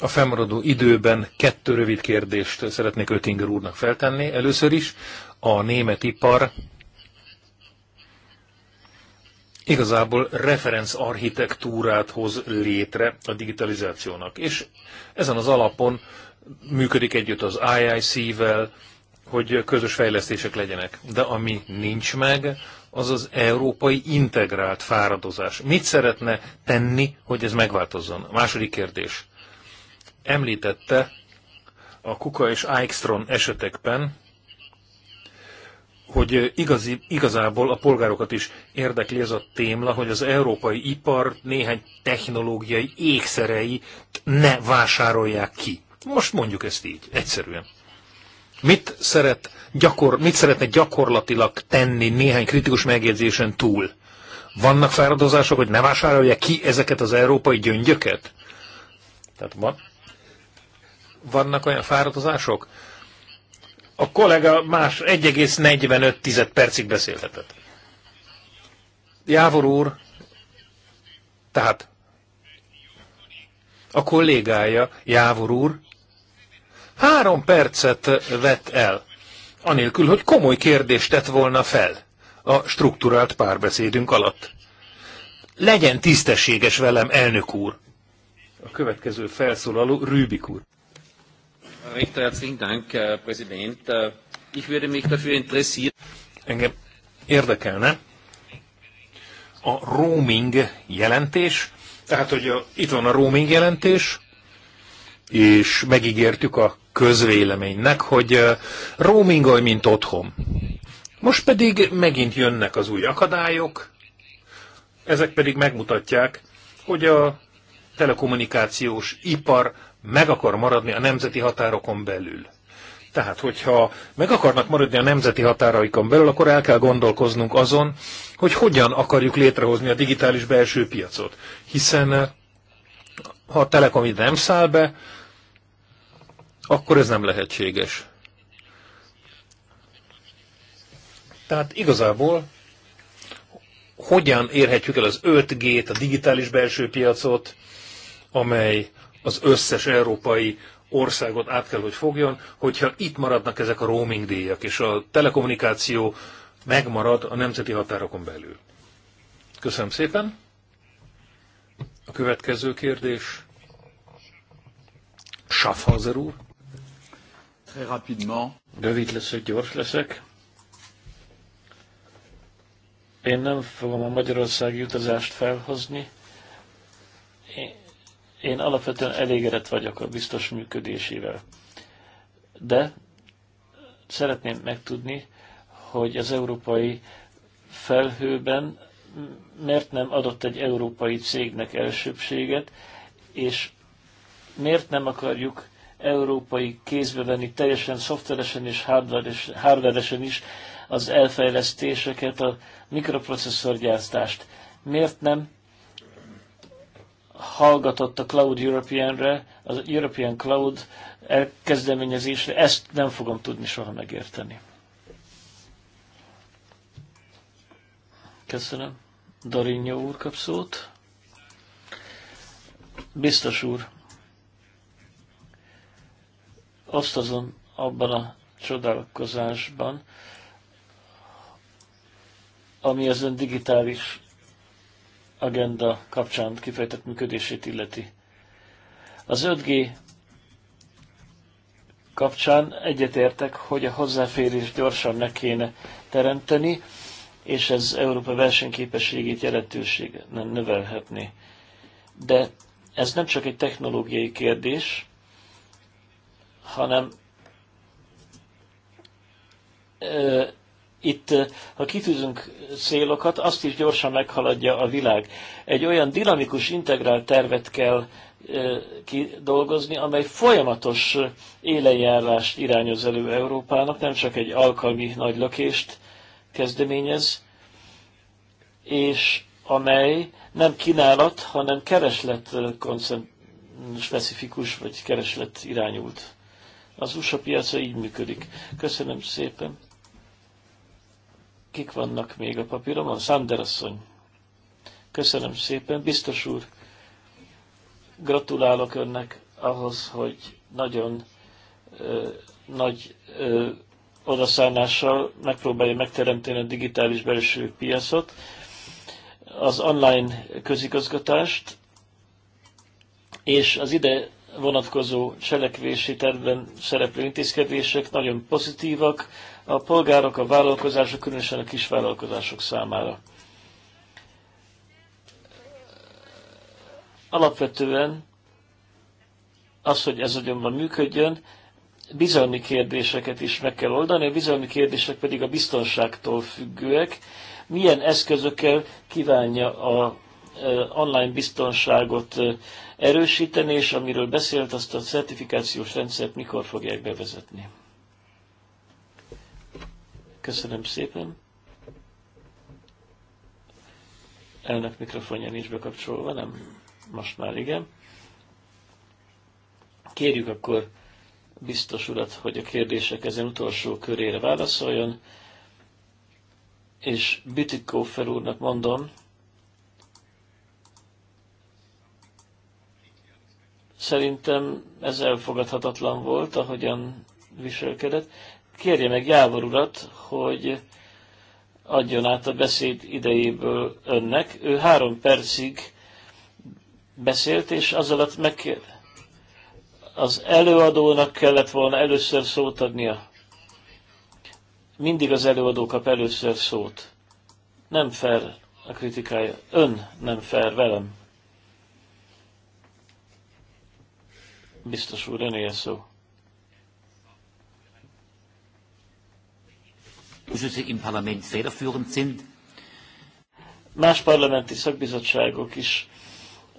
A felmaradó időben kettő rövid kérdést szeretnék Ötinger úrnak feltenni. Először is a német ipar igazából referenc architektúrát hoz létre a digitalizációnak. És ezen az alapon működik együtt az IIC-vel, hogy közös fejlesztések legyenek. De ami nincs meg, az az európai integrált fáradozás. Mit szeretne tenni, hogy ez megváltozzon? A második kérdés. Említette a Kuka és Aikstron esetekben, hogy igazi, igazából a polgárokat is érdekli ez a témla, hogy az európai ipar néhány technológiai ékszerei ne vásárolják ki. Most mondjuk ezt így, egyszerűen. Mit, szeret gyakor, mit szeretne gyakorlatilag tenni néhány kritikus megjegyzésen túl? Vannak fáradozások, hogy ne vásárolják ki ezeket az európai gyöngyöket? Tehát van, vannak olyan fáradozások, a kollega más 1,45 percig beszélhetett. Jávor úr, tehát a kollégája, Jávor úr, három percet vett el, anélkül, hogy komoly kérdést tett volna fel a struktúrált párbeszédünk alatt. Legyen tisztességes velem, elnök úr! A következő felszólaló Rübik úr. Recht herzlichen Dank, Herr Präsident. Ich würde mich dafür interessieren. Engem érdekelne a roaming jelentés, tehát hogy a, itt van a roaming jelentés, és megígértük a közvéleménynek, hogy roamingolj, mint otthon. Most pedig megint jönnek az új akadályok, ezek pedig megmutatják, hogy a telekommunikációs ipar meg akar maradni a nemzeti határokon belül. Tehát, hogyha meg akarnak maradni a nemzeti határaikon belül, akkor el kell gondolkoznunk azon, hogy hogyan akarjuk létrehozni a digitális belső piacot. Hiszen eh, ha a Telekom ide nem száll be, akkor ez nem lehetséges. Tehát igazából hogyan érhetjük el az 5G-t, a digitális belső piacot, amely az összes európai országot át kell, hogy fogjon, hogyha itt maradnak ezek a roaming díjak, és a telekommunikáció megmarad a nemzeti határokon belül. Köszönöm szépen. A következő kérdés. Schaffhauser úr. Très rapidement. Rövid leszek, gyors leszek. Én nem fogom a magyarországi utazást felhozni én alapvetően elégedett vagyok a biztos működésével. De szeretném megtudni, hogy az európai felhőben miért nem adott egy európai cégnek elsőbséget, és miért nem akarjuk európai kézbe venni teljesen szoftveresen és hardveresen is az elfejlesztéseket, a mikroprocesszorgyártást. Miért nem hallgatott a Cloud European-re, az European Cloud elkezdeményezésre, ezt nem fogom tudni soha megérteni. Köszönöm. Darinja úr kap szót. Biztos úr, osztozom abban a csodálkozásban, ami az ön digitális agenda kapcsán kifejtett működését illeti. Az 5G kapcsán egyetértek, hogy a hozzáférés gyorsan ne kéne teremteni, és ez Európa versenyképességét jelentőség nem növelhetné. De ez nem csak egy technológiai kérdés, hanem itt, eh, ha kitűzünk célokat, azt is gyorsan meghaladja a világ. Egy olyan dinamikus, integrált tervet kell eh, kidolgozni, amely folyamatos eh, élejárást irányoz elő Európának, nem csak egy alkalmi nagy lökést kezdeményez, és amely nem kínálat, hanem kereslet specifikus, vagy kereslet irányult. Az USA piaca így működik. Köszönöm szépen! Kik vannak még a papíromon? Sander asszony. Köszönöm szépen, biztos úr. Gratulálok önnek ahhoz, hogy nagyon ö, nagy ö, odaszállással megpróbálja megteremteni a digitális belső piacot, az online közigazgatást, és az ide vonatkozó cselekvési tervben szereplő intézkedések nagyon pozitívak a polgárok, a vállalkozások, különösen a kisvállalkozások számára. Alapvetően az, hogy ez agyonban működjön, bizalmi kérdéseket is meg kell oldani, a bizalmi kérdések pedig a biztonságtól függőek. Milyen eszközökkel kívánja a online biztonságot erősíteni, és amiről beszélt, azt a certifikációs rendszert mikor fogják bevezetni. Köszönöm szépen. Elnök mikrofonja nincs bekapcsolva, nem? Most már igen. Kérjük akkor biztos urat, hogy a kérdések ezen utolsó körére válaszoljon, és Bütikófer úrnak mondom, Szerintem ez elfogadhatatlan volt, ahogyan viselkedett. Kérje meg Jávor urat, hogy adjon át a beszéd idejéből önnek. Ő három percig beszélt, és az alatt megkér. Az előadónak kellett volna először szót adnia. Mindig az előadó kap először szót. Nem fel a kritikája. Ön nem fel velem. Biztos úr, ilyen szó. im Parlament federführend sind. Más parlamenti szakbizottságok is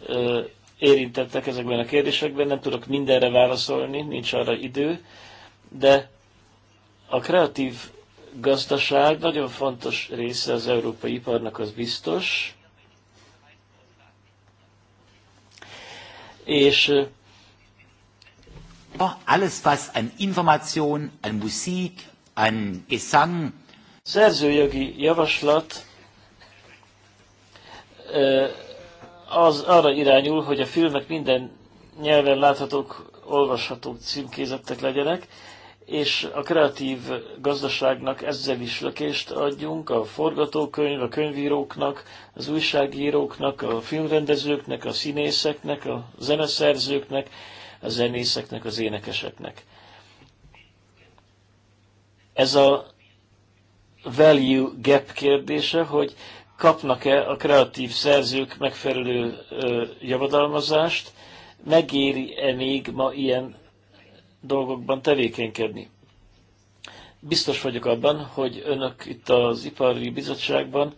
ö, érintettek ezekben a kérdésekben, nem tudok mindenre válaszolni, nincs arra idő, de a kreatív gazdaság nagyon fontos része az európai iparnak, az biztos, és Alles, was an Information, an Musik, an Gesang. Szerzőjogi javaslat az arra irányul, hogy a filmek minden nyelven láthatók, olvashatók, címkézettek legyenek, és a kreatív gazdaságnak ezzel is lökést adjunk, a forgatókönyv, a könyvíróknak, az újságíróknak, a filmrendezőknek, a színészeknek, a zeneszerzőknek, a zenészeknek, az énekeseknek. Ez a value gap kérdése, hogy kapnak-e a kreatív szerzők megfelelő ö, javadalmazást, megéri-e még ma ilyen dolgokban tevékenykedni. Biztos vagyok abban, hogy önök itt az ipari bizottságban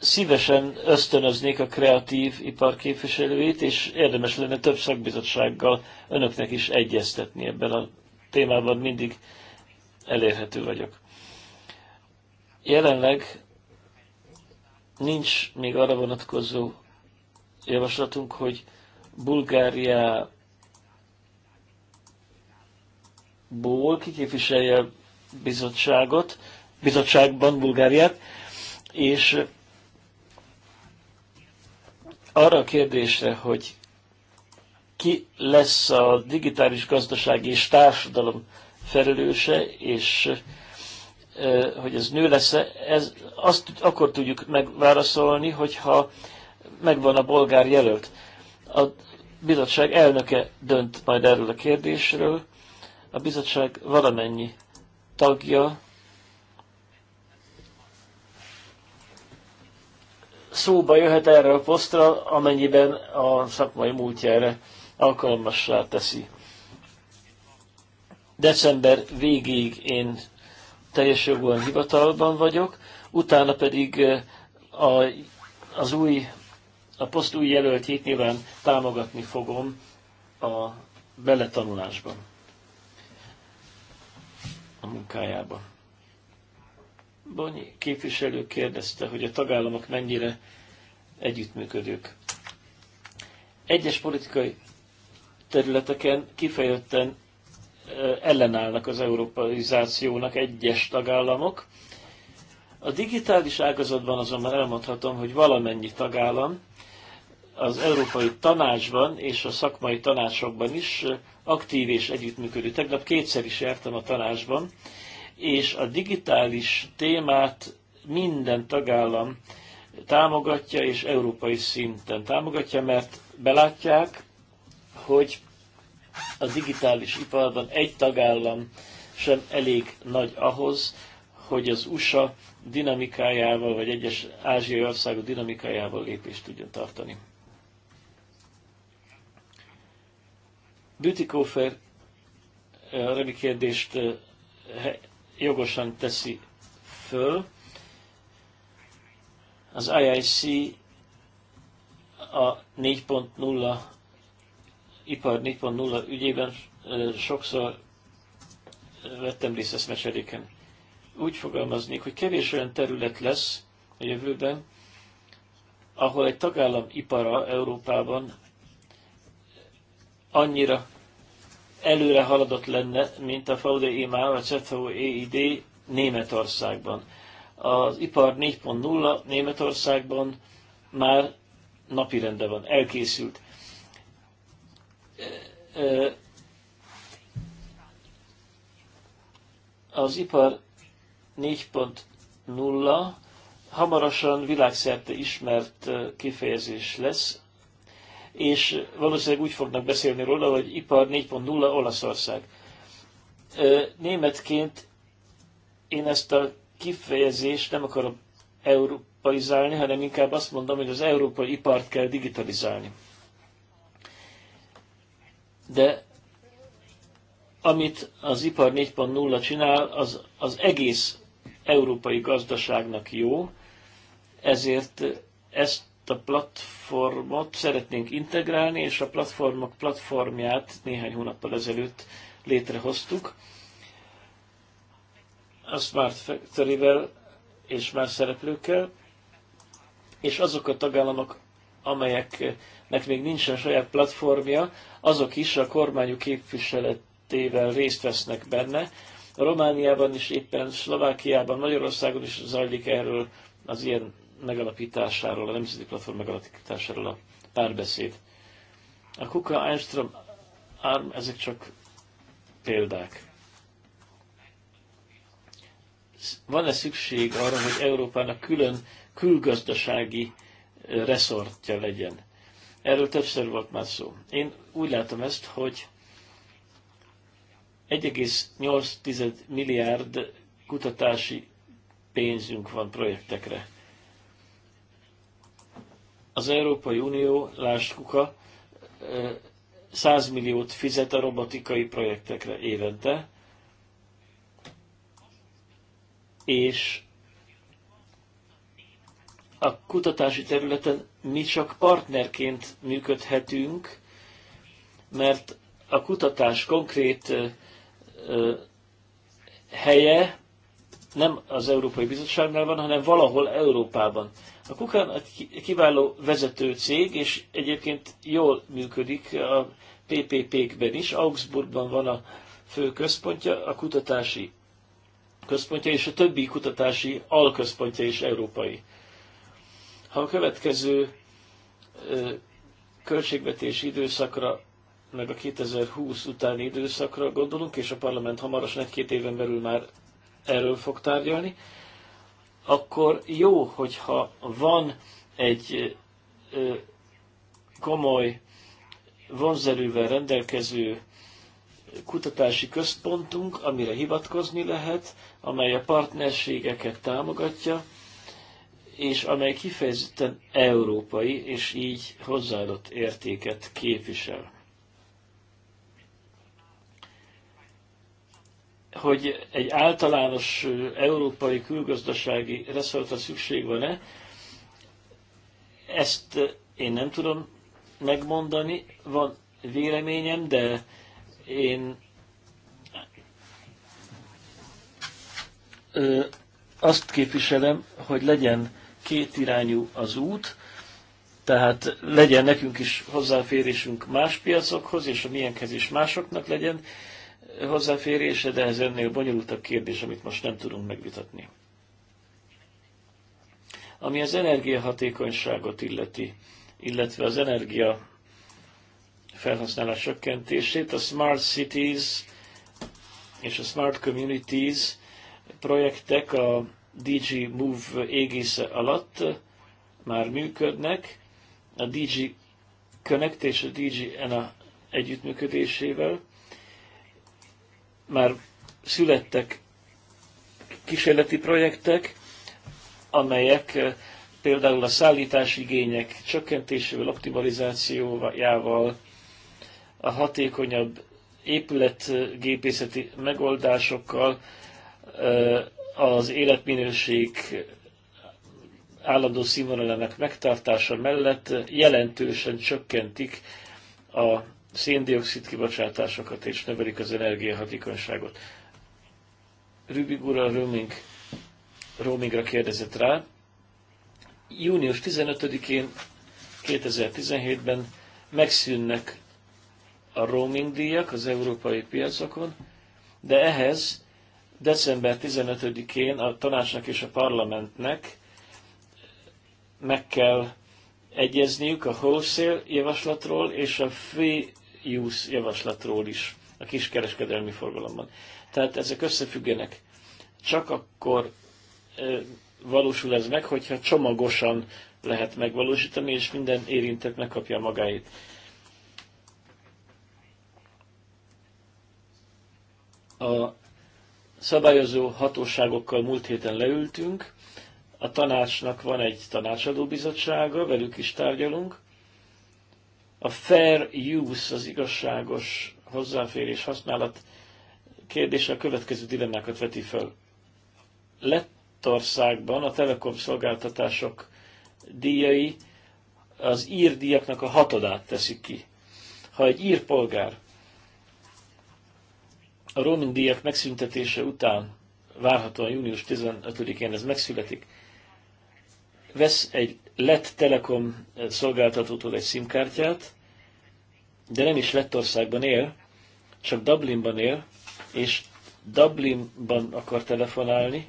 szívesen ösztönöznék a kreatív ipar képviselőit, és érdemes lenne több szakbizottsággal önöknek is egyeztetni ebben a témában, mindig elérhető vagyok. Jelenleg nincs még arra vonatkozó javaslatunk, hogy ból kiképviselje bizottságot, bizottságban Bulgáriát, és arra a kérdésre, hogy ki lesz a digitális gazdaság és társadalom felelőse, és hogy ez nő lesz-e, ez, azt akkor tudjuk megválaszolni, hogyha megvan a bolgár jelölt. A bizottság elnöke dönt majd erről a kérdésről, a bizottság valamennyi tagja szóba jöhet erre a posztra, amennyiben a szakmai múltjára alkalmassá teszi. December végéig én teljes jogúan hivatalban vagyok, utána pedig eh, a, az új, a poszt új jelöltjét nyilván támogatni fogom a beletanulásban, a munkájában. Bony képviselő kérdezte, hogy a tagállamok mennyire együttműködők. Egyes politikai területeken kifejezetten ellenállnak az európaizációnak egyes tagállamok. A digitális ágazatban azonban elmondhatom, hogy valamennyi tagállam az Európai Tanácsban és a szakmai tanácsokban is aktív és együttműködő. Tegnap kétszer is jártam a tanácsban, és a digitális témát minden tagállam támogatja, és európai szinten támogatja, mert belátják, hogy a digitális iparban egy tagállam sem elég nagy ahhoz, hogy az USA dinamikájával, vagy egyes ázsiai országok dinamikájával lépést tudjon tartani. Eh, a remi kérdést eh, jogosan teszi föl. Az IIC a 4.0 ipar 4.0 ügyében sokszor vettem részt eszmecseréken. Úgy fogalmaznék, hogy kevés olyan terület lesz a jövőben, ahol egy tagállam ipara Európában annyira előre haladott lenne, mint a Faude EMA, a CETO EID Németországban. Az ipar 4.0 Németországban már napirende van, elkészült. Az ipar 4.0 hamarosan világszerte ismert kifejezés lesz, és valószínűleg úgy fognak beszélni róla, hogy ipar 4.0 Olaszország. Németként én ezt a kifejezést nem akarom európaizálni, hanem inkább azt mondom, hogy az európai ipart kell digitalizálni. De amit az ipar 4.0 csinál, az, az egész európai gazdaságnak jó, ezért ezt a platformot szeretnénk integrálni, és a platformok platformját néhány hónappal ezelőtt létrehoztuk. A Smart factory és más szereplőkkel, és azok a tagállamok, amelyeknek még nincsen saját platformja, azok is a kormányú képviseletével részt vesznek benne. A Romániában is éppen, Szlovákiában, Magyarországon is zajlik erről az ilyen megalapításáról, a Nemzeti Platform megalapításáról a párbeszéd. A Kuka, Einström, ARM, ezek csak példák. Van-e szükség arra, hogy Európának külön külgazdasági reszortja legyen? Erről többször volt már szó. Én úgy látom ezt, hogy 1,8 milliárd kutatási pénzünk van projektekre. Az Európai Unió, lásd kuka, 100 milliót fizet a robotikai projektekre évente, és a kutatási területen mi csak partnerként működhetünk, mert a kutatás konkrét helye nem az Európai Bizottságnál van, hanem valahol Európában. A Kukan egy kiváló vezető cég, és egyébként jól működik a PPP-kben is. Augsburgban van a fő központja, a kutatási központja, és a többi kutatási alközpontja is európai. Ha a következő költségvetési időszakra, meg a 2020 utáni időszakra gondolunk, és a parlament hamarosan egy-két éven belül már erről fog tárgyalni, akkor jó, hogyha van egy komoly vonzerővel rendelkező kutatási központunk, amire hivatkozni lehet, amely a partnerségeket támogatja, és amely kifejezetten európai, és így hozzáadott értéket képvisel. hogy egy általános európai külgazdasági reszortra szükség van-e, ezt én nem tudom megmondani, van véleményem, de én azt képviselem, hogy legyen két irányú az út, tehát legyen nekünk is hozzáférésünk más piacokhoz, és a milyenkhez is másoknak legyen hozzáférése, de ez ennél bonyolultabb kérdés, amit most nem tudunk megvitatni. Ami az energiahatékonyságot illeti, illetve az energia felhasználás csökkentését, a Smart Cities és a Smart Communities projektek a DG Move égésze alatt már működnek, a DG Connect és a DG ENA együttműködésével, már születtek kísérleti projektek, amelyek eh, például a szállítási igények csökkentésével, optimalizációjával, a hatékonyabb épületgépészeti megoldásokkal, eh, az életminőség állandó színvonalának megtartása mellett jelentősen csökkentik a széndiokszid kibocsátásokat és növelik az energiahatékonyságot. Rübig úr a roaming, roamingra kérdezett rá. Június 15-én 2017-ben megszűnnek a roaming díjak az európai piacokon, de ehhez december 15-én a tanácsnak és a parlamentnek meg kell egyezniük a wholesale javaslatról és a free use javaslatról is a kiskereskedelmi forgalomban. Tehát ezek összefüggenek. Csak akkor valósul ez meg, hogyha csomagosan lehet megvalósítani, és minden érintett megkapja magáit. A szabályozó hatóságokkal múlt héten leültünk, a tanácsnak van egy tanácsadó bizottsága, velük is tárgyalunk, a fair use, az igazságos hozzáférés, használat kérdése a következő dilemmákat veti fel. Lettországban a telekom szolgáltatások díjai az ír díjaknak a hatodát teszik ki. Ha egy ír polgár a roaming díjak megszüntetése után várhatóan június 15-én ez megszületik, vesz egy lett telekom szolgáltatótól egy simkártyát, de nem is Lettországban él, csak Dublinban él, és Dublinban akar telefonálni,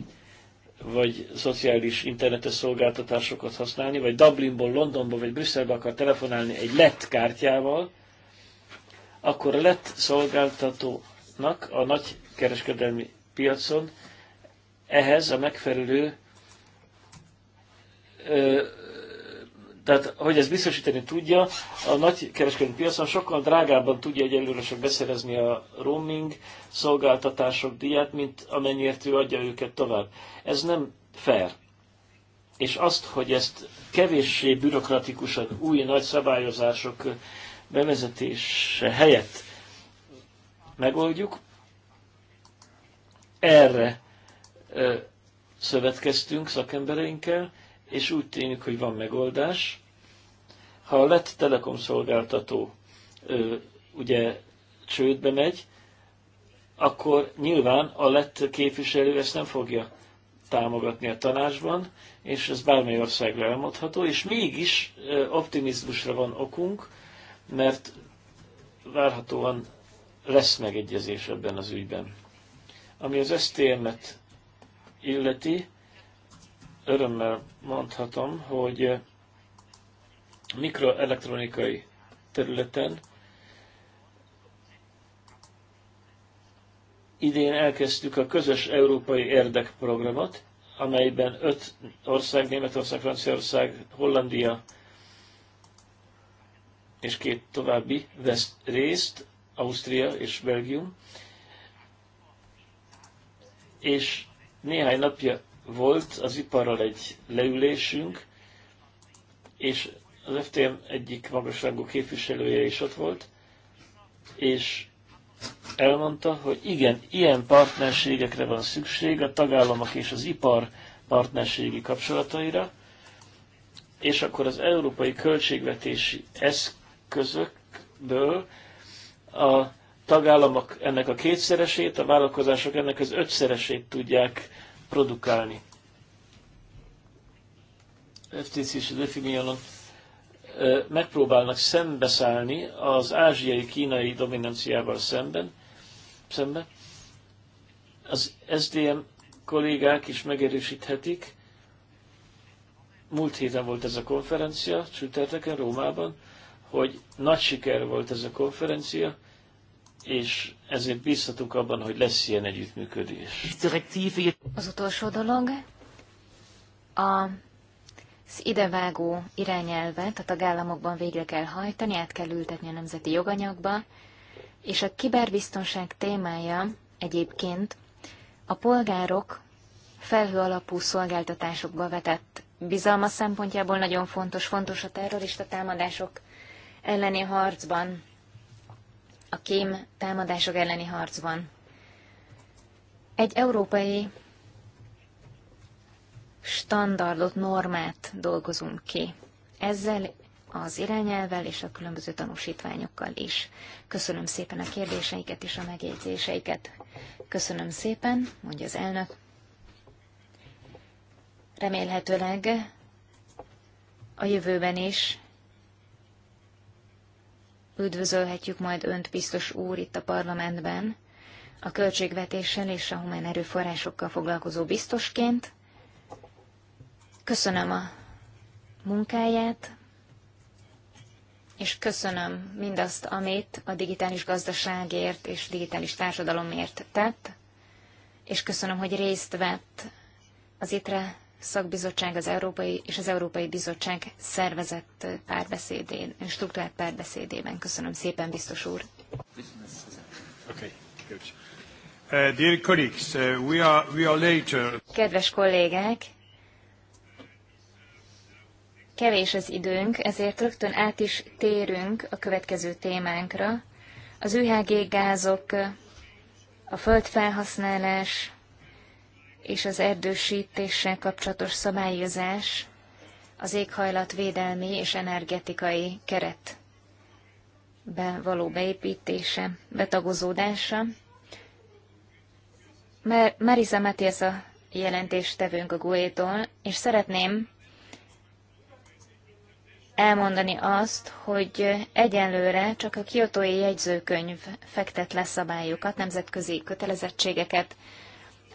vagy szociális internetes szolgáltatásokat használni, vagy Dublinból, Londonból, vagy Brüsszelbe akar telefonálni egy lett kártyával, akkor a lett szolgáltatónak a nagy kereskedelmi piacon ehhez a megfelelő tehát hogy ezt biztosítani tudja, a nagy kereskedelmi piacon sokkal drágábban tudja egyelőre csak beszerezni a roaming szolgáltatások díját, mint amennyiért ő adja őket tovább. Ez nem fair. És azt, hogy ezt kevéssé bürokratikusan új nagy szabályozások bevezetése helyett megoldjuk, erre ö, szövetkeztünk szakembereinkkel, és úgy tűnik, hogy van megoldás. Ha a lett telekom szolgáltató ö, ugye csődbe megy, akkor nyilván a lett képviselő ezt nem fogja támogatni a tanácsban, és ez bármely országra elmondható, és mégis optimizmusra van okunk, mert várhatóan lesz megegyezés ebben az ügyben. Ami az STM-et illeti, örömmel mondhatom, hogy eh, mikroelektronikai területen idén elkezdtük a közös európai érdekprogramot, amelyben öt ország, Németország, Franciaország, Hollandia és két további vesz részt, Ausztria és Belgium, és néhány napja volt az iparral egy leülésünk, és az FTM egyik magasrangú képviselője is ott volt, és elmondta, hogy igen, ilyen partnerségekre van szükség a tagállamok és az ipar partnerségi kapcsolataira, és akkor az európai költségvetési eszközökből a tagállamok ennek a kétszeresét, a vállalkozások ennek az ötszeresét tudják produkálni. FTC és az EFIMI megpróbálnak szembeszállni az ázsiai-kínai dominanciával szemben, szemben. Az SDM kollégák is megerősíthetik. Múlt héten volt ez a konferencia, csütörtöken Rómában, hogy nagy siker volt ez a konferencia és ezért bízhatunk abban, hogy lesz ilyen együttműködés. Az utolsó dolog, a az idevágó irányelvet a tagállamokban végre kell hajtani, át kell ültetni a nemzeti joganyagba, és a kiberbiztonság témája egyébként a polgárok felhő alapú szolgáltatásokba vetett bizalma szempontjából nagyon fontos, fontos a terrorista támadások elleni harcban a kém támadások elleni harcban. Egy európai standardot, normát dolgozunk ki. Ezzel az irányelvel és a különböző tanúsítványokkal is. Köszönöm szépen a kérdéseiket és a megjegyzéseiket. Köszönöm szépen, mondja az elnök. Remélhetőleg a jövőben is üdvözölhetjük majd önt, biztos úr, itt a parlamentben, a költségvetéssel és a humán erőforrásokkal foglalkozó biztosként. Köszönöm a munkáját, és köszönöm mindazt, amit a digitális gazdaságért és digitális társadalomért tett, és köszönöm, hogy részt vett az ITRE szakbizottság az Európai és az Európai Bizottság szervezett párbeszédén, struktúrált párbeszédében. Köszönöm szépen, biztos úr. Uh, uh, Kedves kollégák, kevés az időnk, ezért rögtön át is térünk a következő témánkra. Az UHG gázok, a földfelhasználás, és az erdősítéssel kapcsolatos szabályozás az éghajlatvédelmi és energetikai be való beépítése, betagozódása. Mer Marisa Matias a tevünk a gue és szeretném elmondani azt, hogy egyenlőre csak a kiotói jegyzőkönyv fektet le szabályokat, nemzetközi kötelezettségeket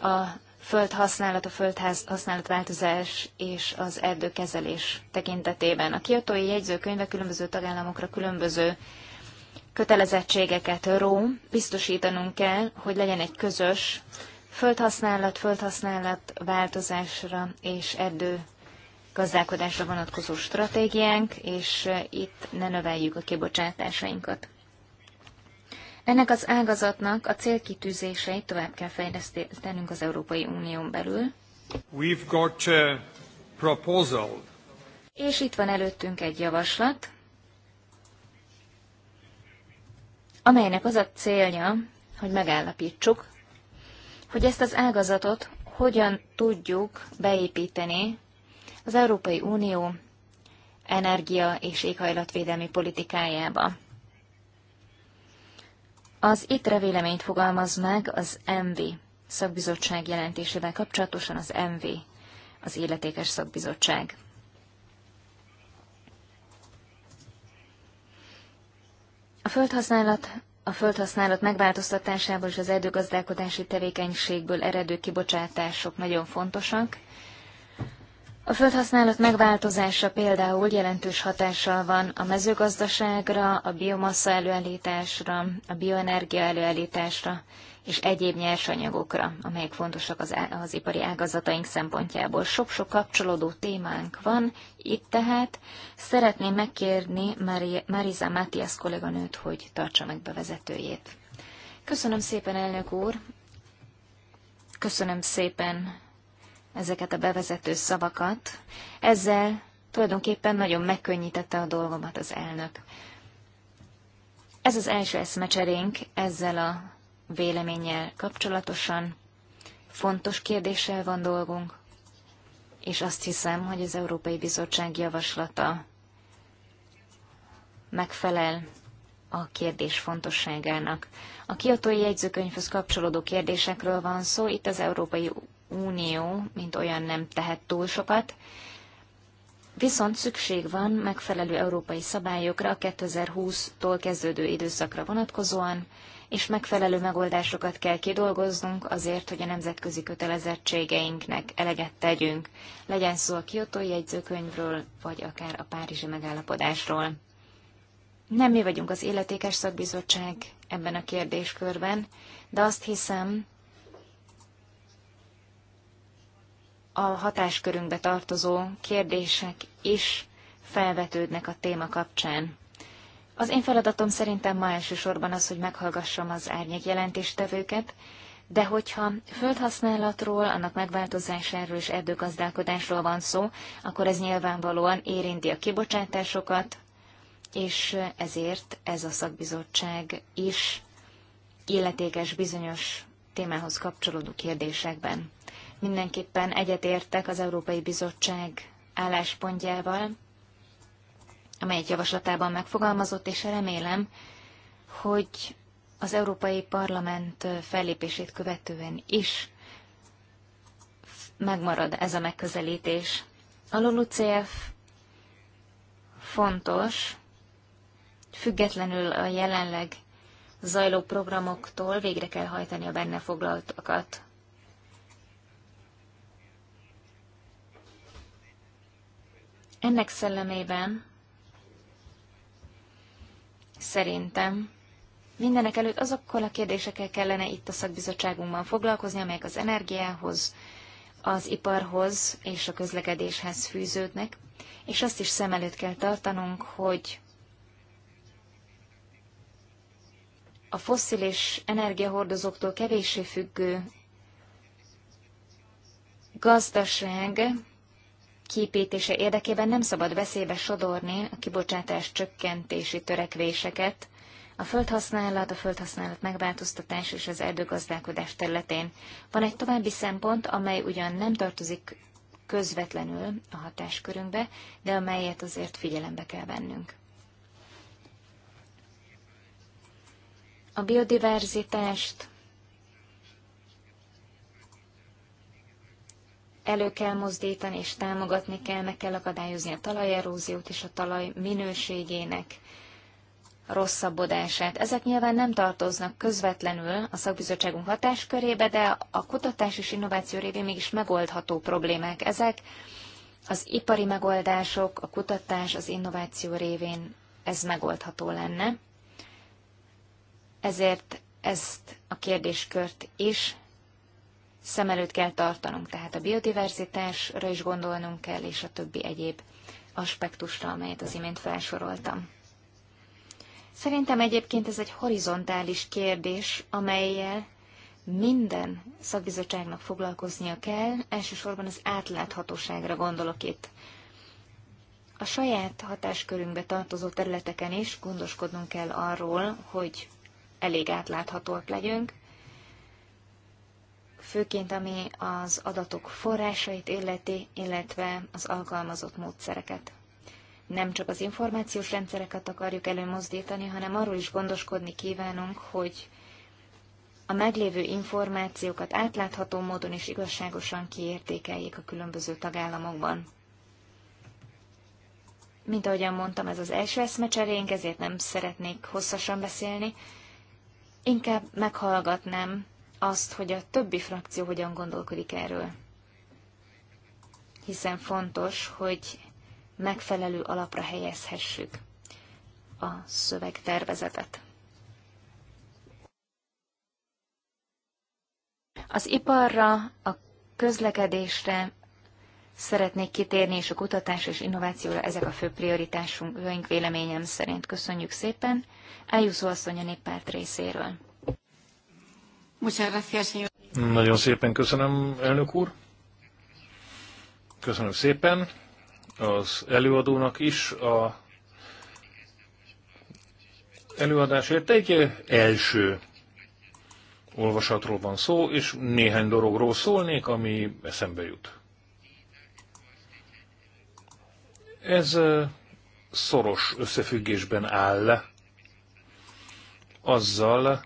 a földhasználat, a földhasználat változás és az erdőkezelés tekintetében. A kiotói jegyzőkönyve különböző tagállamokra különböző kötelezettségeket ró, biztosítanunk kell, hogy legyen egy közös földhasználat, földhasználat változásra és erdő gazdálkodásra vonatkozó stratégiánk, és eh, itt ne növeljük a kibocsátásainkat. Ennek az ágazatnak a célkitűzéseit tovább kell fejlesztenünk az Európai Unión belül. We've got a proposal. És itt van előttünk egy javaslat, amelynek az a célja, hogy megállapítsuk, hogy ezt az ágazatot hogyan tudjuk beépíteni az Európai Unió energia és éghajlatvédelmi politikájába. Az ITRE véleményt fogalmaz meg az MV szakbizottság jelentésével kapcsolatosan az MV, az Életékes Szakbizottság. A földhasználat a földhasználat megváltoztatásából és az erdőgazdálkodási tevékenységből eredő kibocsátások nagyon fontosak, a földhasználat megváltozása például jelentős hatással van a mezőgazdaságra, a biomassa előállításra, a bioenergia előállításra és egyéb nyersanyagokra, amelyek fontosak az, az ipari ágazataink szempontjából. Sok-sok kapcsolódó témánk van itt tehát. Szeretném megkérni Marisa Matias kolléganőt, hogy tartsa meg bevezetőjét. Köszönöm szépen, elnök úr! Köszönöm szépen ezeket a bevezető szavakat. Ezzel tulajdonképpen nagyon megkönnyítette a dolgomat az elnök. Ez az első eszmecserénk ezzel a véleménnyel kapcsolatosan. Fontos kérdéssel van dolgunk, és azt hiszem, hogy az Európai Bizottság javaslata megfelel a kérdés fontosságának. A kiotói jegyzőkönyvhöz kapcsolódó kérdésekről van szó, itt az Európai Unió, mint olyan nem tehet túl sokat, viszont szükség van megfelelő európai szabályokra a 2020-tól kezdődő időszakra vonatkozóan, és megfelelő megoldásokat kell kidolgoznunk azért, hogy a nemzetközi kötelezettségeinknek eleget tegyünk, legyen szó a kiotói jegyzőkönyvről, vagy akár a párizsi megállapodásról. Nem mi vagyunk az Életékes Szakbizottság ebben a kérdéskörben, de azt hiszem, a hatáskörünkbe tartozó kérdések is felvetődnek a téma kapcsán. Az én feladatom szerintem ma elsősorban az, hogy meghallgassam az árnyék jelentéstevőket, de hogyha földhasználatról, annak megváltozásáról és erdőgazdálkodásról van szó, akkor ez nyilvánvalóan érinti a kibocsátásokat, és ezért ez a szakbizottság is illetékes bizonyos témához kapcsolódó kérdésekben mindenképpen egyetértek az Európai Bizottság álláspontjával, amelyet javaslatában megfogalmazott, és remélem, hogy az Európai Parlament fellépését követően is megmarad ez a megközelítés. A LULUCF fontos, függetlenül a jelenleg zajló programoktól végre kell hajtani a benne foglaltakat. Ennek szellemében szerintem mindenek előtt azokkal a kérdésekkel kellene itt a szakbizottságunkban foglalkozni, amelyek az energiához, az iparhoz és a közlekedéshez fűződnek, és azt is szem előtt kell tartanunk, hogy a fosszilis energiahordozóktól kevéssé függő gazdaság kiépítése érdekében nem szabad veszélybe sodorni a kibocsátás csökkentési törekvéseket a földhasználat, a földhasználat megváltoztatás és az erdőgazdálkodás területén. Van egy további szempont, amely ugyan nem tartozik közvetlenül a hatáskörünkbe, de amelyet azért figyelembe kell vennünk. A biodiverzitást, elő kell mozdítani és támogatni kell, meg kell akadályozni a talajeróziót és a talaj minőségének rosszabbodását. Ezek nyilván nem tartoznak közvetlenül a szakbizottságunk hatáskörébe, de a kutatás és innováció révén mégis megoldható problémák ezek. Az ipari megoldások, a kutatás, az innováció révén ez megoldható lenne. Ezért ezt a kérdéskört is szem előtt kell tartanunk, tehát a biodiverzitásra is gondolnunk kell, és a többi egyéb aspektusra, amelyet az imént felsoroltam. Szerintem egyébként ez egy horizontális kérdés, amelyel minden szakbizottságnak foglalkoznia kell, elsősorban az átláthatóságra gondolok itt. A saját hatáskörünkbe tartozó területeken is gondoskodnunk kell arról, hogy elég átláthatóak legyünk, főként ami az adatok forrásait illeti, illetve az alkalmazott módszereket. Nem csak az információs rendszereket akarjuk előmozdítani, hanem arról is gondoskodni kívánunk, hogy a meglévő információkat átlátható módon és igazságosan kiértékeljék a különböző tagállamokban. Mint ahogyan mondtam, ez az első eszmecserénk, ezért nem szeretnék hosszasan beszélni. Inkább meghallgatnám azt, hogy a többi frakció hogyan gondolkodik erről. Hiszen fontos, hogy megfelelő alapra helyezhessük a szövegtervezetet. Az iparra, a közlekedésre szeretnék kitérni, és a kutatás és innovációra ezek a fő prioritásunk, véleményem szerint. Köszönjük szépen. Eljúzó asszony a néppárt részéről. Nagyon szépen köszönöm, elnök úr. Köszönöm szépen az előadónak is a előadásért. Egy első olvasatról van szó, és néhány dologról szólnék, ami eszembe jut. Ez szoros összefüggésben áll azzal,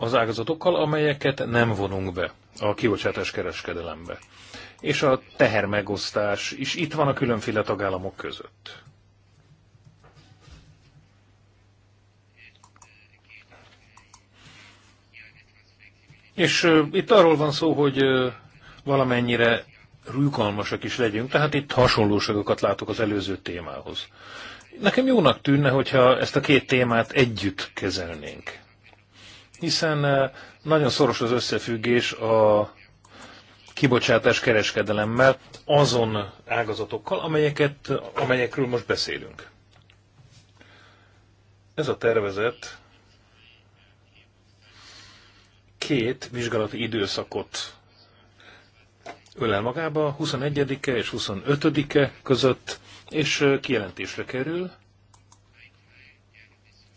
az ágazatokkal, amelyeket nem vonunk be a kibocsátás kereskedelembe. És a tehermegosztás is itt van a különféle tagállamok között. És uh, itt arról van szó, hogy uh, valamennyire rükalmasak is legyünk, tehát itt hasonlóságokat látok az előző témához. Nekem jónak tűnne, hogyha ezt a két témát együtt kezelnénk hiszen eh, nagyon szoros az összefüggés a kibocsátás kereskedelemmel azon ágazatokkal, amelyeket, amelyekről most beszélünk. Ez a tervezet két vizsgálati időszakot ölel magába, 21-e és 25-e között, és eh, kijelentésre kerül,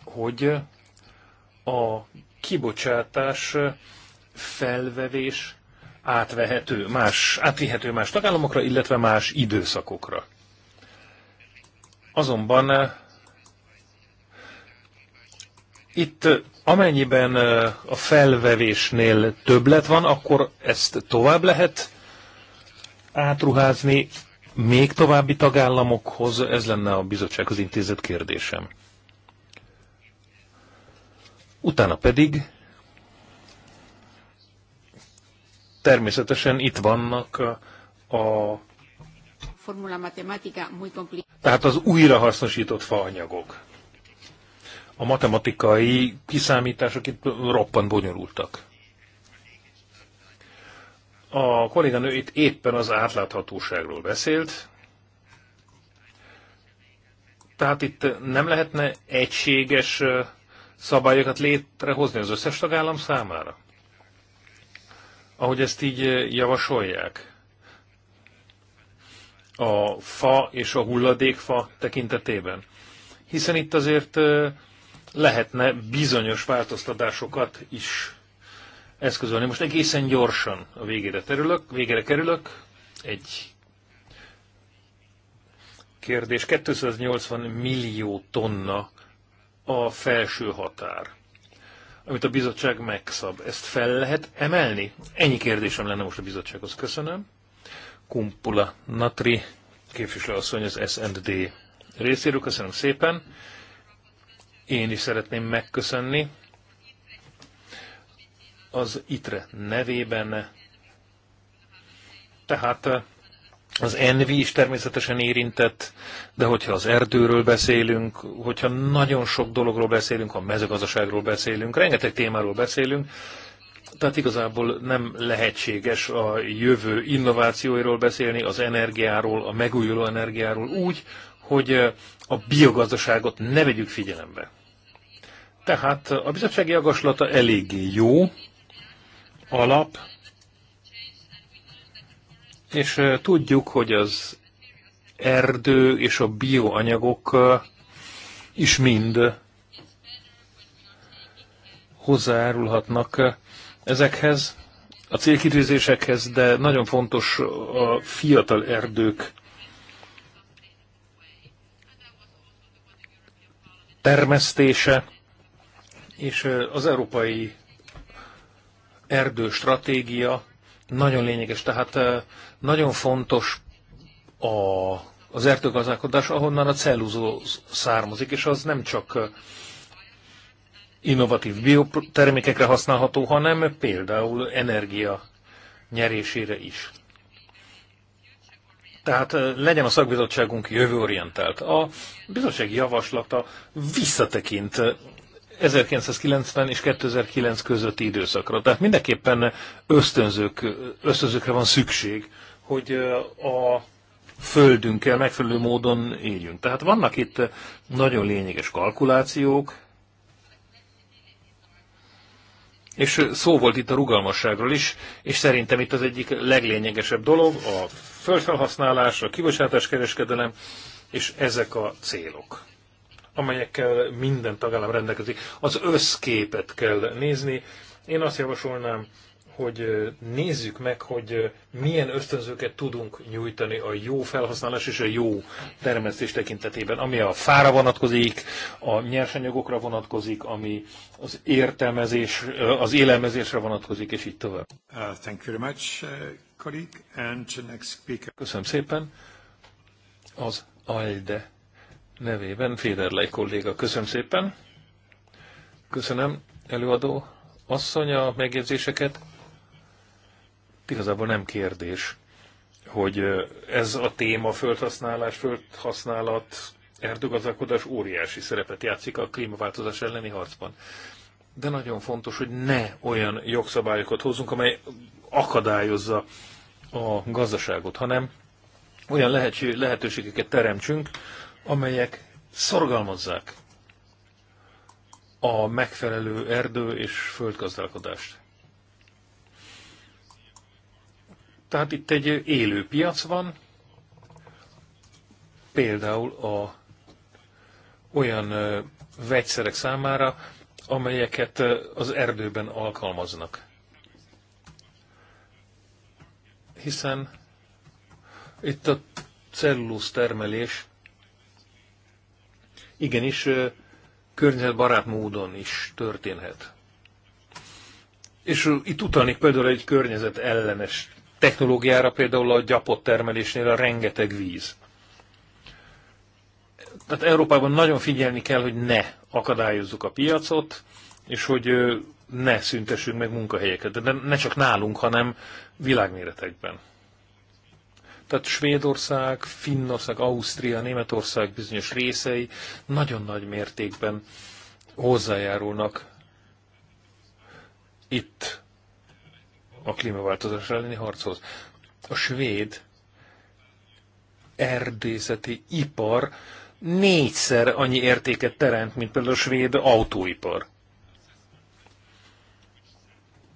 hogy a kibocsátás felvevés átvehető, más, átvihető más tagállamokra, illetve más időszakokra. Azonban itt amennyiben a felvevésnél többlet van, akkor ezt tovább lehet átruházni még további tagállamokhoz? Ez lenne a bizottsághoz intézett kérdésem. Utána pedig természetesen itt vannak a tehát az újrahasznosított faanyagok. A matematikai kiszámítások itt roppant bonyolultak. A kolléganő itt éppen az átláthatóságról beszélt, tehát itt nem lehetne egységes szabályokat létrehozni az összes tagállam számára? Ahogy ezt így eh, javasolják? A fa és a hulladékfa tekintetében? Hiszen itt azért eh, lehetne bizonyos változtatásokat is eszközölni. Most egészen gyorsan a végére, terülök, végére kerülök. Egy kérdés. 280 millió tonna a felső határ, amit a bizottság megszab. Ezt fel lehet emelni? Ennyi kérdésem lenne most a bizottsághoz. Köszönöm. Kumpula Natri képviselőasszony az SND részéről. Köszönöm szépen. Én is szeretném megköszönni az ITRE nevében. Tehát az envi is természetesen érintett, de hogyha az erdőről beszélünk, hogyha nagyon sok dologról beszélünk, a mezőgazdaságról beszélünk, rengeteg témáról beszélünk, tehát igazából nem lehetséges a jövő innovációiról beszélni, az energiáról, a megújuló energiáról úgy, hogy a biogazdaságot ne vegyük figyelembe. Tehát a bizottsági javaslata eléggé jó alap, és tudjuk, hogy az erdő és a bioanyagok is mind hozzájárulhatnak ezekhez, a célkitűzésekhez, de nagyon fontos a fiatal erdők termesztése, és az európai erdőstratégia nagyon lényeges. Tehát nagyon fontos a, az erdőgazdálkodás, ahonnan a cellúzó származik, és az nem csak innovatív biotermékekre használható, hanem például energia nyerésére is. Tehát legyen a szakbizottságunk jövőorientált. A bizottság javaslata visszatekint 1990 és 2009 közötti időszakra. Tehát mindenképpen ösztönzők, ösztönzőkre van szükség, hogy a földünkkel megfelelő módon éljünk. Tehát vannak itt nagyon lényeges kalkulációk, és szó volt itt a rugalmasságról is, és szerintem itt az egyik leglényegesebb dolog a földfelhasználás, a kibocsátáskereskedelem, és ezek a célok amelyekkel minden tagállam rendelkezik. Az összképet kell nézni. Én azt javasolnám, hogy nézzük meg, hogy milyen ösztönzőket tudunk nyújtani a jó felhasználás és a jó termesztés tekintetében, ami a fára vonatkozik, a nyersanyagokra vonatkozik, ami az értelmezés, az élelmezésre vonatkozik, és így tovább. Uh, thank you very much, uh, and next speaker. Köszönöm szépen. Az ALDE nevében Féderlej kolléga. Köszönöm szépen. Köszönöm, előadó asszony a megjegyzéseket. Igazából nem kérdés, hogy ez a téma földhasználás, földhasználat, erdőgazdálkodás óriási szerepet játszik a klímaváltozás elleni harcban. De nagyon fontos, hogy ne olyan jogszabályokat hozzunk, amely akadályozza a gazdaságot, hanem olyan lehetőségeket teremtsünk, amelyek szorgalmazzák a megfelelő erdő és földgazdálkodást. Tehát itt egy élő piac van, például a olyan vegyszerek számára, amelyeket az erdőben alkalmaznak. Hiszen itt a cellulóz termelés igenis környezetbarát módon is történhet. És itt utalnék például egy környezet ellenes technológiára, például a gyapott termelésnél a rengeteg víz. Tehát Európában nagyon figyelni kell, hogy ne akadályozzuk a piacot, és hogy ne szüntessünk meg munkahelyeket. De ne csak nálunk, hanem világméretekben. Tehát Svédország, Finnország, Ausztria, Németország bizonyos részei nagyon nagy mértékben hozzájárulnak itt a klímaváltozás elleni harchoz. A svéd erdészeti ipar négyszer annyi értéket teremt, mint például a svéd autóipar.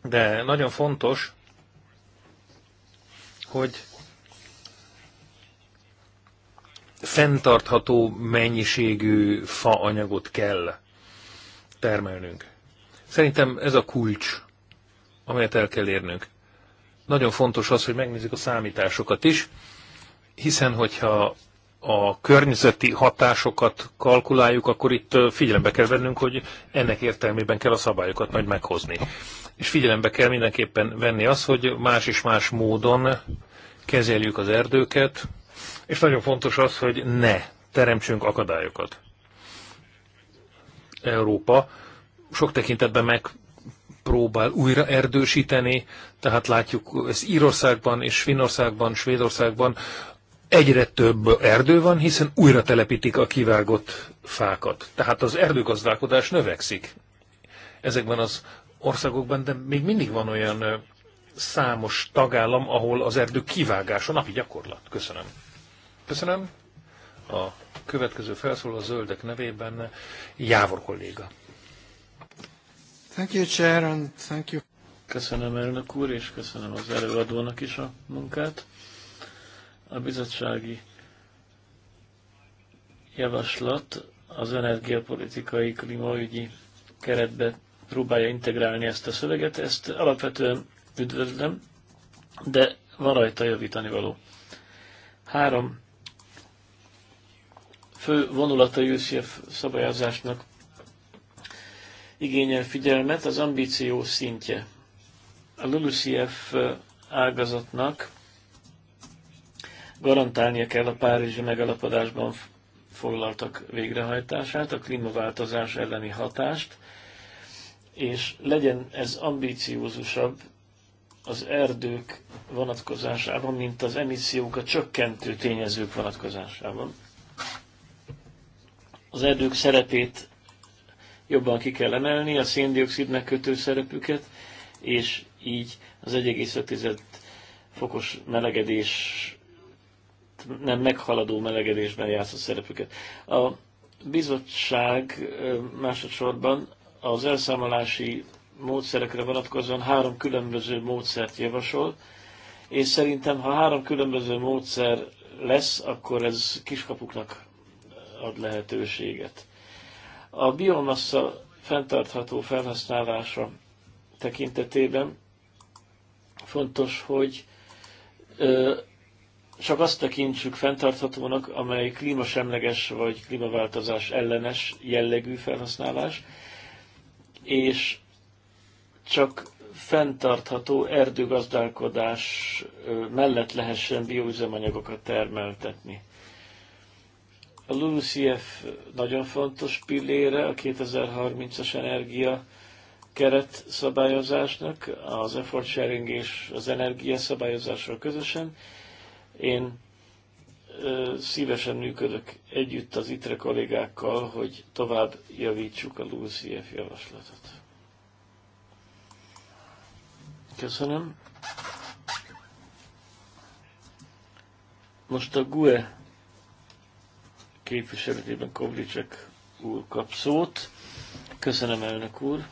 De nagyon fontos, hogy fenntartható mennyiségű faanyagot kell termelnünk. Szerintem ez a kulcs, amelyet el kell érnünk. Nagyon fontos az, hogy megnézzük a számításokat is, hiszen hogyha a környezeti hatásokat kalkuláljuk, akkor itt figyelembe kell vennünk, hogy ennek értelmében kell a szabályokat majd meghozni. És figyelembe kell mindenképpen venni azt, hogy más és más módon kezeljük az erdőket, és nagyon fontos az, hogy ne teremtsünk akadályokat. Európa sok tekintetben megpróbál újra erdősíteni, tehát látjuk ez Írországban és Finnországban, Svédországban egyre több erdő van, hiszen újra telepítik a kivágott fákat. Tehát az erdőgazdálkodás növekszik ezekben az országokban, de még mindig van olyan számos tagállam, ahol az erdő kivágása napi gyakorlat. Köszönöm. Köszönöm. A következő felszól a zöldek nevében Jávor kolléga. Thank you, Chair, and thank you. Köszönöm elnök úr, és köszönöm az előadónak is a munkát. A bizottsági javaslat az energiapolitikai klímaügyi keretbe próbálja integrálni ezt a szöveget. Ezt alapvetően üdvözlöm, de van rajta javítani való. Három fő vonulata UCF szabályozásnak igényel figyelmet, az ambíció szintje. A LULUCF ágazatnak garantálnia kell a Párizsi megalapodásban foglaltak végrehajtását, a klímaváltozás elleni hatást, és legyen ez ambíciózusabb az erdők vonatkozásában, mint az emissziók a csökkentő tényezők vonatkozásában az erdők szerepét jobban ki kell emelni, a széndiokszidnek kötő szerepüket, és így az 1,5 fokos melegedés, nem meghaladó melegedésben játszott szerepüket. A bizottság másodszorban az elszámolási módszerekre vonatkozóan három különböző módszert javasol, és szerintem, ha három különböző módszer lesz, akkor ez kiskapuknak ad lehetőséget. A biomassa fenntartható felhasználása tekintetében fontos, hogy ö, csak azt tekintsük fenntarthatónak, amely klímasemleges vagy klímaváltozás ellenes jellegű felhasználás, és csak fenntartható erdőgazdálkodás mellett lehessen bioüzemanyagokat termeltetni. A LULUCF nagyon fontos pillére a 2030-as energia keret szabályozásnak, az effort sharing és az energia szabályozásról közösen. Én szívesen működök együtt az ITRE kollégákkal, hogy tovább javítsuk a LULUCF javaslatot. Köszönöm. Most a GUE képviseletében Kovlicsek úr kap szót. Köszönöm, elnök úr.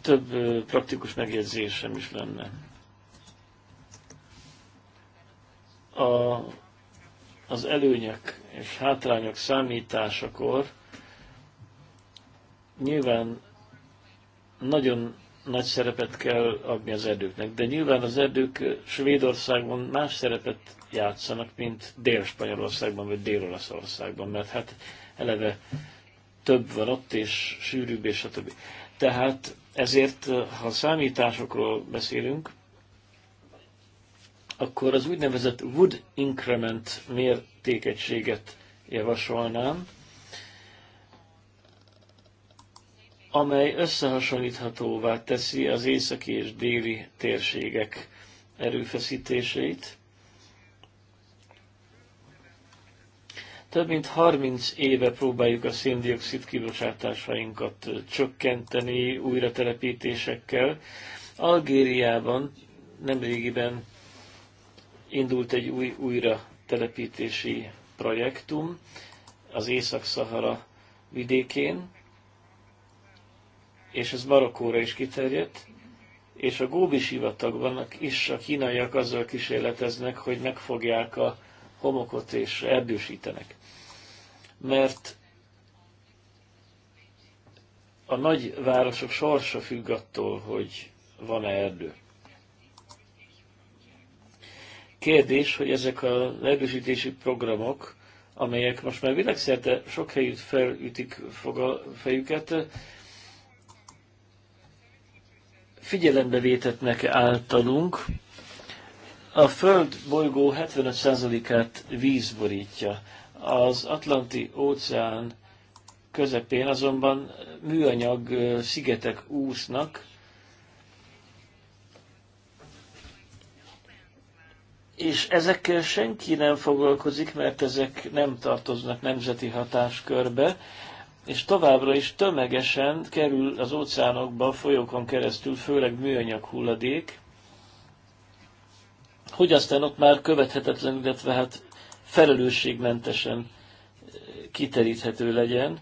Több praktikus megjegyzésem is lenne. A, az előnyek és hátrányok számításakor nyilván nagyon nagy szerepet kell adni az erdőknek, de nyilván az erdők Svédországban más szerepet játszanak, mint Dél-Spanyolországban vagy Dél-Olaszországban, mert hát eleve több van ott, és sűrűbb, és a többi. Tehát ezért, ha számításokról beszélünk, akkor az úgynevezett wood increment mértékegységet javasolnám, amely összehasonlíthatóvá teszi az északi és déli térségek erőfeszítéseit. Több mint 30 éve próbáljuk a széndiokszid kibocsátásainkat csökkenteni újratelepítésekkel. Algériában nemrégiben indult egy új újratelepítési projektum az Észak-Szahara vidékén, és ez Marokkóra is kiterjedt, és a Góbi sivatagban is a kínaiak azzal kísérleteznek, hogy megfogják a homokot és erdősítenek. Mert a nagy városok sorsa függ attól, hogy van-e erdő. Kérdés, hogy ezek az erdősítési programok, amelyek most már világszerte sok helyütt felütik fog a fejüket, figyelembe vétetnek általunk. A Föld bolygó 75%-át víz borítja. Az Atlanti óceán közepén azonban műanyag szigetek úsznak, és ezekkel senki nem foglalkozik, mert ezek nem tartoznak nemzeti hatáskörbe, és továbbra is tömegesen kerül az óceánokba, folyókon keresztül, főleg műanyag hulladék, hogy aztán ott már követhetetlen, illetve hát felelősségmentesen eh, kiteríthető legyen.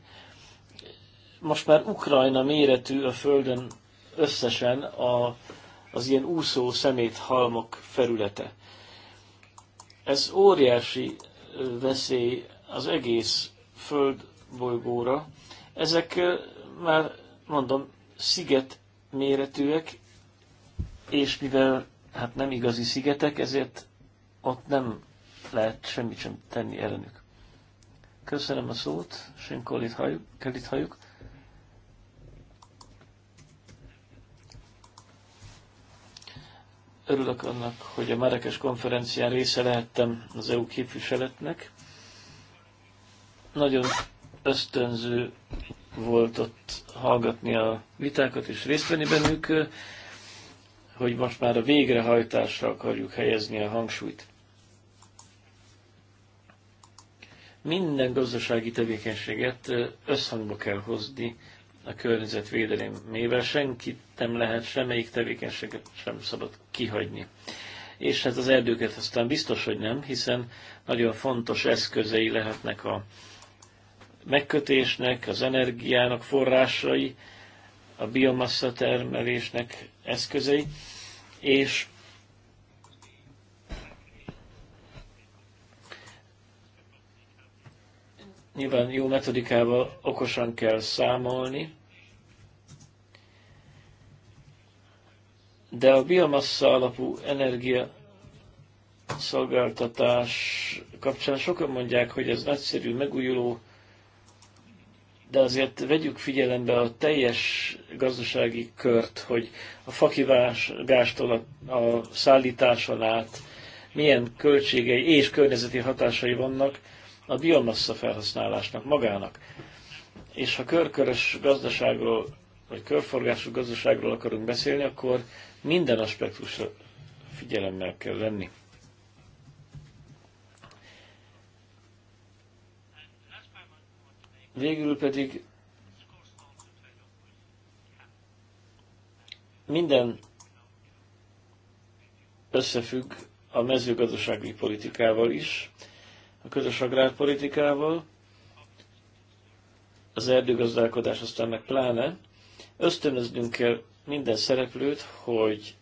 Most már Ukrajna méretű a Földön összesen a, az ilyen úszó szeméthalmok felülete. Ez óriási eh, veszély az egész Föld bolygóra. Ezek már mondom, sziget méretűek, és mivel hát nem igazi szigetek, ezért ott nem lehet semmit sem tenni ellenük. Köszönöm a szót, Sinkolit hajuk, Kelit halljuk. Örülök annak, hogy a Marekes konferencián része lehettem az EU képviseletnek. Nagyon ösztönző volt ott hallgatni a vitákat és részt venni bennük, hogy most már a végrehajtásra akarjuk helyezni a hangsúlyt. Minden gazdasági tevékenységet összhangba kell hozni a környezetvédelmével, senkit nem lehet, semmelyik tevékenységet sem szabad kihagyni. És hát az erdőket aztán biztos, hogy nem, hiszen nagyon fontos eszközei lehetnek a, megkötésnek, az energiának forrásai, a biomassa termelésnek eszközei, és nyilván jó metodikával okosan kell számolni, de a biomassa alapú energia szolgáltatás kapcsán sokan mondják, hogy ez nagyszerű, megújuló de azért vegyük figyelembe a teljes gazdasági kört, hogy a fakivágástól a, a szállításon át milyen költségei és környezeti hatásai vannak a biomassa felhasználásnak magának. És ha körkörös gazdaságról, vagy körforgású gazdaságról akarunk beszélni, akkor minden aspektusra figyelemmel kell lenni. Végül pedig minden összefügg a mezőgazdasági politikával is, a közös agrárpolitikával, az erdőgazdálkodás aztán meg pláne. Ösztönöznünk kell minden szereplőt, hogy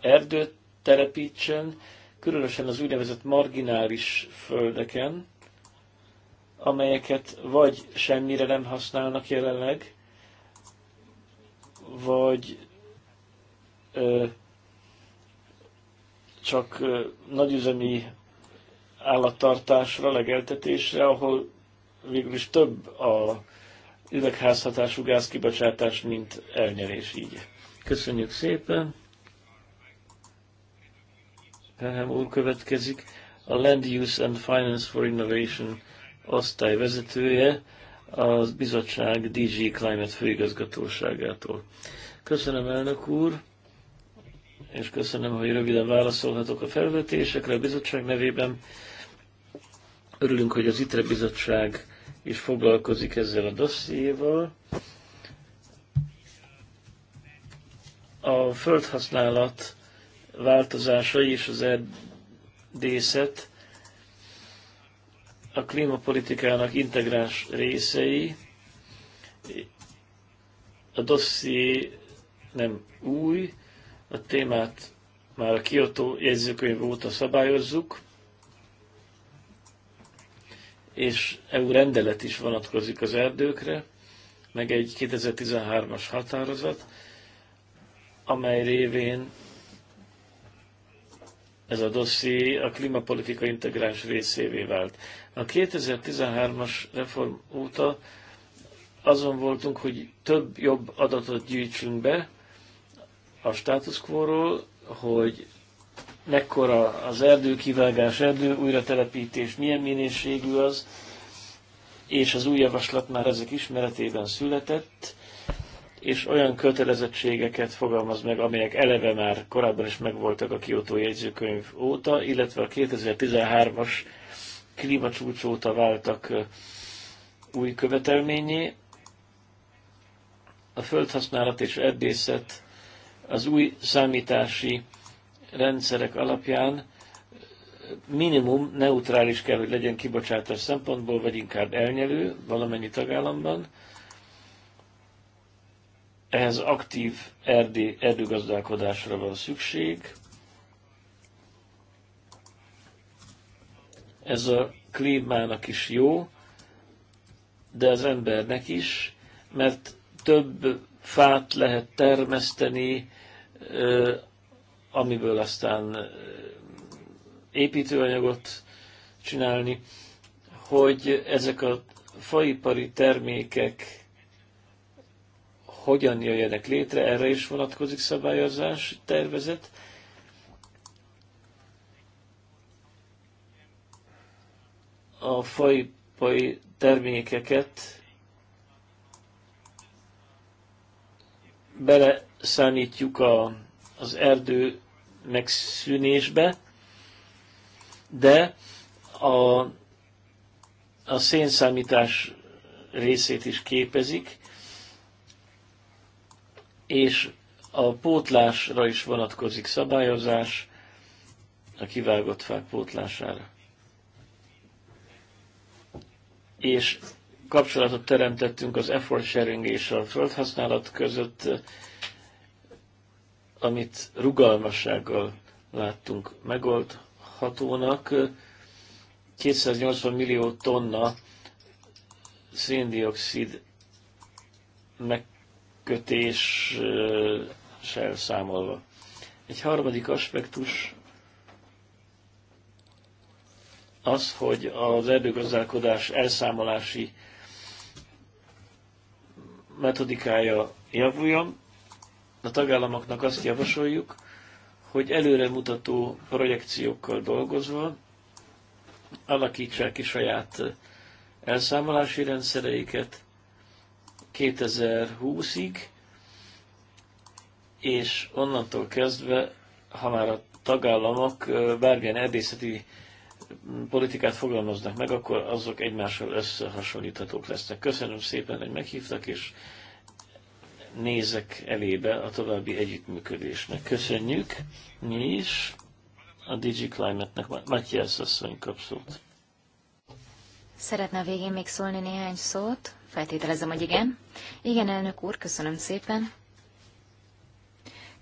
erdőt telepítsen, különösen az úgynevezett marginális földeken, amelyeket vagy semmire nem használnak jelenleg, vagy ö, csak ö, nagyüzemi állattartásra, legeltetésre, ahol végül is több a üvegházhatású gázkibocsátás, mint elnyerés így. Köszönjük szépen! Perhem úr következik. A Land Use and Finance for Innovation osztályvezetője a bizottság DG Climate főigazgatóságától. Köszönöm, elnök úr, és köszönöm, hogy röviden válaszolhatok a felvetésekre a bizottság nevében. Örülünk, hogy az ITRE bizottság is foglalkozik ezzel a dossziéval. A földhasználat változásai és az erdészet a klímapolitikának integráns részei. A dosszié nem új, a témát már a Kyoto jegyzőkönyv óta szabályozzuk, és EU rendelet is vonatkozik az erdőkre, meg egy 2013-as határozat, amely révén ez a dosszié a klímapolitika integráns részévé vált. A 2013-as reform óta azon voltunk, hogy több jobb adatot gyűjtsünk be a státuszkvóról, hogy mekkora az erdő, kivágás erdő, újratelepítés, milyen minőségű az, és az új javaslat már ezek ismeretében született, és olyan kötelezettségeket fogalmaz meg, amelyek eleve már korábban is megvoltak a Kyoto jegyzőkönyv óta, illetve a 2013-as klímacsúcs óta váltak új követelményé. A földhasználat és erdészet az új számítási rendszerek alapján minimum neutrális kell, hogy legyen kibocsátás szempontból, vagy inkább elnyelő valamennyi tagállamban ehhez aktív erdő erdőgazdálkodásra van szükség. Ez a klímának is jó, de az embernek is, mert több fát lehet termeszteni, amiből aztán építőanyagot csinálni, hogy ezek a faipari termékek hogyan jöjjenek létre, erre is vonatkozik szabályozás tervezet. A fajpai termékeket bele a, az erdő megszűnésbe, de a, a szénszámítás részét is képezik, és a pótlásra is vonatkozik szabályozás, a kivágott fák pótlására. És kapcsolatot teremtettünk az effort sharing és a földhasználat között, amit rugalmassággal láttunk megoldhatónak. 280 millió tonna széndiokszid meg kötéssel számolva. Egy harmadik aspektus az, hogy az erdőgazdálkodás elszámolási metodikája javuljon. A tagállamoknak azt javasoljuk, hogy előremutató projekciókkal dolgozva alakítsák ki saját elszámolási rendszereiket, 2020-ig, és onnantól kezdve, ha már a tagállamok bármilyen erdészeti politikát fogalmaznak meg, akkor azok egymással összehasonlíthatók lesznek. Köszönöm szépen, hogy meghívtak, és nézek elébe a további együttműködésnek. Köszönjük mi is a Digi Climate-nek. Matthias asszony kapszót. Szeretne a végén még szólni néhány szót? Feltételezem, hogy igen. Igen, elnök úr, köszönöm szépen.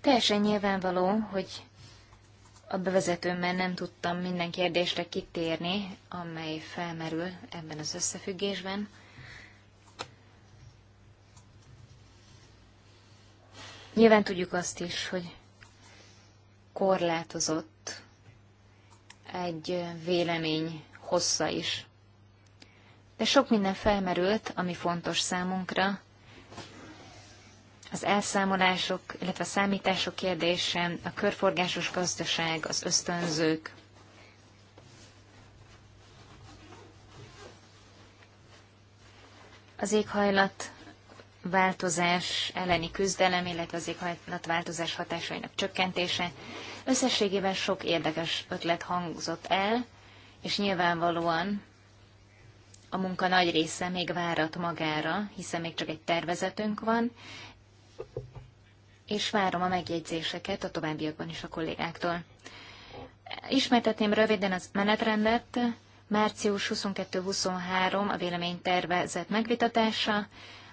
Teljesen nyilvánvaló, hogy a bevezetőmben nem tudtam minden kérdésre kitérni, amely felmerül ebben az összefüggésben. Nyilván tudjuk azt is, hogy korlátozott egy vélemény hossza is de sok minden felmerült, ami fontos számunkra. Az elszámolások, illetve a számítások kérdése, a körforgásos gazdaság, az ösztönzők. Az éghajlat változás elleni küzdelem, illetve az változás hatásainak csökkentése. Összességében sok érdekes ötlet hangzott el, és nyilvánvalóan a munka nagy része még várat magára, hiszen még csak egy tervezetünk van, és várom a megjegyzéseket a továbbiakban is a kollégáktól. Ismertetném röviden az menetrendet. Március 22-23 a véleménytervezet megvitatása,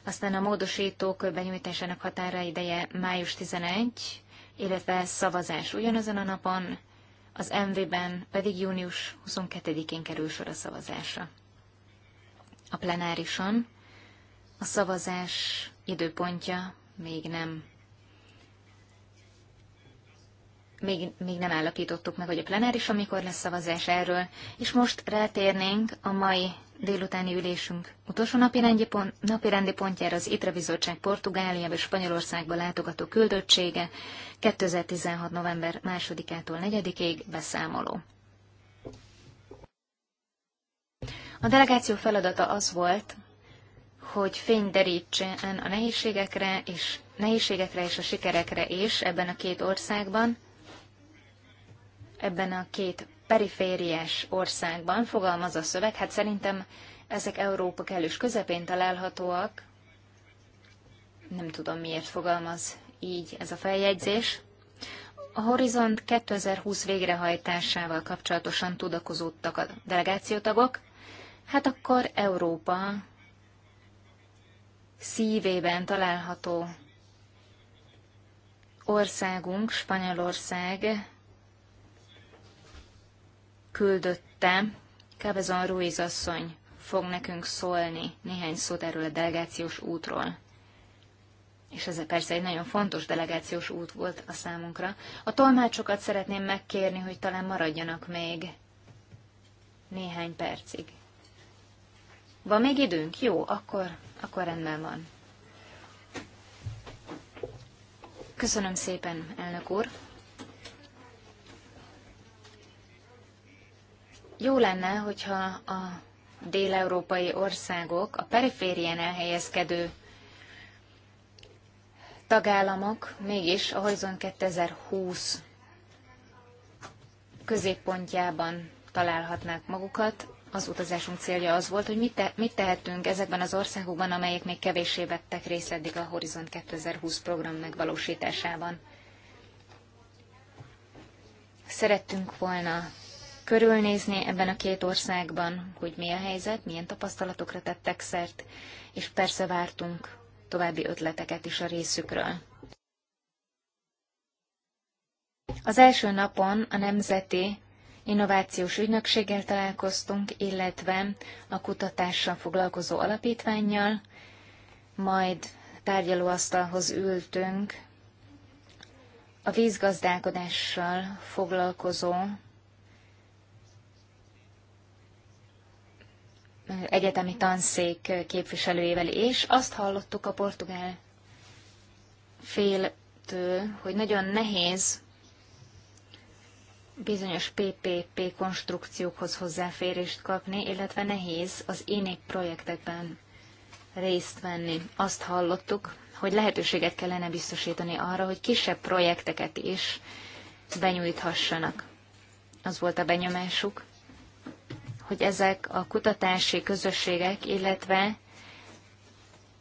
aztán a módosítók benyújtásának ideje május 11, illetve szavazás ugyanazon a napon, az MV-ben pedig június 22-én kerül sor a szavazásra a plenárison. A szavazás időpontja még nem még, még nem állapítottuk meg, hogy a plenáris amikor lesz szavazás erről, és most rátérnénk a mai délutáni ülésünk utolsó napi rendi, pont, napi rendi pontjára az ITRE Bizottság Portugália és Spanyolországba látogató küldöttsége 2016. november 2-től 4-ig beszámoló. A delegáció feladata az volt, hogy derítsen a nehézségekre és nehézségekre és a sikerekre is ebben a két országban, ebben a két perifériás országban, fogalmaz a szöveg, hát szerintem ezek Európa kellős közepén találhatóak. Nem tudom, miért fogalmaz így ez a feljegyzés. A Horizont 2020 végrehajtásával kapcsolatosan tudakozódtak a delegációtagok, hát akkor Európa szívében található országunk, Spanyolország küldötte, Cabezon Ruiz asszony fog nekünk szólni néhány szót erről a delegációs útról. És ez persze egy nagyon fontos delegációs út volt a számunkra. A tolmácsokat szeretném megkérni, hogy talán maradjanak még néhány percig. Van még időnk? Jó, akkor, akkor rendben van. Köszönöm szépen, elnök úr. Jó lenne, hogyha a déleurópai országok, a periférien elhelyezkedő tagállamok mégis a Horizon 2020 középpontjában találhatnák magukat, az utazásunk célja az volt, hogy mit, te, mit tehetünk ezekben az országokban, amelyek még kevésbé vettek részt eddig a Horizont 2020 program megvalósításában. Szerettünk volna körülnézni ebben a két országban, hogy mi a helyzet, milyen tapasztalatokra tettek szert, és persze vártunk további ötleteket is a részükről. Az első napon a Nemzeti innovációs ügynökséggel találkoztunk, illetve a kutatással foglalkozó alapítványjal, majd tárgyalóasztalhoz ültünk a vízgazdálkodással foglalkozó egyetemi tanszék képviselőjével, és azt hallottuk a portugál féltől, hogy nagyon nehéz bizonyos PPP konstrukciókhoz hozzáférést kapni, illetve nehéz az énék projektekben részt venni. Azt hallottuk, hogy lehetőséget kellene biztosítani arra, hogy kisebb projekteket is benyújthassanak. Az volt a benyomásuk, hogy ezek a kutatási közösségek, illetve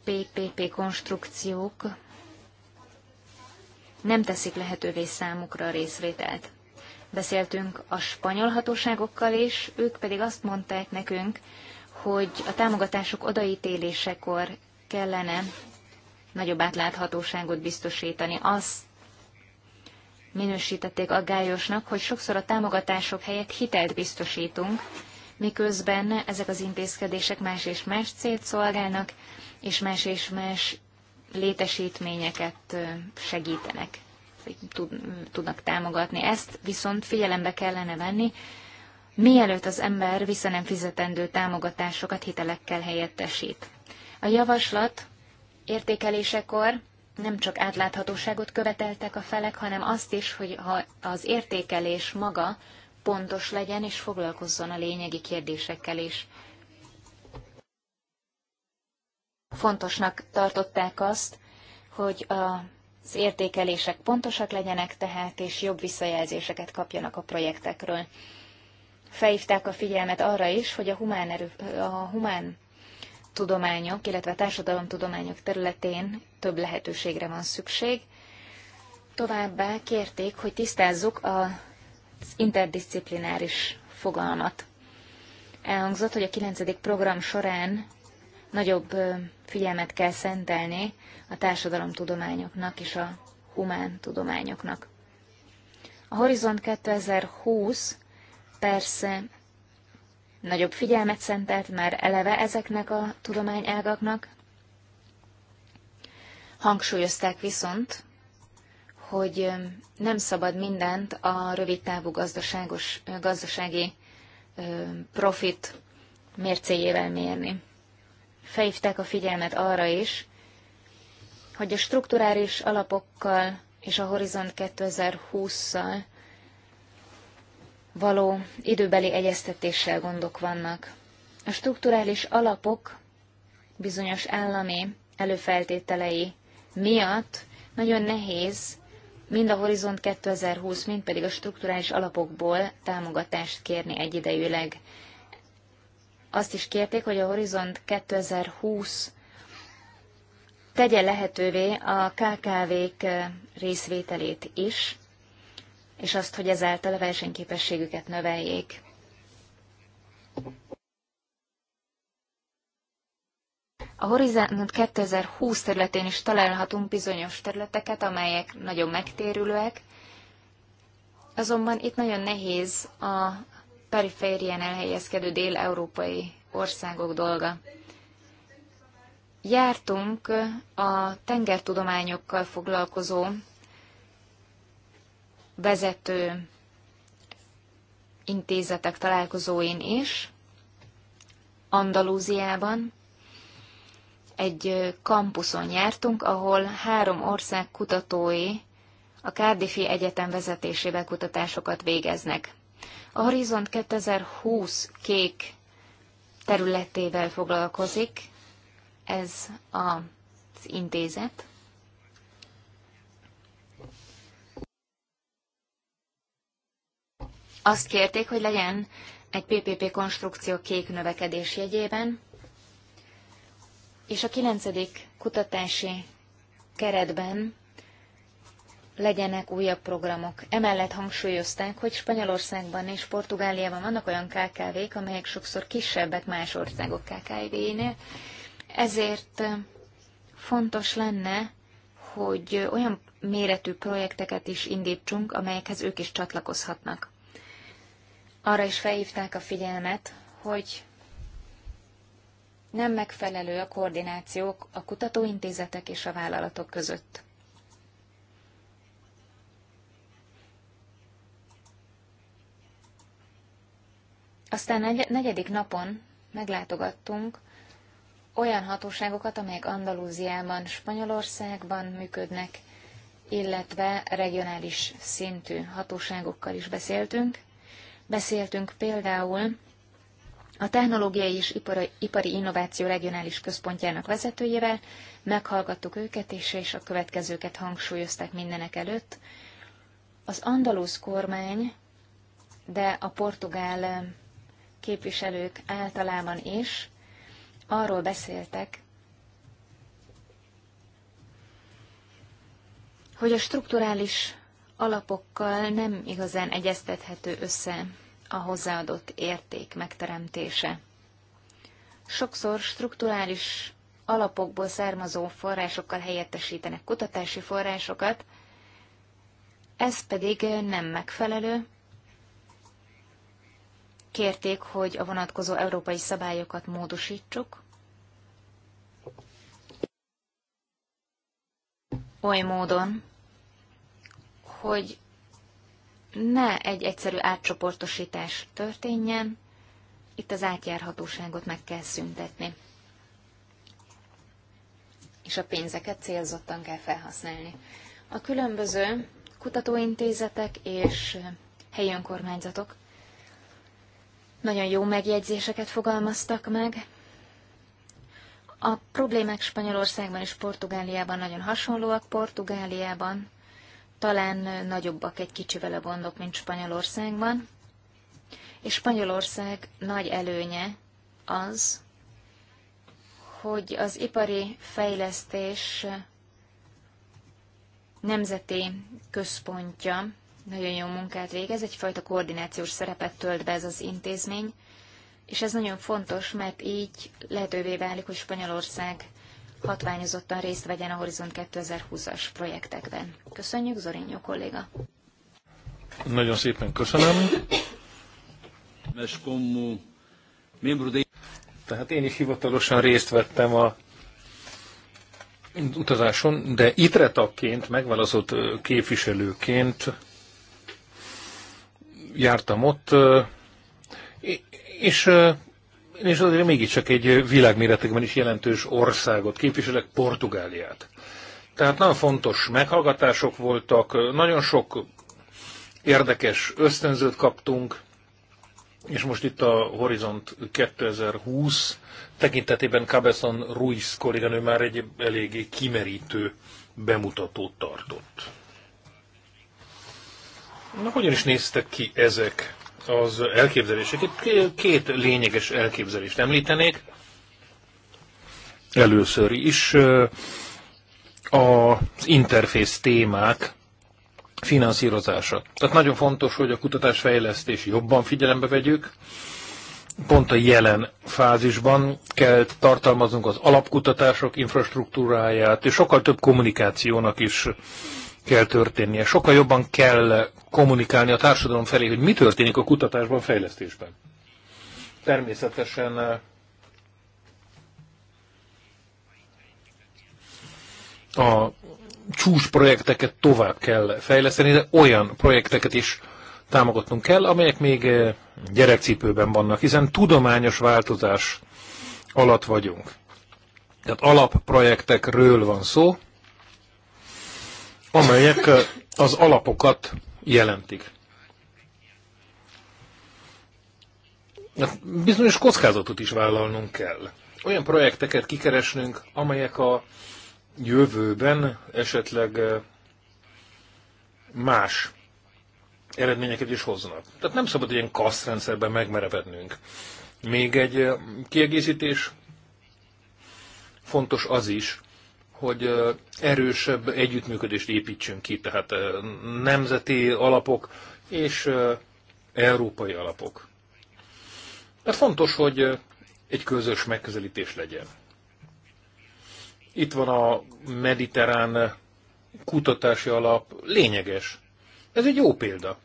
PPP konstrukciók nem teszik lehetővé számukra a részvételt. Beszéltünk a spanyol hatóságokkal is, ők pedig azt mondták nekünk, hogy a támogatások odaítélésekor kellene nagyobb átláthatóságot biztosítani. Azt minősítették gályosnak, hogy sokszor a támogatások helyett hitelt biztosítunk, miközben ezek az intézkedések más és más célt szolgálnak, és más és más létesítményeket segítenek tudnak támogatni. Ezt viszont figyelembe kellene venni, mielőtt az ember vissza nem fizetendő támogatásokat hitelekkel helyettesít. A javaslat értékelésekor nem csak átláthatóságot követeltek a felek, hanem azt is, hogy ha az értékelés maga pontos legyen és foglalkozzon a lényegi kérdésekkel is. Fontosnak tartották azt, hogy a az értékelések pontosak legyenek tehát, és jobb visszajelzéseket kapjanak a projektekről. Felhívták a figyelmet arra is, hogy a humán, erő, a humán tudományok, illetve a társadalomtudományok területén több lehetőségre van szükség. Továbbá kérték, hogy tisztázzuk az interdisziplináris fogalmat. Elhangzott, hogy a 9. program során nagyobb figyelmet kell szentelni a társadalomtudományoknak és a humán tudományoknak. A Horizont 2020 persze nagyobb figyelmet szentelt már eleve ezeknek a tudományágaknak. Hangsúlyozták viszont, hogy nem szabad mindent a rövidtávú gazdaságos, gazdasági profit mércéjével mérni felhívták a figyelmet arra is, hogy a strukturális alapokkal és a Horizont 2020-szal való időbeli egyeztetéssel gondok vannak. A strukturális alapok bizonyos állami előfeltételei miatt nagyon nehéz mind a Horizont 2020, mind pedig a strukturális alapokból támogatást kérni egyidejűleg azt is kérték, hogy a Horizont 2020 tegye lehetővé a KKV-k részvételét is, és azt, hogy ezáltal a versenyképességüket növeljék. A Horizont 2020 területén is találhatunk bizonyos területeket, amelyek nagyon megtérülőek, azonban itt nagyon nehéz a periférián elhelyezkedő dél-európai országok dolga. Jártunk a tengertudományokkal foglalkozó vezető intézetek találkozóin is, Andalúziában, egy kampuszon jártunk, ahol három ország kutatói a Cardiffi Egyetem vezetésével kutatásokat végeznek. A Horizont 2020 kék területével foglalkozik ez az intézet. Azt kérték, hogy legyen egy PPP konstrukció kék növekedés jegyében, és a 9. kutatási keretben legyenek újabb programok. Emellett hangsúlyozták, hogy Spanyolországban és Portugáliában vannak olyan KKV-k, amelyek sokszor kisebbek más országok KKV-nél, ezért fontos lenne, hogy olyan méretű projekteket is indítsunk, amelyekhez ők is csatlakozhatnak. Arra is felhívták a figyelmet, hogy nem megfelelő a koordinációk a kutatóintézetek és a vállalatok között. Aztán a negyedik napon meglátogattunk olyan hatóságokat, amelyek Andalúziában, Spanyolországban működnek, illetve regionális szintű hatóságokkal is beszéltünk. Beszéltünk például a Technológiai és Ipari Innováció Regionális Központjának vezetőjével, meghallgattuk őket, és, és a következőket hangsúlyozták mindenek előtt. Az andalusz kormány, de a portugál képviselők általában is arról beszéltek, hogy a strukturális alapokkal nem igazán egyeztethető össze a hozzáadott érték megteremtése. Sokszor strukturális alapokból származó forrásokkal helyettesítenek kutatási forrásokat, ez pedig nem megfelelő, kérték, hogy a vonatkozó európai szabályokat módosítsuk, oly módon, hogy ne egy egyszerű átcsoportosítás történjen, itt az átjárhatóságot meg kell szüntetni. És a pénzeket célzottan kell felhasználni. A különböző kutatóintézetek és helyi önkormányzatok nagyon jó megjegyzéseket fogalmaztak meg. A problémák Spanyolországban és Portugáliában nagyon hasonlóak. Portugáliában talán nagyobbak egy kicsivel a gondok, mint Spanyolországban. És Spanyolország nagy előnye az, hogy az ipari fejlesztés nemzeti központja nagyon jó munkát végez, egyfajta koordinációs szerepet tölt be ez az intézmény, és ez nagyon fontos, mert így lehetővé válik, hogy Spanyolország hatványozottan részt vegyen a Horizont 2020-as projektekben. Köszönjük, Zorinyó kolléga! Nagyon szépen köszönöm. Tehát én is hivatalosan részt vettem a utazáson, de itt tagként, megválasztott képviselőként jártam ott, és én is azért mégiscsak egy világméretekben is jelentős országot képviselek, Portugáliát. Tehát nagyon fontos meghallgatások voltak, nagyon sok érdekes ösztönzőt kaptunk, és most itt a Horizont 2020 tekintetében Cabezon Ruiz kolléganő már egy eléggé kimerítő bemutatót tartott. Na, hogyan is néztek ki ezek az elképzelések? Itt két lényeges elképzelést említenék. Először is az interfész témák finanszírozása. Tehát nagyon fontos, hogy a kutatásfejlesztés jobban figyelembe vegyük. Pont a jelen fázisban kell tartalmaznunk az alapkutatások infrastruktúráját, és sokkal több kommunikációnak is kell történnie. Sokkal jobban kell kommunikálni a társadalom felé, hogy mi történik a kutatásban, a fejlesztésben. Természetesen eh, a csúcs projekteket tovább kell fejleszteni, de olyan projekteket is támogatnunk kell, amelyek még eh, gyerekcipőben vannak, hiszen tudományos változás alatt vagyunk. Tehát alapprojektekről van szó, amelyek az alapokat jelentik. Hát bizonyos kockázatot is vállalnunk kell. Olyan projekteket kikeresnünk, amelyek a jövőben esetleg más eredményeket is hoznak. Tehát nem szabad ilyen kaszrendszerben megmerevednünk. Még egy kiegészítés. Fontos az is, hogy erősebb együttműködést építsünk ki, tehát nemzeti alapok és európai alapok. Mert fontos, hogy egy közös megközelítés legyen. Itt van a mediterrán kutatási alap, lényeges. Ez egy jó példa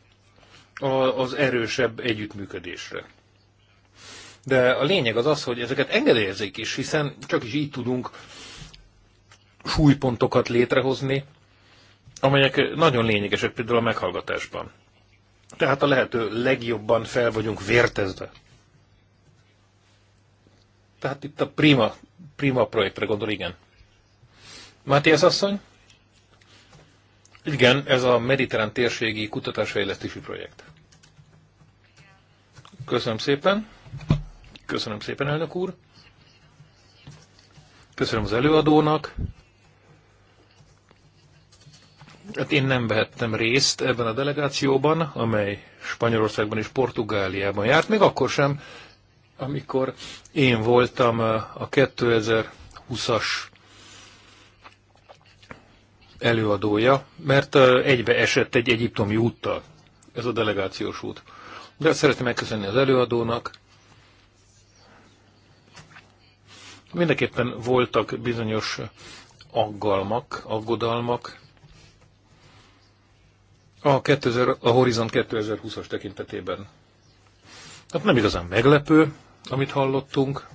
az erősebb együttműködésre. De a lényeg az az, hogy ezeket engedélyezik is, hiszen csak is így tudunk súlypontokat létrehozni, amelyek nagyon lényegesek például a meghallgatásban. Tehát a lehető legjobban fel vagyunk vértezve. Tehát itt a Prima, Prima projektre gondol, igen. Mátiás asszony? Igen, ez a mediterrán térségi kutatásfejlesztési projekt. Köszönöm szépen. Köszönöm szépen, elnök úr. Köszönöm az előadónak Hát én nem vehettem részt ebben a delegációban, amely Spanyolországban és Portugáliában járt, még akkor sem, amikor én voltam a 2020-as előadója, mert egybe esett egy egyiptomi úttal ez a delegációs út. De szeretném megköszönni az előadónak. Mindenképpen voltak bizonyos aggalmak, aggodalmak, a, 2000, a Horizon 2020-as tekintetében. Hát nem igazán meglepő, amit hallottunk.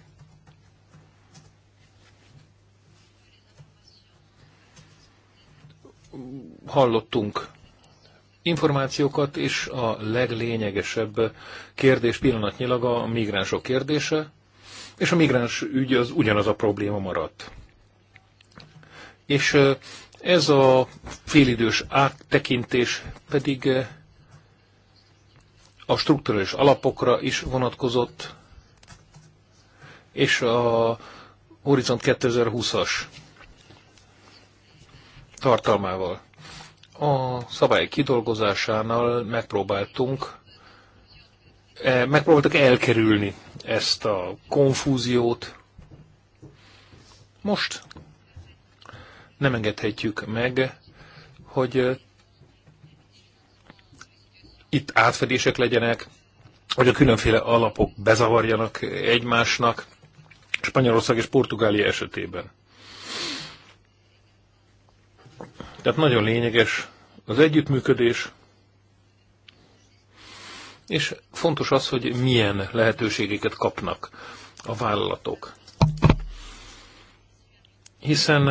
Hallottunk információkat, és a leglényegesebb kérdés pillanatnyilag a migránsok kérdése, és a migráns ügy az ugyanaz a probléma maradt. És ez a félidős áttekintés pedig eh, a strukturális alapokra is vonatkozott, és a Horizont 2020-as tartalmával. A szabály kidolgozásánál megpróbáltunk, eh, megpróbáltak elkerülni ezt a konfúziót. Most nem engedhetjük meg, hogy itt átfedések legyenek, hogy a különféle alapok bezavarjanak egymásnak, Spanyolország és Portugália esetében. Tehát nagyon lényeges az együttműködés, és fontos az, hogy milyen lehetőségeket kapnak a vállalatok. Hiszen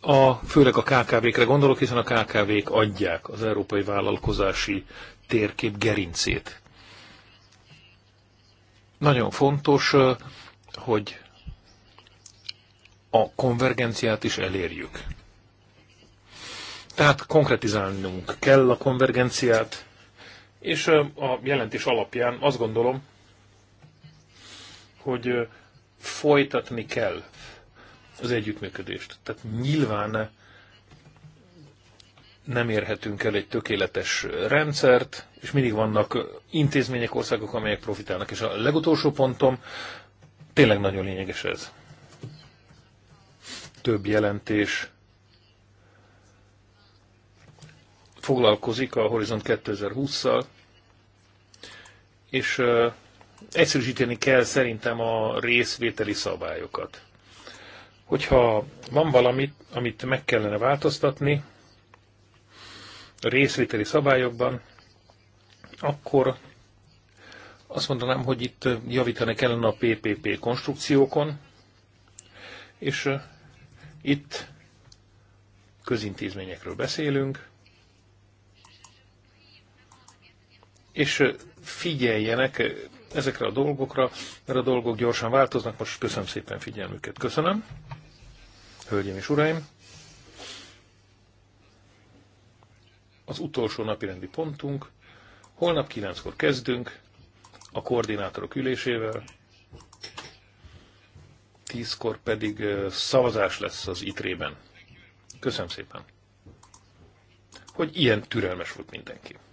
a, főleg a KKV-kre gondolok, hiszen a KKV-k adják az európai vállalkozási térkép gerincét. Nagyon fontos, hogy a konvergenciát is elérjük. Tehát konkretizálnunk kell a konvergenciát, és a jelentés alapján azt gondolom, hogy folytatni kell az együttműködést. Tehát nyilván nem érhetünk el egy tökéletes rendszert, és mindig vannak intézmények, országok, amelyek profitálnak. És a legutolsó pontom, tényleg nagyon lényeges ez. Több jelentés foglalkozik a Horizont 2020-szal, és egyszerűsíteni kell szerintem a részvételi szabályokat. Hogyha van valamit, amit meg kellene változtatni a részvételi szabályokban, akkor azt mondanám, hogy itt javítani kellene a PPP konstrukciókon, és itt közintézményekről beszélünk, és figyeljenek ezekre a dolgokra, mert a dolgok gyorsan változnak. Most köszönöm szépen figyelmüket. Köszönöm. Hölgyeim és Uraim! Az utolsó napirendi pontunk. Holnap 9-kor kezdünk a koordinátorok ülésével, 10-kor pedig szavazás lesz az ITRE-ben. Köszönöm szépen, hogy ilyen türelmes volt mindenki.